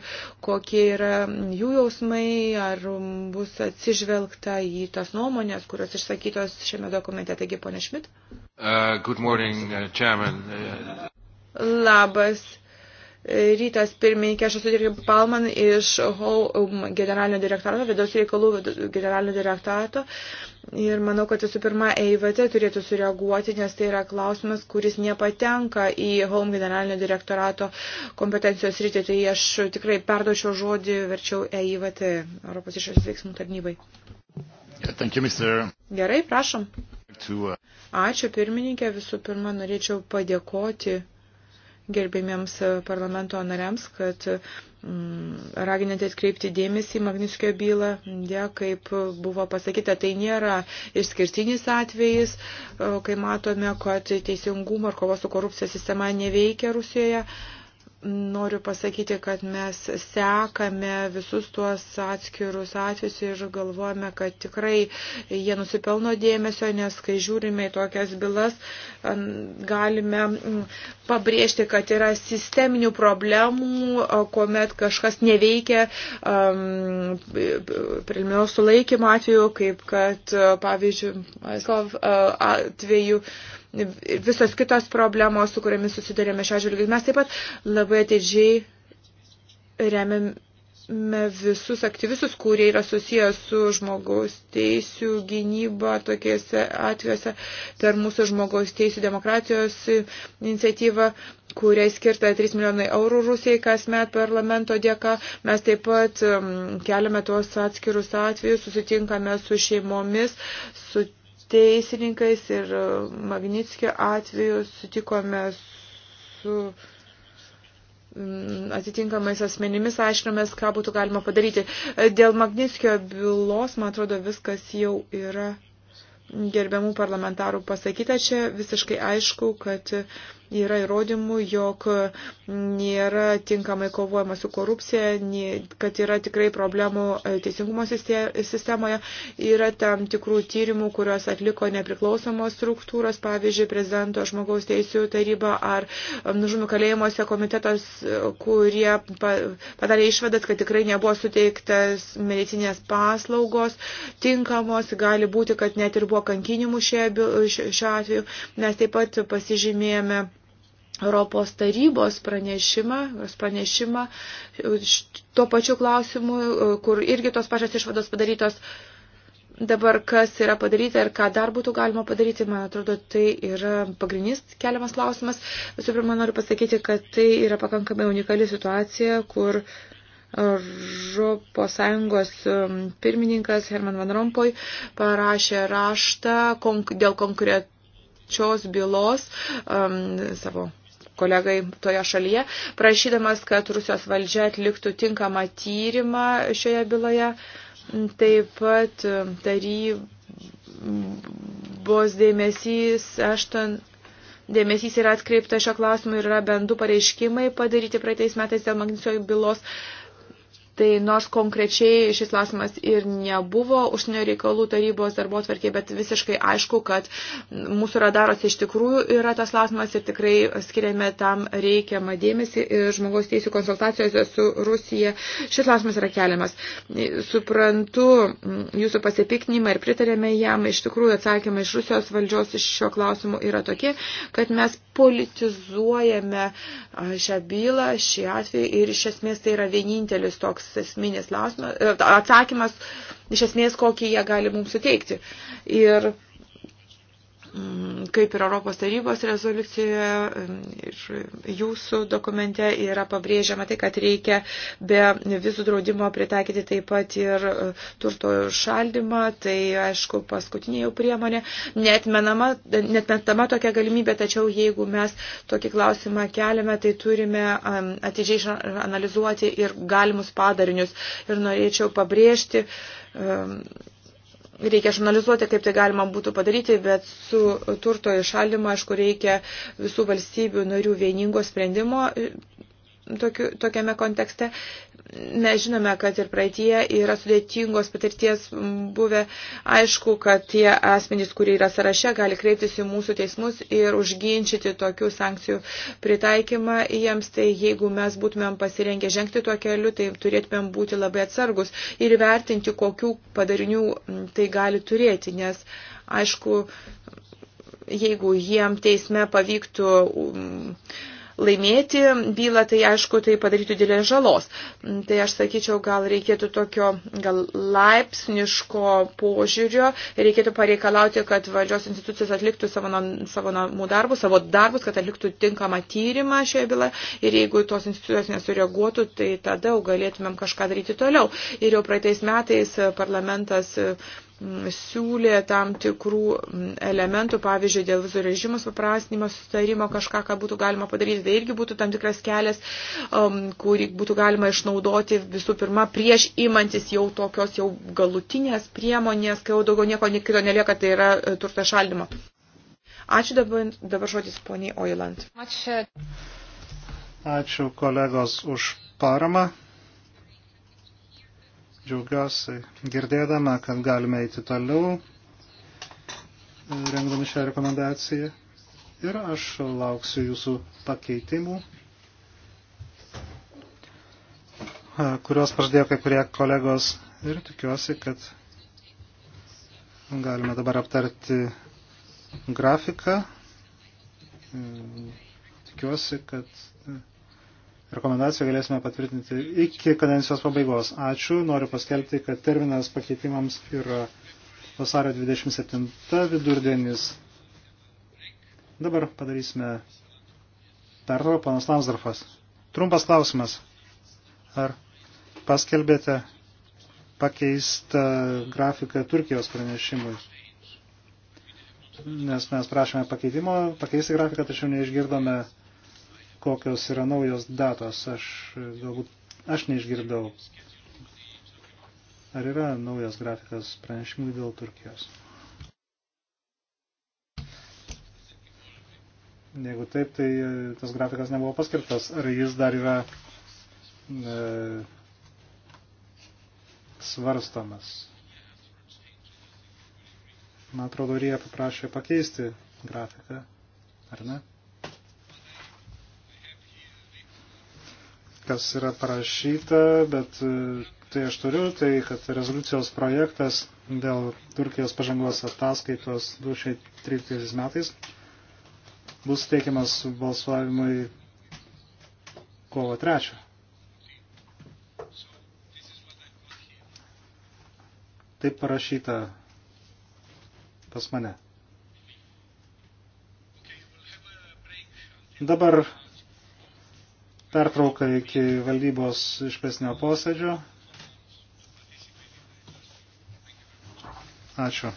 kokie yra jų jausmai, ar bus atsižvelgta į tas nuomonės, kurios išsakytos šiame dokumente. Taigi, ponė Šmit. Uh, good morning, uh, chairman. Uh... Labas rytas, pirmininkė, aš esu Dirgi Palman iš Home um, generalinio direktorato, vidaus reikalų generalinio direktorato. Ir manau, kad visų pirma EIVT turėtų sureaguoti, nes tai yra klausimas, kuris nepatenka į Home generalinio direktorato kompetencijos rytį. Tai aš tikrai perdočiau žodį, verčiau EIVT, Europos išorės veiksmų tarnybai. Thank you, Mr. Gerai, prašom. Uh, Ačiū pirmininkė, visų pirma norėčiau padėkoti gerbėmiems e, parlamento nariams, kad mm, raginate atkreipti dėmesį į Magniškio bylą, ja, kaip buvo pasakyta, tai nėra išskirtinis atvejis, e, kai matome, kad teisingumo ir kovos su korupcija sistema neveikia Rusijoje. Noriu pasakyti, kad mes sekame visus tuos atskirus atvejus ir galvojame, kad tikrai jie nusipelno dėmesio, nes kai žiūrime į tokias bylas, galime mm, pabrėžti, kad yra sisteminių problemų, kuomet kažkas neveikia um, preliminio sulaikymo atveju, kaip kad, pavyzdžiui, atveju. Uh, visos kitos problemos, su kuriamis susidurėme šią žvilgį. Mes taip pat labai atidžiai remiam visus aktyvistus, kurie yra susijęs su žmogaus teisų gynyba tokiuose atvejuose per mūsų žmogaus teisų demokratijos iniciatyvą, kuriai skirta 3 milijonai eurų Rusijai kasmet parlamento dėka. Mes taip pat um, keliame tuos atskirus atvejus, susitinkame su šeimomis, su teisininkais ir e, Magnitskio atveju sutikome su mm, atitinkamais asmenimis aiškinomės, ką būtų galima padaryti. E, dėl Magnitskio bylos, man atrodo, viskas jau yra gerbiamų parlamentarų pasakyta. Čia visiškai aišku, kad yra įrodymų, jog nėra tinkamai kovojama su korupcija, kad yra tikrai problemų e, teisingumo sistemoje. Yra tam tikrų tyrimų, kuriuos atliko nepriklausomos struktūros, pavyzdžiui, prezidento žmogaus teisų taryba ar nužumių kalėjimuose komitetas, e, kurie padarė išvadas, kad tikrai nebuvo suteiktas medicinės paslaugos tinkamos, gali būti, kad net ir buvo kankinimų šio atveju. Mes taip pat pasižymėjome Europos tarybos pranešimą, pranešimą e, tuo pačiu klausimu, e, kur irgi tos pačios išvados padarytos. Dabar kas yra padaryta ir ką dar būtų galima padaryti, man atrodo, tai yra pagrindinis keliamas klausimas. Visų pirma, noriu pasakyti, kad tai yra pakankamai unikali situacija, kur Europos Sąjungos um, pirmininkas Herman Van Rompuy parašė raštą dėl konkretų šios bylos um, savo kolegai toje šalyje, prašydamas, kad Rusijos valdžia atliktų tinkamą tyrimą šioje byloje. Taip pat um, tarybos dėmesys aštuon dėmesys yra atkreipta šio klausimu ir yra bendų pareiškimai padaryti praeitais metais dėl Magnitsio bylos. Tai nors konkrečiai šis klausimas ir nebuvo užsienio reikalų tarybos darbo tvarkė, bet visiškai aišku, kad mūsų radarose iš tikrųjų yra tas klausimas ir tikrai skiriame tam reikiamą dėmesį ir žmogaus teisų konsultacijose su Rusija. Šis klausimas yra keliamas. Suprantu jūsų pasipiknymą ir pritarėme jam. Iš tikrųjų atsakymai iš Rusijos valdžios iš šio klausimu yra tokie, kad mes politizuojame šią bylą, šį atvejį ir iš esmės tai yra vienintelis toks toks esminis lausimas, e, atsakymas, iš esmės, kokį jie gali mums suteikti. Ir Mm, kaip ir Europos tarybos rezoliucijoje mm, ir jūsų dokumente yra pabrėžiama tai, kad reikia be vizų draudimo pritaikyti taip pat ir e, turto šaldymą, tai aišku paskutinė jau priemonė, netmetama tokia galimybė, tačiau jeigu mes tokį klausimą keliame, tai turime atidžiai analizuoti ir galimus padarinius. Ir norėčiau pabrėžti, reikia išanalizuoti, kaip tai galima būtų padaryti, bet su turto išaldymu, aišku, reikia visų valstybių narių vieningo sprendimo tokiu, tokiame kontekste. Mes žinome, kad ir praeitie yra sudėtingos patirties buvę. Aišku, kad tie asmenys, kurie yra sąraše, gali kreiptis į mūsų teismus ir užginčyti tokių sankcijų pritaikymą jiems. Tai jeigu mes būtumėm pasirengę žengti tuo keliu, tai turėtumėm būti labai atsargus ir vertinti, kokių padarinių tai gali turėti. Nes, aišku, jeigu jiem teisme pavyktų. Um, laimėti bylą, tai aišku, tai padarytų didelės žalos. Tai aš sakyčiau, gal reikėtų tokio gal laipsniško požiūrio, reikėtų pareikalauti, kad valdžios institucijos atliktų savo, savo namų darbus, savo darbus, kad atliktų tinkamą tyrimą šioje byloje ir jeigu tos institucijos nesureaguotų, tai tada jau galėtumėm kažką daryti toliau. Ir jau praeitais metais parlamentas siūlė tam tikrų elementų, pavyzdžiui, dėl vizų režimo suprasnimo, sustarimo, kažką, ką būtų galima padaryti. Tai irgi būtų tam tikras kelias, um, kurį būtų galima išnaudoti visų pirma prieš imantis jau tokios jau galutinės priemonės, kai jau daugiau nieko kito nelieka, tai yra e, turto šaldimo. Ačiū dabar, dabar žodis poniai Oiland. Ačiū. Uh, Ačiū kolegos už paramą. Džiaugiuosi girdėdama, kad galime eiti toliau, rengdami šią rekomendaciją. Ir aš lauksiu jūsų pakeitimų, kuriuos pažadėjo kai kurie kolegos. Ir tikiuosi, kad galime dabar aptarti grafiką. Tikiuosi, kad rekomendaciją galėsime patvirtinti iki kadencijos pabaigos. Ačiū. Noriu paskelbti, kad terminas pakeitimams yra vasario 27 vidurdienis. Dabar padarysime pertrauką, panas Lansdorfas. Trumpas klausimas. Ar paskelbėte pakeistą grafiką Turkijos pranešimui? Nes mes prašėme pakeitimo, pakeisti grafiką, tačiau neišgirdome kokios yra naujos datos. Aš galbūt aš neišgirdau. Ar yra naujas grafikas pranešimui dėl Turkijos? Jeigu taip, tai e, tas grafikas nebuvo paskirtas. Ar jis dar yra e, svarstamas? Man atrodo, Rija paprašė pakeisti grafiką, ar ne? kas yra parašyta, bet e, tai aš turiu, tai kad rezoliucijos projektas dėl Turkijos pažangos ataskaitos 2013 metais bus teikiamas balsuojimui kovo 3. Taip parašyta pas mane. Dabar pertrauka iki valdybos išpėsnio posėdžio. Ačiū.